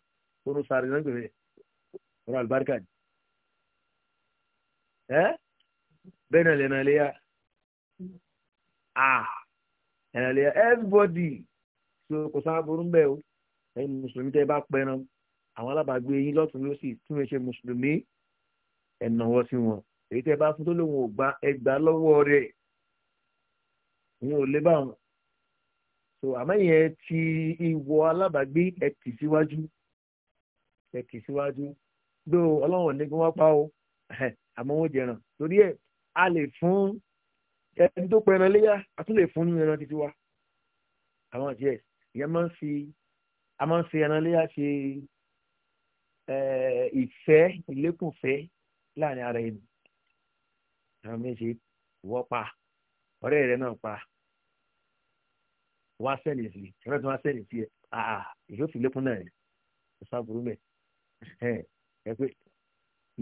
Speaker 1: oorun sàárì náà gbèrè ọ̀rọ̀ àlùbáríkà ni. eh náà lẹ́nà iléyà ah, ẹ̀nà iléyà everybody so kò sáà burú bẹ́ẹ̀ o ẹ̀yin mùsùlùmí tẹ́ bá pẹran àwọn alábàágbé yín lọ́tún ló sì tún ẹ̀ṣẹ̀ mùsùlùmí ẹ̀nàwọ́ sí wọn èyí tẹ́ bá fún tó lóun ò gba lọ́wọ́ rẹ̀ ìyẹn ò wọn so àmẹ́yìn ti iwo alabagbe ẹ tì síwájú ẹ tì síwájú o àmọ́ wọ́n jẹran torí ẹ̀ a lè fún ẹni tó pẹran léyà a tún lè fún nínú ẹran títí wa àwọn àti ẹ̀ ìyẹn máa ń fi a máa ń fi ẹran léyà ṣe ìfẹ́ ìlékùnfẹ́ láàrin ara ẹni àwọn méje ìwọ pa ọ̀rẹ́ rẹ náà pa wá sẹ́lẹ̀ sí ọ̀rẹ́ tó wá sẹ́lẹ̀ sí ẹ̀ àà ìyóò lékún náà ẹ̀ ọ̀sán burú mẹ́ ẹ̀ ẹ̀ pé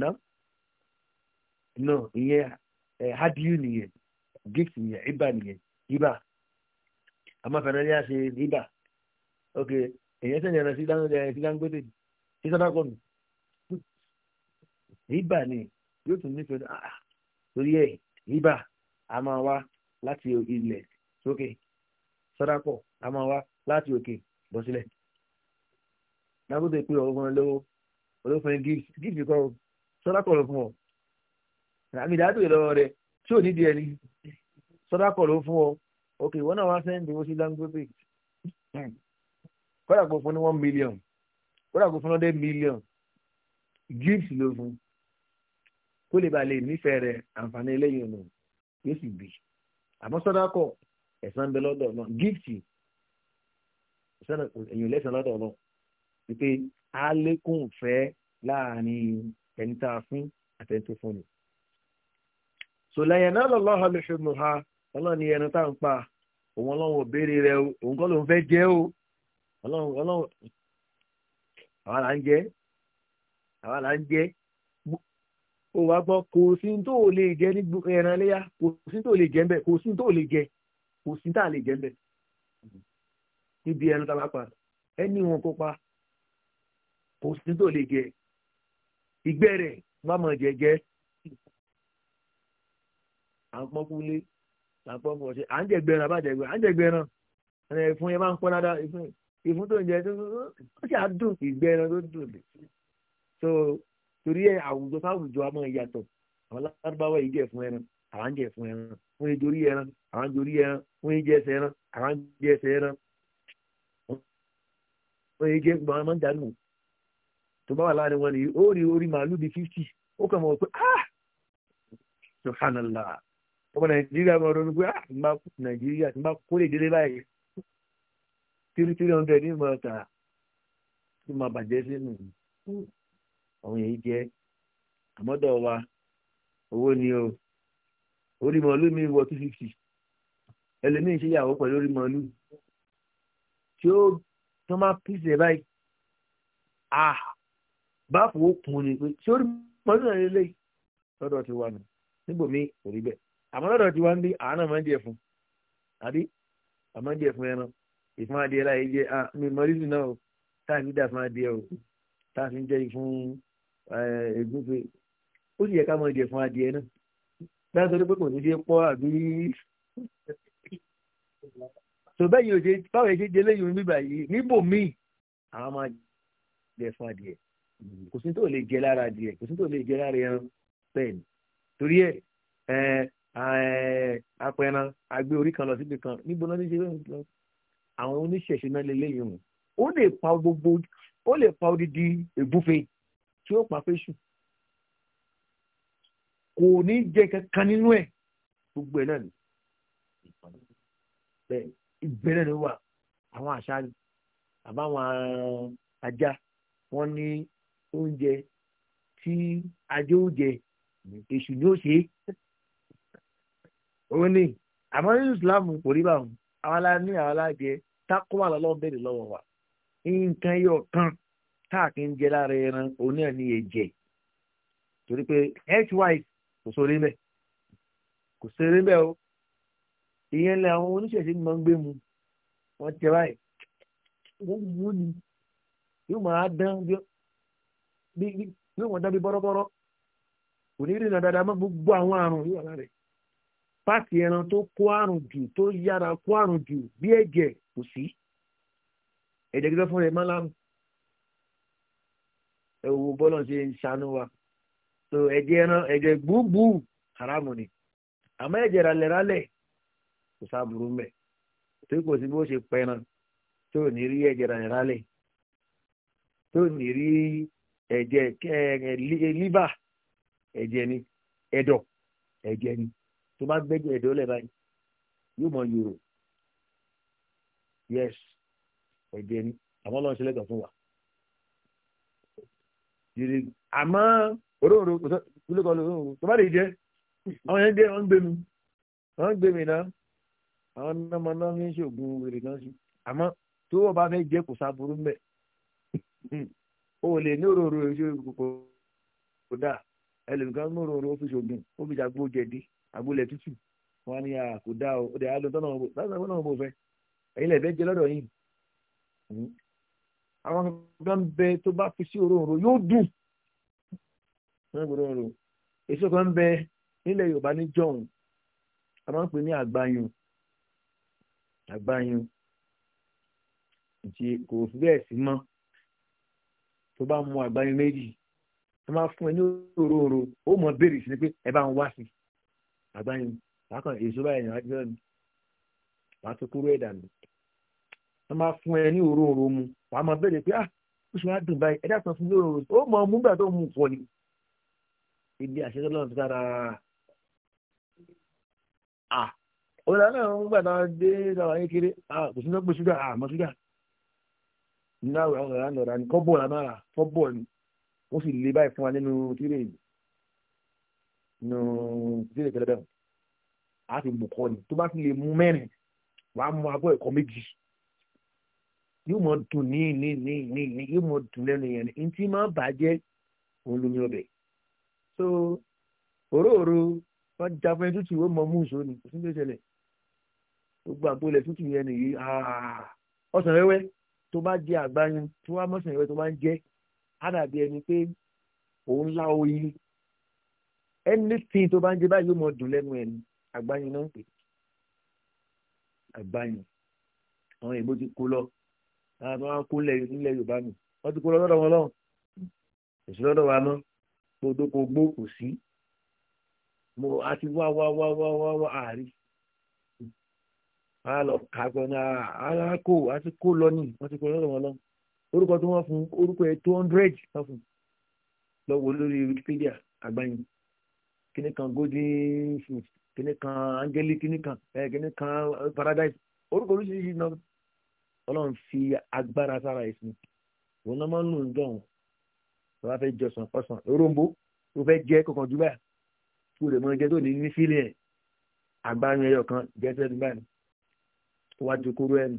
Speaker 1: náà no ìyẹn hadiyu nìyẹn gift nìyẹn iba nìyẹn iba amáfẹ́rẹ́ ní àṣẹ iba ok èyẹ sẹ́ni ẹ̀rọ sí dáńgbélé sí sádàkọ́nù ibà ni yóò tún nífẹ̀ẹ́ ah torí ẹ̀ ibà a máa wá láti ilẹ̀ sókè sádàkọ́ a máa wá láti òkè bọ́ sílẹ̀ dáńgbélé pé ọgbọ́n lọ́wọ́ olófin gift gift kọ́ sádàkọ́ lọ fún ọ àmì ìdádùn ìlọ́wọ́ rẹ̀ tí ò ní di ẹni sọ́dá kọ̀ ló fún ọ ok ìwọ náà wá sẹ́ńdì owó sí dangote kọ́dà kò fún ní one million kọ́dà kò fún ní hundred million gift ló fún kó lè ba lè nífẹ̀ẹ́ rẹ̀ àǹfààní eléyìí ọ̀nà yóò sì bì àmọ́ sọ́dá kọ̀ ẹ̀sán bẹ lọ́dọ̀ náà gift èyàn lẹ́sàn lọ́dọ̀ náà wípé alékùn fẹ́ láàrin ẹni tá a fún àtẹ̀ntò fún ni sòlẹ́yìn náà lọ́lọ́ ha lóṣù nù ha ọlọ́run ni ẹnu tá à ń pa òun ọlọ́run ò béèrè rẹ o òun kọ́ ló ń fẹ́ jẹ́ o ọlọ́run ọlọ́run àwa là ń jẹ́ àwa là ń jẹ́ ó wá gbọ́ kò sí tó lè jẹ ní ẹran léyà kò sí tó lè jẹ ń bẹ kò sí tó lè jẹ kò sí tá a lè jẹ ń bẹ níbi ẹran tá a bá pa ẹni wọn kó pa kò sí tó lè jẹ ìgbẹ́ rẹ̀ má mọ̀ jẹ́jẹ́ à ń pọ́n kúlé à ń pọ́n kúlé à ń jẹ̀gbẹ̀ràn àbájẹ̀gbẹ̀ràn à ń jẹ̀gbẹ̀ràn ìfun yẹn máa ń pọ́n dáadáa ìfun ìfun tó ń jẹ ó sì á dùn ìgbẹ́ran tó dùn lè so torí ẹ àwùjọ fáwùjọ a máa yàtọ̀ àwọn lárúbáwá yìí jẹ fún ẹran àwọn ń jẹ fún ẹran wọn yìí dorí ẹran àwọn ń dorí ẹran wọn yìí jẹ ẹsẹ̀ ẹran àwọn ń jẹ ẹsẹ̀ ẹran wọn yìí jẹ gbọmọ máa ń dànù tó bá wà láàrin wọn nìyí ó rí orí màálù bíi fífì ó kàn mọ̀ pé ah subhanallah ọmọ nàìjíríà máa ronú pé àti máa kó nàìjíríà àti máa kó lè délé báyìí tírí tírí hundred ní ìmọ̀ ọ̀tà tó máa bàjẹ́ sínú àwọn èyí jẹ́ àmọ́dọ̀ wa owó ni o orí màálù mi wọ two fifty ẹlẹ́mìí ṣe yàwó pẹ̀lú orí tí ó tó máa pèsè báyìí ah báàfù ó kùn ní pé tí orí màálù náà lélẹ́yìí lọ́dọ̀ ti wà nù níbòmí kò bẹ́ẹ̀ àmọ́ lọ́dọ̀ tí wọ́n ń bí àánà máa ń jẹ fún àbí àmọ́ ń jẹ fún ẹran ìfún adìẹ láyé jẹ ah, mi mọ́rìsì náà o táà fi dà fún adìẹ o táà fi ń jẹ ìfún ẹ̀gúnfe eh, ó sì yẹ ká máa jẹ fún adìẹ náà báyìí sọ pé kò ní ṣe pọ́ àbí tó bẹ́ẹ̀ yìí ò ṣe báwo ṣe jẹ lẹ́yìn omi báyìí níbò míì àwọn máa jẹ fún adìẹ kò sí tó lè jẹ lára adìẹ kò sí tó lè jẹ lára ẹran bẹ́ẹ̀ ni torí ẹ eh, Eh, apẹran agbé orí kan lọ síbi kan níbo náà ní ṣe bẹ́ẹ̀ lọ àwọn oníṣẹ̀ṣe náà lè léyìn wọn ó lè pa gbogbo ó lè pa odidi ègúfe tí ó pa fésù kò ní jẹ kankan nínú ẹ gbogbo ẹ náà ni ìbẹ̀rẹ̀ ni wà àwọn àṣà àbáwọn eh, ajá wọn ní oúnjẹ tí ajé oúnjẹ èṣù ni ó ṣe é òun ni àmọ́ nínú islam kò rí báwọn àwọn aláàní àwọn aláàjẹ tákùwà lọ́wọ́ bèrè lọ́wọ́ wa nǹkan yóò kan táàkì ń jẹ lára ẹran òun náà ní ẹ̀jẹ̀ torí pé health-wise kò sóore bẹ́ẹ̀ kò sóore bẹ́ẹ̀ o ìyẹn lẹ àwọn oníṣẹ̀ṣe máa ń gbé mu wọ́n tẹ báyìí wọ́n mú ni yóò máa dán bí yóò máa dán bí bọ́rọ́bọ́rọ́ kò ní rìnnà dáadáa mọ́ gbogbo àwọn àrùn yóò wà lára rẹ̀. pàtì ẹran tó kó àrùn jù tó yára kó àrùn jù bí ẹ̀jẹ̀ kò sí ẹ̀jẹ̀ gbígbẹ́ fún rẹ̀ má ẹ ṣe ń ṣàánú wa so ẹ̀jẹ̀ ẹran ẹ̀jẹ̀ gbùgbù haramu ni àmọ́ ẹ̀jẹ̀ ralẹ̀ ralẹ̀ kò sábùrú mẹ́ tó kò sí bó ṣe pẹran tó ní rí ẹ̀jẹ̀ ralẹ̀ tó ní tó bá gbẹ́jẹ̀ ìdólẹ̀ báyìí yóò mọ yòrò yes ọ ni àmọ́ lọ́n ṣe lẹ́gàn fún wa. àmọ́ òróǹro kò sọ ilé kan tó bá lè jẹ́ àwọn yẹn jẹ́ wọ́n gbé mi wọ́n gbé mi àwọn ọmọ náà ń náà sí àmọ́ tó wọ́n bá fẹ́ jẹ́ kò mẹ́ o lè ní agbolẹ̀ tútù wọn ni kò dá o de dẹ̀ á lọ tọ́nà wọn bò láti àwọn náà bò fẹ́ ẹ̀yin lẹ̀bẹ̀ jẹ lọ́dọ̀ yìí hmm. àwọn kan bẹ tó bá fi sí òróǹro yóò dùn wọn gbọ́dọ̀ òróǹro èso kan bẹ nílẹ̀ Yorùbá ní jọ̀hún a máa ń pè ní àgbáyùn àgbáyùn ìtì kò fi bẹ́ẹ̀ sí mọ́ tó bá mu àgbáyùn méjì tó máa fún ẹ ní òróǹro ó mọ béèrè sí ni pé ẹ bá ń wá sí i àgbáyìn lákàn èso báyìí yàn ájọ ni wàá tó kúrò ẹ̀dà mi wọ́n máa fún ẹ ní òróǹro mu wàá máa bẹ̀rẹ̀ pé ah oṣù wa dùn báyìí ẹ̀dá kan fún mi òróǹro ó mọ̀ mú gbà tó mú ni ìdí àṣẹ lọ́nà tó dára ah òun náà ń gbà náà dé náà yín kiri ah kò sí ní pé ṣúgà ah mọ ṣúgà nínú àwọn ọ̀rẹ́ àná ọ̀rẹ́ àní kọ́bọ̀ọ̀lù àmàrà kọ́bọ̀ọ̀lù ó sì le báyìí fún wa nínú tírèèdì nù sílẹ̀ kẹlẹ́dẹ́ a ti mú kọ́ ni tó bá ti lè mú mẹ́rin wàá mú abọ́ ẹ̀kọ́ méjì yóò mọ dùn ní ní ní ní ní yóò mọ dùn lẹ́nu yẹn ní ntí máa bàjẹ́ òun ló ní ọbẹ̀ so òróòro wọn já fún ẹni tútù ó mọ mú ìṣó ni kò sí ní ìṣẹ̀lẹ̀ gbogbo àpòlẹ tútù yẹn nìyí ọsàn wẹ́wẹ́ tó bá jẹ àgbáyún tí wọn mọsàn wẹ́wẹ́ tó bá ń jẹ á dàbí ẹni pé òun lá oyin anything tó bá ń jẹ báyìí yóò mọ dùn lẹ́nu ẹ̀ ni àgbáyìn náà ń pè àgbáyìn àwọn èèbó ti kó lọ àwọn tó wá kó nílẹ̀ yorùbá nù wọ́n ti kó lọ lọ́dọ̀ wọn lọ́wọ́ kò sí lọ́dọ̀ wa mọ́ gbogbo kò gbó kò sí mo a ti wá wá wá wá wá wá àárí a lọ kàgbọ náà ah, a kó a ti kó lọ ní wọ́n ti kó lọ́dọ̀ wọn lọ́wọ́ orúkọ tó wọ́n fún orúkọ ẹ̀ two hundred wọ́n fún lọ́wọ́ lórí wikipedia àgbáyìn kíní kan golden fruit kíní kan angelic kíní kan kíní kan paradise orúkọ oríṣiríṣi náà ọlọ́run fi agbára sára ẹ̀sìn òun náà máa ń lò ń dọ̀hún tó bá fẹ́ jọsàn ọ̀sán òróǹbó tó fẹ́ jẹ́ kọ̀ọ̀kan jù báyà tó lè mọ ẹjẹ́ tó ní ní fílẹ̀ ẹ̀ agbára ẹyọ kan jẹ́ sẹ́dùn báyìí tó wá jókòrò ẹnu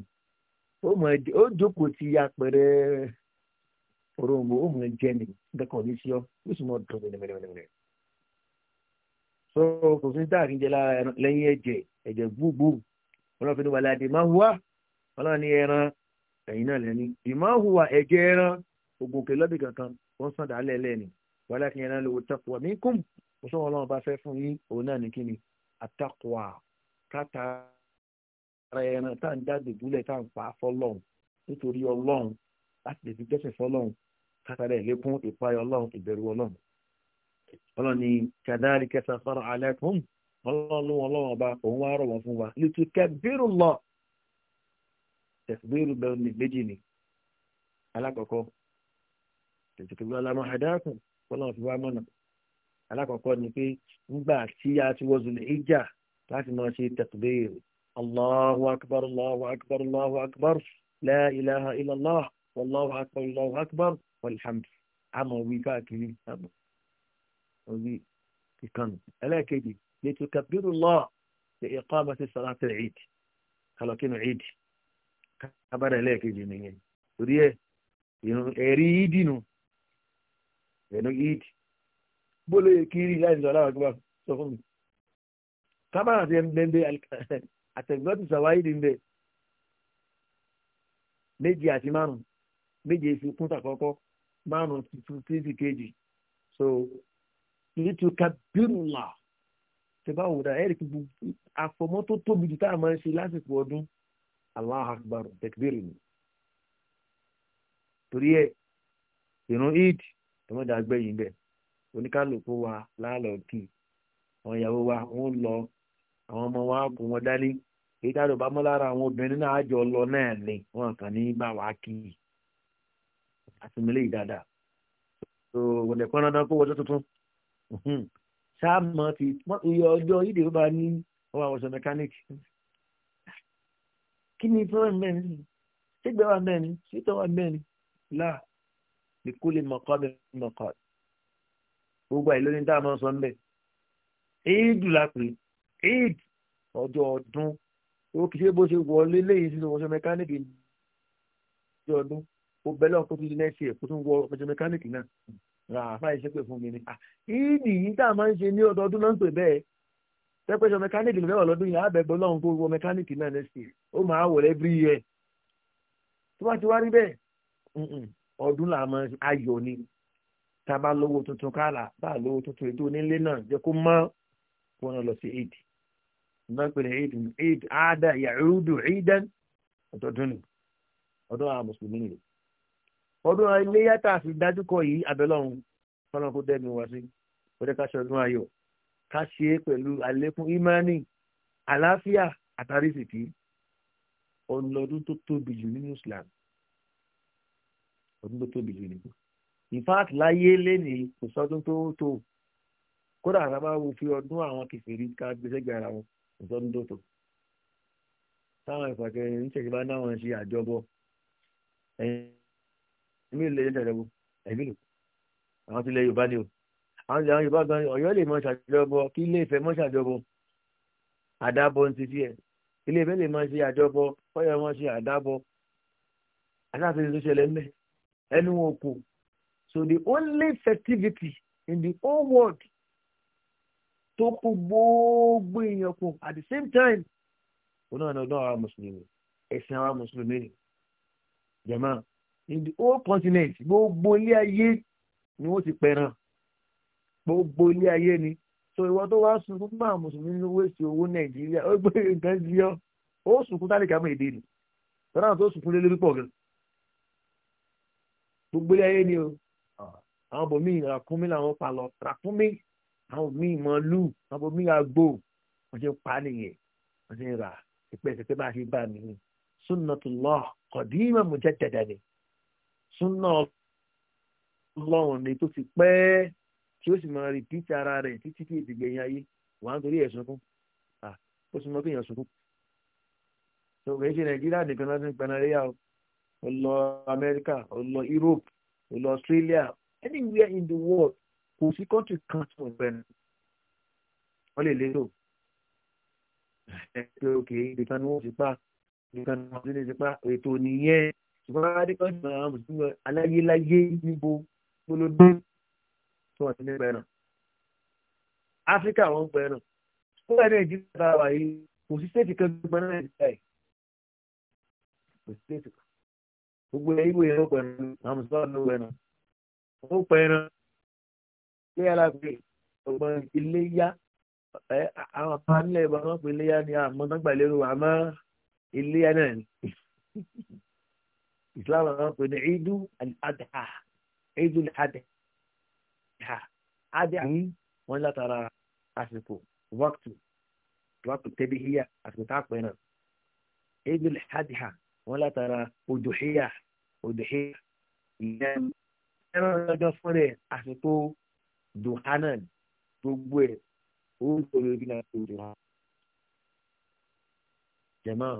Speaker 1: ó mọ ẹjẹ ó jókòó ti apẹ̀rẹ̀ òróǹbó ó mọ ẹjẹ́ ni nǹkan kan ní sí ọ ó sì mọ dùn mẹ́lẹ́mẹ́lẹ́mẹ́lẹ́ so kò sí táàrí jẹ lára lẹ́yìn ẹ̀jẹ̀ ẹ̀jẹ̀ gbúgbù ọlọ́run fi ní wàlẹ́ àdè máa hùwà ọlọ́run ní ẹran ẹ̀yìn náà lẹ́ni ìmọ̀ hùwà ẹ̀jẹ̀ ẹran ogun òkè lọ́bì kankan wọ́n sàn dá lẹ́lẹ́ ni wàlẹ́ kí ẹran lówó taqwa minkum kò sọ́wọ́n ọlọ́run bá fẹ́ fún yín òun náà ní kí ni àtàkùwà káta ara ẹran tá à ń dáàbò búlẹ̀ tá à ń pa fọlọ́run nítorí ọlọ́run láti lè fi gbẹ́sẹ̀ fọlọ́run káta rẹ̀ lékún ìpayọ̀ ọlọ́run ìbẹ̀rù ọlọ́run ọlọ́ni kàdáàrí kẹta fara alẹ́kùn ọlọ́run ọlọ́run ọba òun wá rọ̀ wọ́n fún wa lùtù kẹbírù lọ tẹ̀síbírù bẹ́ẹ̀ ni méjì ni alákọ̀ọ́kọ́ tẹ̀sí kẹbírù alámọ̀ àdáàkùn ọlọ́run fi wá mọ̀nà alákọ̀ọ́kọ́ ni pé ńgbà tí a ti wọ́n zulẹ̀ ìjà láti máa ṣe tẹ̀síbírù allahu akbar allahu akbar allahu akbar la ilaha illallah wallahu akbar allahu akbar walhamd àmọ̀ wí káàkiri àmọ̀ orí ìkànnì ẹlẹ́ẹ̀kejì lẹ́tù kàbírù lọ ṣe ẹ̀kọ́ àmọ́sí sọ́láṣẹ́ ìdì kàlọ́kínú ìdì kábàdà ẹlẹ́ẹ̀kejì nìyẹn torí ẹ̀ ẹ̀rí ìdì nù ẹ̀nu ìdì bólú kiri láì sọ aláwọ̀ akíwá sọ fún mi kábàdà ti ń bẹ́ẹ̀ bẹ́ẹ̀ àtẹ̀gbọ́tù sàwáyé ni ń bẹ́ẹ̀ méje àti márùn méje fi kún tàkọ́kọ́ márùn tuntun sí ìkejì so litukabirullah tí bá wò dáa ẹ̀rí gbogbo àfọmọ́ tó tóbi jù tá a máa ń ṣe lásìkò ọdún Allahu akbar tẹkbírì ni torí ẹ ìrún eid tọmọdé agbẹyìn bẹ oníkálùkù wa láàlọ kì àwọn ìyàwó wa wọn lọ àwọn ọmọ wa kò wọn dání èyí táwọn bá mọ lára àwọn obìnrin náà àjọ lọ náà ni wọn kàn ní bá wa kì í àtúnilé yìí dáadáa so wọn lè pọn dandan kó wọjọ tuntun sáàmọ́ hmm. ti iye ọjọ́ ìdè ló bá ní ọwọ́ àwọn ọ̀sán mẹkáníìkì kí ni fẹ́ràn mẹ́rin sígbẹ́ wa mẹ́rin sítọ́ wa mẹ́rin láà lè kó lè mọ̀kọ́ mi mọ̀kọ́ gbogbo àìló ní dáàmú sọ ń bẹ̀ éèdù lápè éèdù ọjọ́ ọdún ó kì í ṣe bó ṣe wọlé léyìí sínú ọ̀sán mẹkáníìkì ọjọ́ ọdún ó bẹ́lẹ̀ ọkọ̀ tó di nẹ́ẹ̀sì ẹ̀ kó tún wọ ọ̀sán mẹkáníìkì náà. àfa yìí ṣépè fún mi ni ìdí ah, yìí tá a máa ń ṣe ní ọdọọdún náà ń pè bẹ́ẹ̀ tẹ́pẹ́sọ mẹkáníìkì lọ́wọ́ lọ́dún yìí àbẹ̀gbọ́ lọ́hùn kó wọ mẹkáníìkì náà next ó máa wọ̀ tó bá ayọ̀ ni a bá lówó tuntun káàlà bá a lówó tuntun ètò onílé náà jẹ́ kó mọ́ kó wọn lọ sí eid ìgbà eid eid ada yahudu eidan ọ̀dọ́dún ni ọdún iléyà tá a fi dájú kọ yìí abẹ́lọ́run fọlọ́n kó dẹ́nu wá sí kó dẹ́ ká ṣe ọdún ayọ̀ ká ṣe é pẹ̀lú àlékún ìmánì àlàáfíà àtàrísìkì ọlọ́dún tó tóbi jù nínú Islam ọdún tó tóbi jù nínú in fact láyé lẹ́nìí kò sọ́dún tó tó kódà àrà bá wo fi ọdún àwọn kìfèrí ká gbèsè gbé ara wọn kò sọ́dún tó tó táwọn ìfàkẹ́yìn ń ṣèjọba náà wọn ṣe àjọbọ ẹ̀yìn èmi lè yẹn tẹ̀lẹ́wò ẹ̀mí lò àwọn tí ilẹ̀ yorùbá ni o àwọn ilẹ̀ yorùbá gan ọ̀yọ́ lè mọ ṣàjọbọ kí ilé ìfẹ́ mọ ṣàjọbọ àdábọ ń ti tiẹ̀ ilé ìfẹ́ lè mọ ṣe àjọbọ ọ̀yọ́ mọ ṣe àdábọ aláàfin tó ṣẹlẹ̀ mẹ́ ẹnu òkú so the only festivity in the whole world tó kó gbogbo èèyàn kù at the same time òun náà ni ọdún àwa mùsùlùmí ẹ̀sìn àwa mùsùlùmí jẹ̀máà in the whole continent gbogbo ilé ayé ni wọ́n ti pẹran gbogbo ilé ayé ni so ìwọ tó wá sunkún fún àwọn mùsùlùmí ní wéṣì owó nàìjíríà ó gbé nǹkan sí ọ ó sunkún tálíkà mọ èdè ni tọ́lá tó sunkún lé lórí pọ̀ gan gbogbo ilé ayé ni o àwọn bòmí ràkúnmí làwọn pa lọ ràkúnmí àwọn míì màálù àwọn bòmí àgbò wọ́n ti pa nìyẹn wọ́n ti rà ìpẹ́sẹ̀pẹ́ bá a ṣe bá mi ni sunnatullah qadima súnà ọlọ́run ni tó ti pẹ́ tí ó sì máa rìpíìtì ara rẹ̀ títí tí ìdìgbẹ́ yẹn ayé wà á nítorí ẹ̀sùn fún ó sì mọ pé èèyàn sunkún tó kìí ṣe nàìjíríà nìkan láti ń o ó lọ amẹ́ríkà ó lọ europe ó lọ australia anywhere in the world kò sí country kan tí mo bẹ̀rẹ̀ wọ́n lè lérò ẹ pé òkè ibìkan ni wọ́n ti pa ibìkan ni wọ́n ti lè ti pa ètò nìyẹn ṣùgbọ́n adékọ́jú àwọn mùsùlùmí aláyéláyé níbo gbólódé tí wọ́n ti ní gbẹ̀ràn. áfíríkà wọn gbẹ̀ràn fún ẹ̀ nàìjíríà bá wà yìí kò sí stéètì kan gbogbo náà nàìjíríà yìí kò sí stéètì kan gbogbo ẹ̀ ìwé yẹn ó pẹ̀ràn àwọn mùsùlùmí ló gbẹ̀ràn ó pẹ̀ràn ilé alágbè ọgbọ́n iléyá àwọn kan nílẹ̀ ìbọn wọn pè iléyá ni àmọ́ tán gbà lérò àmọ́ islam àwọn pè ní idu adha idu adha hmm? adha wọn látara àsìkò wákìtù wákìtù tẹbíhíyà àsìkò tá a pè náà idu adha wọn látara odòhíyà odòhíyà ìyẹn ẹran lọ́jọ́ fún rẹ̀ àsìkò duhanan gbogbo ẹ̀ orúkọ lórí náà tó dùn án jẹ̀mọ́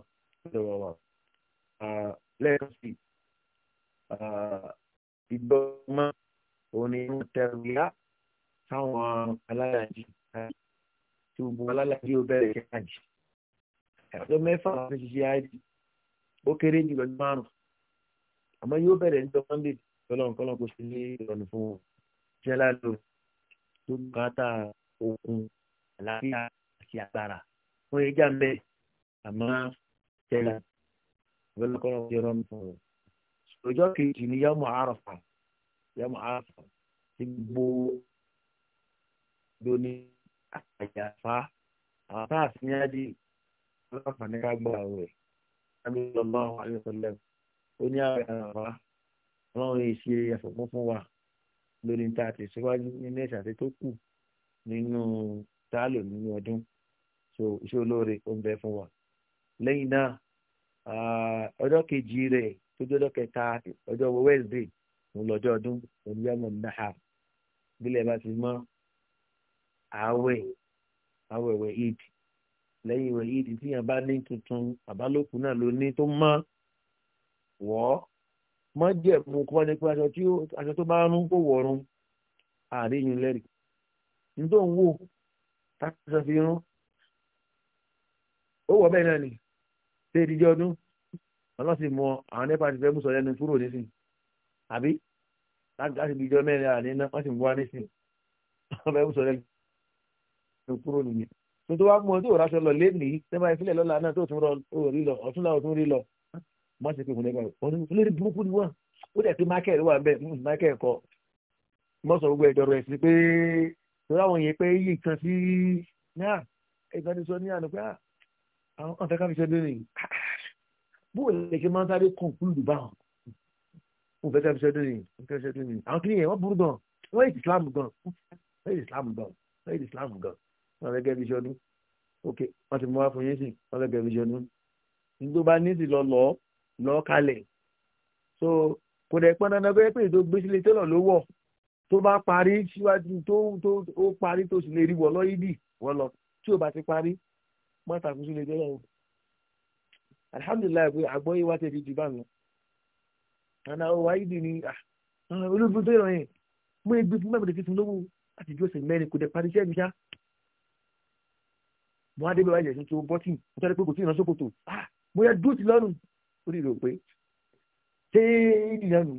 Speaker 1: lọ́wọ́ lẹ́ẹ̀kan sí uh, ìgbọ́mọ onírun tẹ̀ríyá táwọn alálàájì tí gbogbo alálàájì ó bẹ̀rẹ̀ kẹta jì ọjọ́ mẹ́fà láti ṣiṣẹ́ àìjì ó kéré jù lọ́jọ́ márùn-ún àmọ́ yóò bẹ̀rẹ̀ ní ọjọ́ monday kọ́lọ́nkọ́lọ́n kò sí ní ìrọ̀lù fún wọn jẹ́ lálọ́ tó bùkátà okun àlàáfíà àti agbára wọ́n yẹ já mbẹ́ àmọ́ jẹ́ra wẹ́lẹ́kọ́rọ́ ti rán mi sọ̀rọ̀ ọjọ́ kejì ni yàmù àràfà yàmù àràfà ti gbó lóní àyàfà àwọn tá di àràfà ní ká gbọ́ àwọn rẹ̀ àbí lọ́lọ́ àyọ̀sọ̀lẹ̀ ó ní àràfà ọlọ́run yìí ṣe àfọ̀pọ̀ fún wa lórí tá a ti síwájú nínú ẹ̀sà tí tó kù nínú táàlù nínú ọdún so iṣẹ́ olóore ó ń bẹ fún wa lẹ́yìn náà. Ah, ọjọ́ kejì rẹ̀ tó jọjọ́ kẹta ọjọ́ wednesday òun lọ́jọ́ ọdún oníyàmọ̀ náà bílẹ̀ bá ti mọ́ àwẹ̀ àwẹ̀wẹ̀ eid lẹ́yìn ìwẹ̀ eid tí bá ní tuntun àbálòkù náà ló ní tó mọ́ wọ́ mọ́ jẹ́ mú kọ́ ni pé aṣọ tó bá rún kó wọ̀run àríyìn lẹ́rìí nítorí wò ṣé ìdíjọ́ ọdún ọlọ́sìn mọ àwọn nípa ti fẹ́ mú sọ lẹ́nu kúrò nísìn àbí láti ibi ìjọ mẹ́rin àní náà wọ́n sì mú wá nísìn wọ́n fẹ́ mú sọ lẹ́nu kúrò nìyẹn tuntun wá mú ọ tí ò ráṣọ lọ lénìí tẹ́lẹ̀ ìfilẹ̀ lọ́la náà tó tún rí lọ ọ̀túnla ọ̀tún rí lọ má ṣe pé kò nípa ìwọ ní olórí burúkú ni wọn ó dẹ̀ pé mákẹ́ rẹ wà bẹ́ẹ̀ mákẹ́ hmm, kọ mọ́ sọ gbogbo ẹ̀dọ̀rọ̀ ẹ̀sìn pé àwọn kan fẹ́ ká fi ṣe lónìí bóò lè ṣe máa ń sáré kọ̀ǹkúlù báwọn mo fẹ́ ká fi ṣe lónìí mo fẹ́ ṣe lónìí àwọn kìnìyàn wọ́n burú gan wọ́n èdè Islam gan wọ́n èdè Islam gan wọ́n èdè Islam gan wọ́n fẹ́ bí ṣe ok wọ́n ti mú wá fún yín sí wọ́n fẹ́ bí ṣe ọdún bá ní sí lọ lọ lọ kalẹ̀ so kò dẹ̀ pọn dandan bẹ́ẹ̀ pé ètò gbé sílé tẹ́lọ̀ ló wọ̀ tó bá parí síwájú tó ó parí tó sì lè rí wọ̀ lọ́yídì wọ́n lọ tí ò bá ti parí má takùn sílé tẹ́lẹ̀ o alihamudulilayi pé àgbọ̀yé wa tẹ̀ fi jù bá mi àná ọwọ́ ayídì ni olóògbé tó yọ̀ yẹn mo gbé fún mẹ́bẹ̀rẹ̀ fífún lówó láti ju ọ̀sẹ̀ mẹ́rin kò dẹ̀ parí iṣẹ́ mi ṣá mo á dé bẹ́ẹ̀ yẹ̀sùn tó bọ́tì mo sáré pé kò sí ìran sókòtò ah, mo yẹ dúró sí lọ́rùn ó lè rò pé ṣé ìdìyànù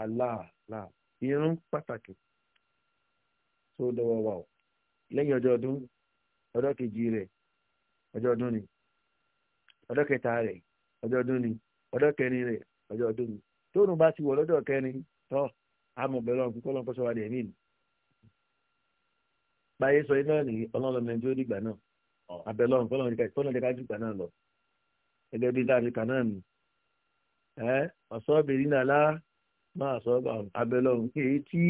Speaker 1: àlàálà irun pàtàkì tó dọwọ́ wa o lẹ́yìn ọjọ́ ọdún ọjọ́ kejì rẹ̀ ọjọ́ ọdún ni ọjọ́ kẹta rẹ̀ ọjọ́ ọdún ni ọjọ́ kẹrin rẹ̀ ọjọ́ ọdún ni tóòrùn bá ti wọ̀ lọ́jọ́ kẹrin tọ́ amọ̀bẹ̀rẹ̀ ọ̀hún kọ́lọ́n kọ́sọ́ wa dẹ̀ mí. báyé sọ iná ni ọlọ́run ẹni tó dìgbà náà abẹ́lẹ́ ọ̀hún kọ́lọ́n dẹ̀ka kọ́lọ́n dẹ̀ka dìgbà náà lọ. gẹ́gẹ́ bí dáa dìgbà náà nù. ẹ ọ̀sọ́bìnrin náà lá máa sọ abẹ́lẹ́ ọ̀hún èyí tí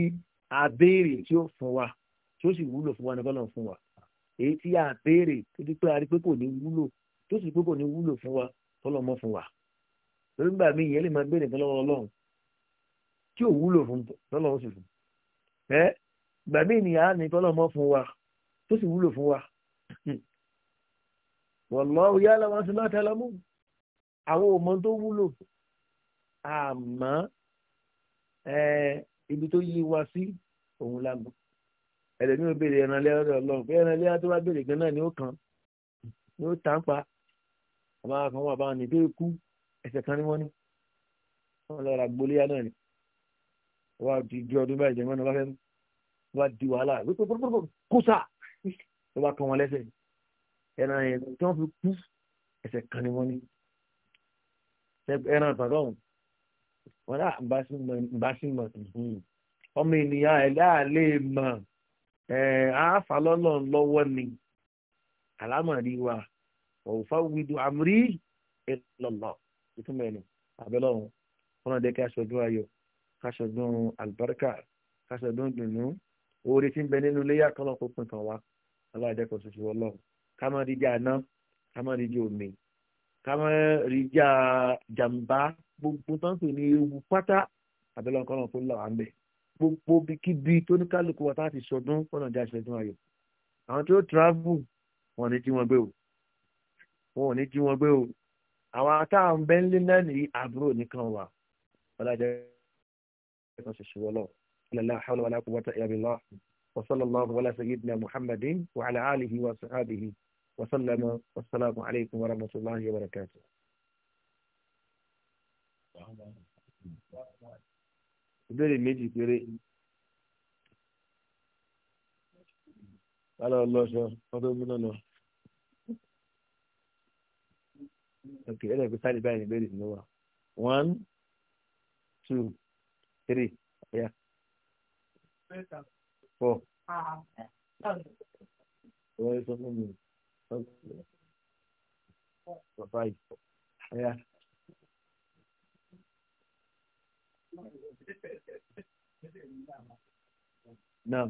Speaker 1: abéèrè tí ó fún wa tí ó sì wúlò fún wa ní kọ́lọ́n fún wa èyí tí a béèrè tó di pé a rí pé kò ní wúlò tó sì pé kò ní wúlò fún wa tọlọmọ fún wa lórí gbà mí ìyẹn lè máa béèrè tán lọ́wọ́ Ọlọ́run tí ò wúlò fún tọlọmọ sì fún ẹ gbà mí ìnìyàn ní tọlọmọ fún wa tó sì wúlò fún wa wallahu ya'lamu wa antum la ta'lamun àwọn ò tó wúlò àmọ́ ibi tó yí wa sí òun la mọ̀ ẹlẹ́ni ò béèrè ẹran lẹ́yìn ọ̀dọ̀ ọlọ́run pé ẹran lẹ́yìn tó bá béèrè gan náà ni ó kàn ni ó tàn pa àmọ́ àwọn kan wà báwọn ní pé kú ẹsẹ̀ kan ni wọ́n ní wọ́n lọ ra gboléyà náà ni wọ́n á di di ọdún báyìí jẹ́mọ́ náà wọ́n fẹ́ di wàhálà wípé pọ́pọ́pọ́ kó sà ló bá kàn wọ́n lẹ́sẹ̀ ẹran yẹn tí wọ́n fi kú ẹsẹ̀ kan ni wọ́n ní ẹran ìpàdánù wọn náà ń bá sí mọ̀ ọmọ ènìyàn ẹ̀ láà lè mọ̀ àáfà lọ́lọ́run lọ́wọ́ ni àlámọ̀rí wa òfà wíìdù àmúrí ìlọ̀lọ̀ ìtumọ̀ ẹ̀nu àbẹ́lọ́run wọn dẹ́ ká ṣọdún ayọ̀ ká ṣọdún àlùbáríkà ká ṣọdún dùnú oore tí ń bẹ nínú iléyà kan lọ́kọ̀ pin kan wá aláìdẹ́kọ̀ ṣoṣo ọlọ́run ká má rí já iná ká má rí omi ká má rí gbogbo tó ń pè ní ewu pátá àbẹ́lọ́run kan lọ́kọ̀ lọ́wọ́ à gbogbo bíkíbi tó ní kálukú wa tá a ti sọdún fọlọ́n jẹ́ àṣẹdún ayọ̀ àwọn tó travel wọn ò ní wọn gbé o wọn ò ní wọn gbé o àwọn atáwọn bẹ́ńlẹ́ náà ní àbúrò nìkan wà ọ̀làjẹ́ kan ṣoṣo wọlọ́ ilẹ̀lá hàlọ́ wàlá kó wọ́tá ẹ̀rí lọ وصلى الله على سيدنا محمد وعلى آله وصحبه وسلم والسلام عليكم ورحمة الله وبركاته ìbéèrè méjì péré kálọ̀ ọlọ́ṣọ wọn tó múná lọ. ok ẹ̀rọ ìpè sáré báyìí ìbéèrè ìnáwó one two three yeah. four. Where is the number?
Speaker 2: Five. Yeah. Naam.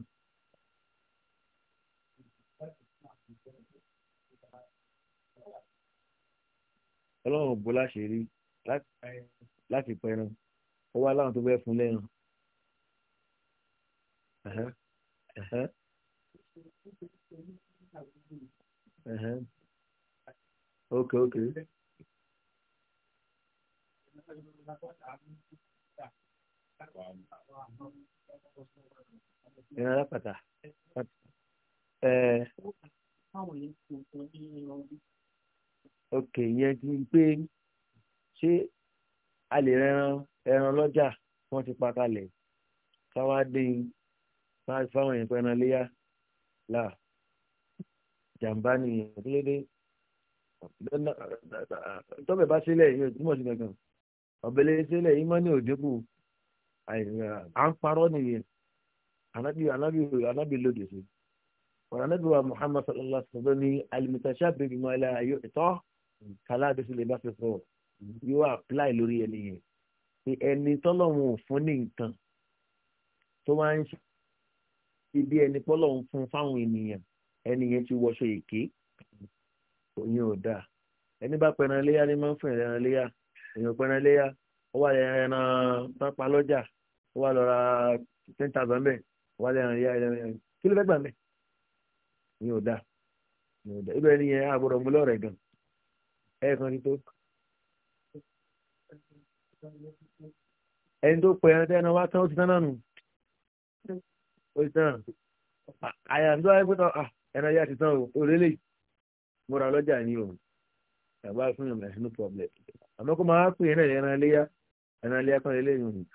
Speaker 1: Ọlọ́run bó láṣìírí láti pẹran ó wá láwọn tó fẹ́ fún lẹ́ran. Okay, okay ìran alápàtà ok ìyẹn ti ń pé ṣé a lè rẹran ẹran lọ́jà wọ́n ti pa kalẹ̀ káwá dín fáwọn èèyàn pẹ́ran léyà là jàǹbá nìyẹn déédéé tọ́bẹ̀ bá sílẹ̀ yóò túmọ̀ sí gangan ọ̀bẹ̀lẹ̀ sílẹ̀ yìí mọ́ ní òdínkù à ń parọ́ nìyẹn anábì anábì anábì lòdì sí ọ̀rọ̀ anábì wa muhammad sallallahu alaihi wasallam sallam ní alimutasha bèbí mọ́ ẹlẹ́ ayọ́ ìtọ́ kálá àdéṣe lè bá fi fọ́ yóò apply lórí ẹni yẹn ẹni tọ́lọ́run ò fún ní nǹkan tó máa ń ṣe ibi ẹni pọ́lọ́run fún fáwọn ènìyàn ẹni yẹn ti wọṣọ èké òyìn ò dáa ẹni bá pẹran léyà ni máa ń fún ìrẹ̀ràn léyà èèyàn pẹran léyà ó wà ẹran pápá lọ́jà wa wá lọ ra ten thousand bẹ́ẹ̀ wá lẹ́rìn rí ẹ̀rìn kí ló fẹ́ gbà mẹ́ ni ò dá ni ò dá ibẹ̀ ni yẹn àgbọ̀dọ̀ mú lọ́rẹ̀ gan ẹ̀ẹ̀kan ti tó ẹni tó pẹ ẹni tẹ́ná wá tán ó ti tán náà ó ti tán àyà ń dọ́wọ́ pé ẹni ayé àti tán o òrèlè mo ra lọ́jà ní o àgbà fún yàn no problem àmọ́ kó máa pè é náà ẹran iléyà ẹran iléyà kan lélẹ́yìn òyìnbó.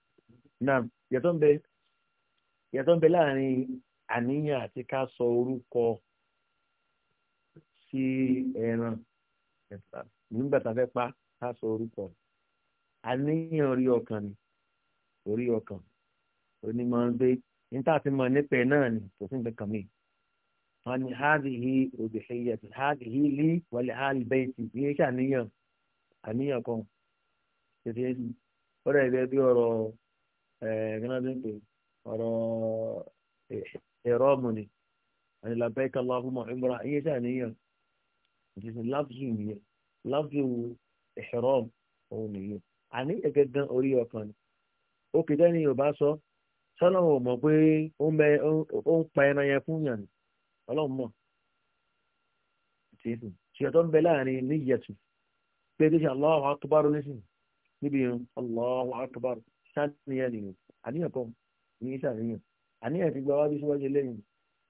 Speaker 1: náà yàtọ̀ ń bẹ yàtọ̀ ń bẹ láàrin àníyàn àti ká sọ orúkọ sí ẹran nígbà tá a fẹ́ pa ká sọ orúkọ àníyàn orí ọkàn ni orí ọkàn onímọ̀ ń gbé níta ti mọ̀ nípa náà ni kò sí nǹkan kan mìíràn wọ́n ní hádìhí òbíhíyàtì hádìhí lí wọlé hálìbẹ́ẹ̀tì ní iṣẹ́ àníyàn àníyàn kan tètè ó rẹ̀ gẹ́gẹ́ bí ọ̀rọ̀ gánadín eh, pé ọ̀rọ̀ eh, ìmúra iye tí a níyàn ìṣẹ̀ṣẹ̀ láfùsù nìyẹn láfùsù ẹ̀rọ òun nìyẹn àní ẹ̀gẹ́gán orí ọkàn ni ó kì í dẹ́ni yorùbá sọ sọ́lọ́run mọ̀ pé ó ń pa ẹran yẹn fún yàn ni ọlọ́run ń bẹ láàrin pé ṣe nísìn níbi sáníyàn nìyẹn àníyàn kọ́ ní sàníyàn àníyàn ti gba wájú síwájú lẹ́yìn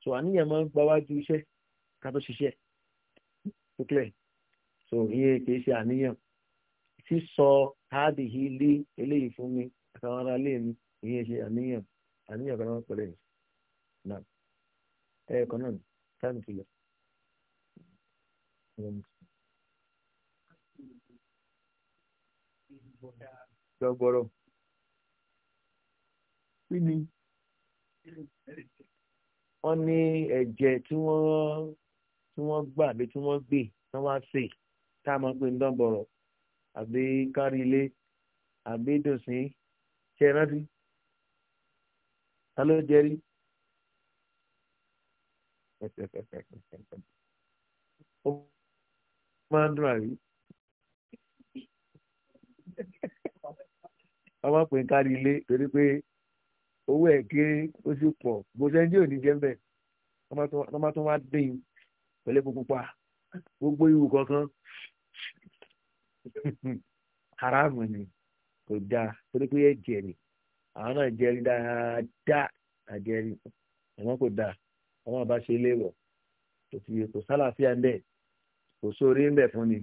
Speaker 1: so àníyàn máa ń gba wájú iṣẹ́ ká tó ṣiṣẹ́ tó clear so ìyẹn kì í ṣe àníyàn sísọ hádìhí lé eléyìí fún mi àtàwọn ará lé mi ìyẹn ṣe àníyàn àníyàn kan náà pẹ̀lẹ́ náà ẹ̀ẹ̀kan náà táìmù ti lọ.
Speaker 2: Gbọ́gbọ́rọ̀ sí ni
Speaker 1: wọ́n ní ẹ̀jẹ̀ tí wọ́n tí wọ́n gbà àbí tí wọ́n gbé tí wọ́n wá sè tá a máa pè ń dánbọ̀rọ̀ àbí kárí ilé àbí
Speaker 2: dòsín ṣe é rántí ta ló jẹ́rí ó máa ń dùn àrí
Speaker 1: wọ́n máa pè ń kárí ilé torí pé owó ẹ̀ kéré ó sì pọ̀ bó ṣe ń dí òní jẹ́ mbẹ́ tọ́mọ tó wá dín in pẹ̀lú gbogbo pa gbogbo ihò kankan haramu ni kò dáa torí pé ẹ jẹ ni àwọn náà jẹ ní dáadáa àjẹrí ẹ̀wọ̀n kò dáa ọmọ àbá ṣe léèwọ̀ kò sì kò sálàáfíà ńbẹ kò sóore ńbẹ fún ni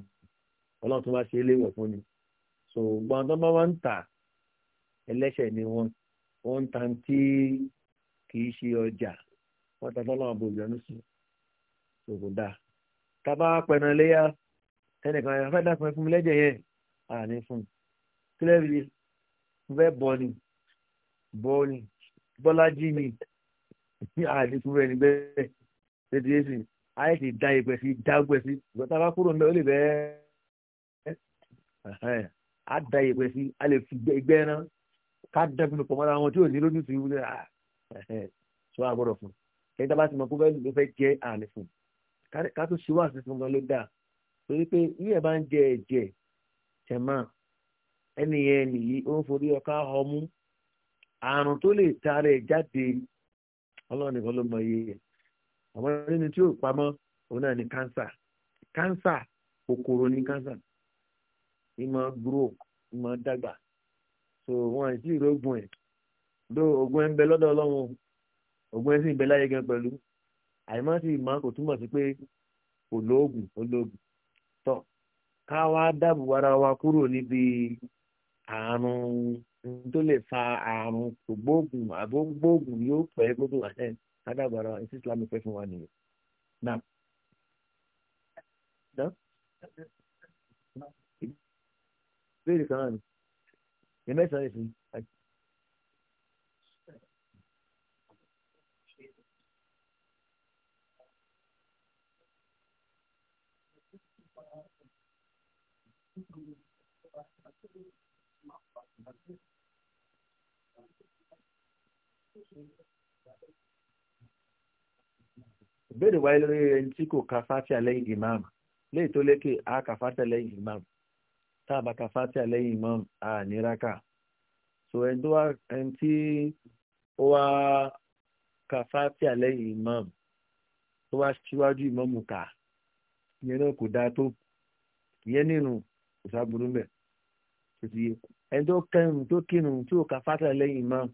Speaker 1: ọlọ́run tó bá ṣe léèwọ̀ fún ni so gbọ́n tó bá wọ́n ń tà ẹlẹ́ṣẹ̀ ni wọ́n wọ́n ń ta tí kì í ṣe ọjà wọ́n ta fọ́lọ́wọ́n àbòbí ọ̀nù sí ògùn dáa tábà pẹ̀nà léyà ẹnìkan ẹ̀ka fẹ́ dápẹ́ fún mi lẹ́jẹ̀ yẹn àní fún un kílẹ̀rì fẹ́ bọ́ ni bọ́ ni bọ́lájí ni àní fún ẹni bẹ́ẹ̀ lédi yé sí ayé ti da ìgbẹ́ sí da ìgbẹ́ sí tábà kúrò ńlẹ̀ ó lè bẹ́ẹ̀ á da ìgbẹ́ sí a lè fi ìgbẹ́ náà ká dẹ́kun pọ̀ mọ́ra wọn tí ò ní lójú sí wúlẹ̀ ah, à ṣọ́ àgbọ̀dọ̀ fún kẹ́kẹ́ bá ti mọ̀ kó fẹ́ ló fẹ́ jẹ́ àní fún ká tó ṣe wá sí fún gan ló dáa torí pé yí ẹ̀ bá ń jẹ ẹ̀jẹ̀ tẹ̀mọ́ ẹni yẹn nìyí ó ń forí ọkà ọmú àrùn tó lè tarẹ̀ jáde ọlọ́run nìkan ló mọ iye ẹ̀ ọmọ nínú tí ò pamọ́ òun náà ni kánsà kánsà kòkòrò ní kánsà ìmọ̀ gúrò ìmọ̀ dàgbà so wọn àti ìrógun ẹ̀ ló ogun ẹ̀ ń bẹ lọ́dọ̀ ọlọ́run ogun ẹ̀ sì ń bẹ láyé gan pẹ̀lú àìmọ́ sí ìmọ̀ kò túmọ̀ sí pé kò lóògùn ó lóògùn tọ́ ká wá dáàbò ara wa kúrò níbi àrùn tó lè fa àrùn gbóògùn àbógbóògùn yóò pẹ́ gbogbo àṣẹ ká dáàbò ara wa ìsìlámù fẹ́ fún wa nìyẹn. Now, no? Ìbéèrè kan náà ni the message is like ìbéèrè wáyé lórí ẹni tí kò ka fátíà lẹ́yìn ìmáàmù léè tó lékè á ka fátíà lẹ́yìn ìmáàmù tá a bá ka fatia lẹ́yìn imam a ní so ẹni tó wá ẹni tí ó wá ka fatia lẹ́yìn imam tó wá síwájú imam ká ìyẹn náà kò dáa tó ìyẹn nínú kò sábúrú mbẹ títí ẹni tó kẹrun tó kírun tí ò ka fatia lẹ́yìn imam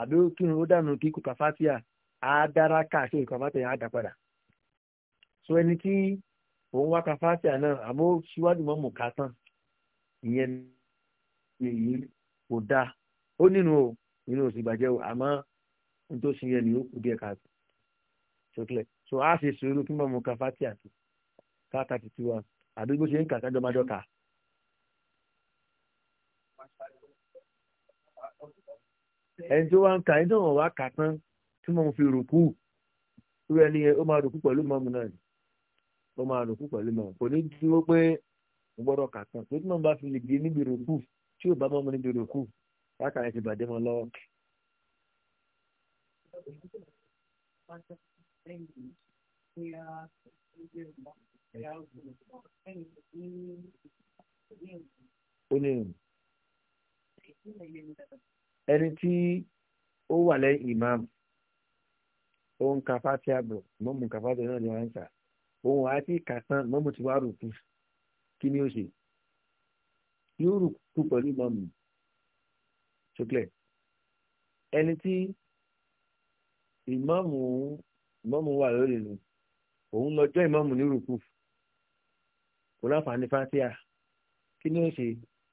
Speaker 1: àbí ó kírun ó dànù kí kò ka fatia á dá raka ṣe ìkọ̀ fatia yẹn á dá padà so ẹni tí òun wá ka fátíà náà àmọ́ síwájú mọ́ mùká tán ìyẹn èyí kò dáa ó nínú o nínú òsì ìbàjẹ́ o àmọ́ nítorí yẹn ni ó kù díẹ̀ ká ṣòkìlẹ̀ so a ṣe sùúrù kí mọ́ mùká fátíà tó káàkà títí wa àdúgbò ṣe ń kà kájọ májọ kà. ẹni tó wá ń ka ẹni tó wọ́n wá kà tán tí mo fi rùkú irú ẹni yẹn ó máa rùkú pẹ̀lú mọ́mù náà ni ó máa rùkú pẹ̀lú mọ̀ kò ní dúró pé mo gbọ́dọ̀ kà tán pé tí wọ́n bá fi lè gbé níbi rùkú tí ò bá mọ́ mi níbi rùkú láka ẹ̀ ti bàjẹ́ mọ́ lọ́wọ́. ó ní ẹni tí ó wà lẹ́yìn ìmáàmù ó ń ka fátíà bọ̀ mọ́mù ka fátíà náà ni wọ́n ń kà á òun àti ìkàtàn mọ́mù ti wá rùkú kí ni ó ṣe yóò rùkú pẹ̀lú mọ́mù ṣókè ẹni tí ìmọ̀mù ìmọ̀mù wà lórí ìlú òun lọ́jọ́ ìmọ̀mù ní rùkú kò láǹfààní fátíà kí ni ó ṣe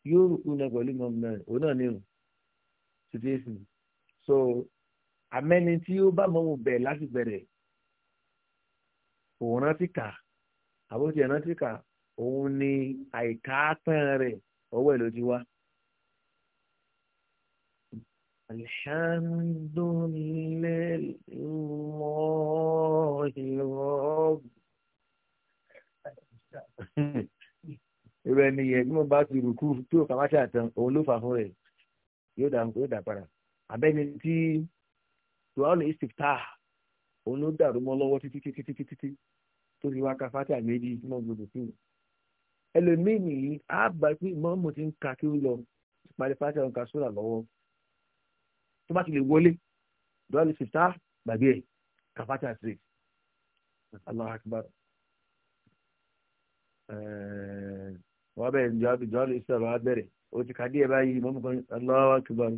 Speaker 1: yóò rùkú náà pẹ̀lú mọ́mù náà òun náà nírun ṣùgbọ́n so amẹ́ni tí ó bá mọ́mù bẹ̀ láti bẹ̀rẹ̀ òun rántí kà àbótí ẹ̀ rántí kà òun ni àìkápẹ́ rẹ̀ ọwọ́ ẹ̀ ló ti wá.
Speaker 2: الحمد لله رب
Speaker 1: ìrẹ̀ nìyẹn bí wọ́n bá ti rùkú tí ó kàmáṣá àtàn òun ló fà fún rẹ̀ yóò dà padà abẹ́ni tí tuwọ́n lè onu ló dàrú mọ́ lọ́wọ́ títí títí títí títí tó fi wá ka fátíà méjì mọ́ gbogbo fún un ẹlòmíì nìyí á pé ti ń ka kí ó lọ parí lọ́wọ́ tó bá ti lè wọlé dọ́ọ̀lì fìtá gbàgbé ẹ̀ ka fátíà sí Allahu akbar wọ́n bẹ̀rẹ̀ jọ́ọ̀lì jọ́ọ̀lì ìṣòro á bẹ̀rẹ̀ o ti ka díẹ̀ báyìí kan akbar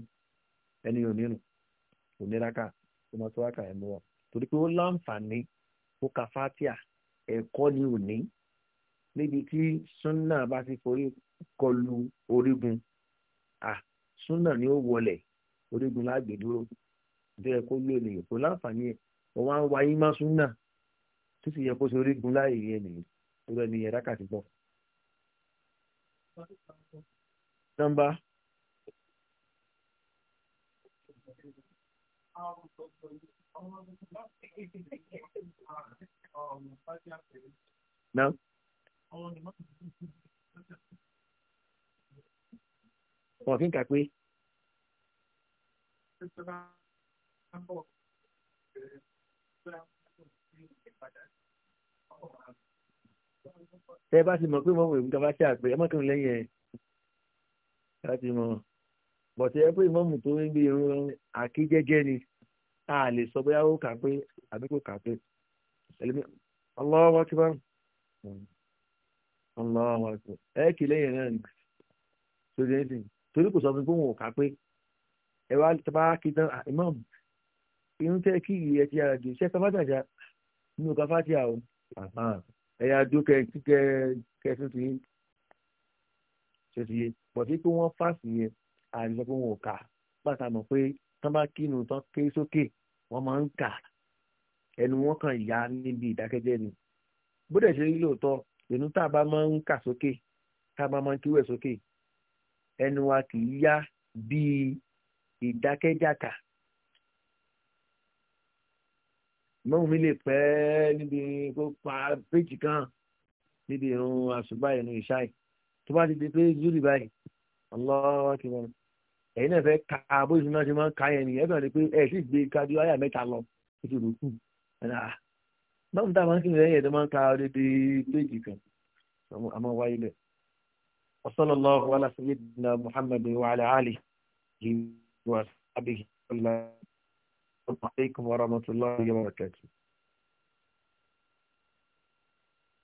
Speaker 1: ẹni nínú máa tó ẹ̀ torí pé ó láǹfààní ó ka fatia ẹ̀kọ́ ni ò ní níbi tí sunna bá ti forí kọlu orígun ah sunna ni ó wọlé orígun lágbèdúró tó yẹ kó lé ènìyàn kó láǹfààní ẹ̀ wọ́n wá ń wa ima sunna tó sì yẹ kó ṣe orígun láì rí ènìyàn tó lọ ní ẹ̀dá
Speaker 2: kàti bọ̀. nọ́mbà. Thank No?
Speaker 1: Wọ́n fi ń kà pé. Tẹ́ bá ti mọ̀ pé mọ̀mọ́ ìmúta bá ṣe àpè ẹ mọ́kànlá lẹ́yìn ẹ̀ láti mọ̀. Bọ̀tẹ́ ẹ pé mọ̀mù tó ń gbé irun àkíjẹ́jẹ́ ni a lè sọ bóyá ó kà pé àbí kò kà pé ẹlẹ́mi ọlọ́wọ́ tí wọ́n ọlọ́wọ́ tí wọ́n ẹ kì lẹ́yìn náà ní sóde ẹ̀sìn torí kò sọ fún mi pé òun ò kà pé ẹ wá tọ́ba kí tán ah, imam irun tẹ́ kí ìyẹ ti ara jù iṣẹ́ káfájàjà nínú káfájà o ẹ̀yà dúkẹ́ kíkẹ́ kẹsùn ti ṣe ti yé pọ̀ pé wọ́n fásì yẹn àìsàn pé wọn kà pàtàkì mọ̀ pé tán bá kírun tán ké sókè wọ́n máa ń kà ẹnu wọn kàn yá níbi ìdákẹ́jẹ́ ni bó dẹ̀ ṣe rí lóòótọ́ ìnú tá a bá máa ń kà sókè tá a bá máa ń kíwẹ̀ sókè ẹnu wa kì í yá bíi ìdákẹ́jàkà mọ́hùn mi lè pẹ́ níbi kó pa péjì kan níbi ìrun àṣùbà ìrun ìṣáì tó bá ti di pé zúrì báyìí ọlọ́wọ́ ti ẹ̀yin náà fẹ́ ka bó ṣe máa ṣe máa ń ka yẹn nìyẹn ẹ̀fẹ̀ ni pé ẹ̀ sì gbé kájú àyà mẹ́ta lọ títí rògbò báwo táwọn máa ń kíni lẹ́yìn ẹ̀dọ́ máa ń ka odidi péjì kan àmọ́ wáyé lẹ̀ wasallallahu ala sayyidina muhammad wa ala alihi wa sahbihi wa rahmatulahi wa barakatuh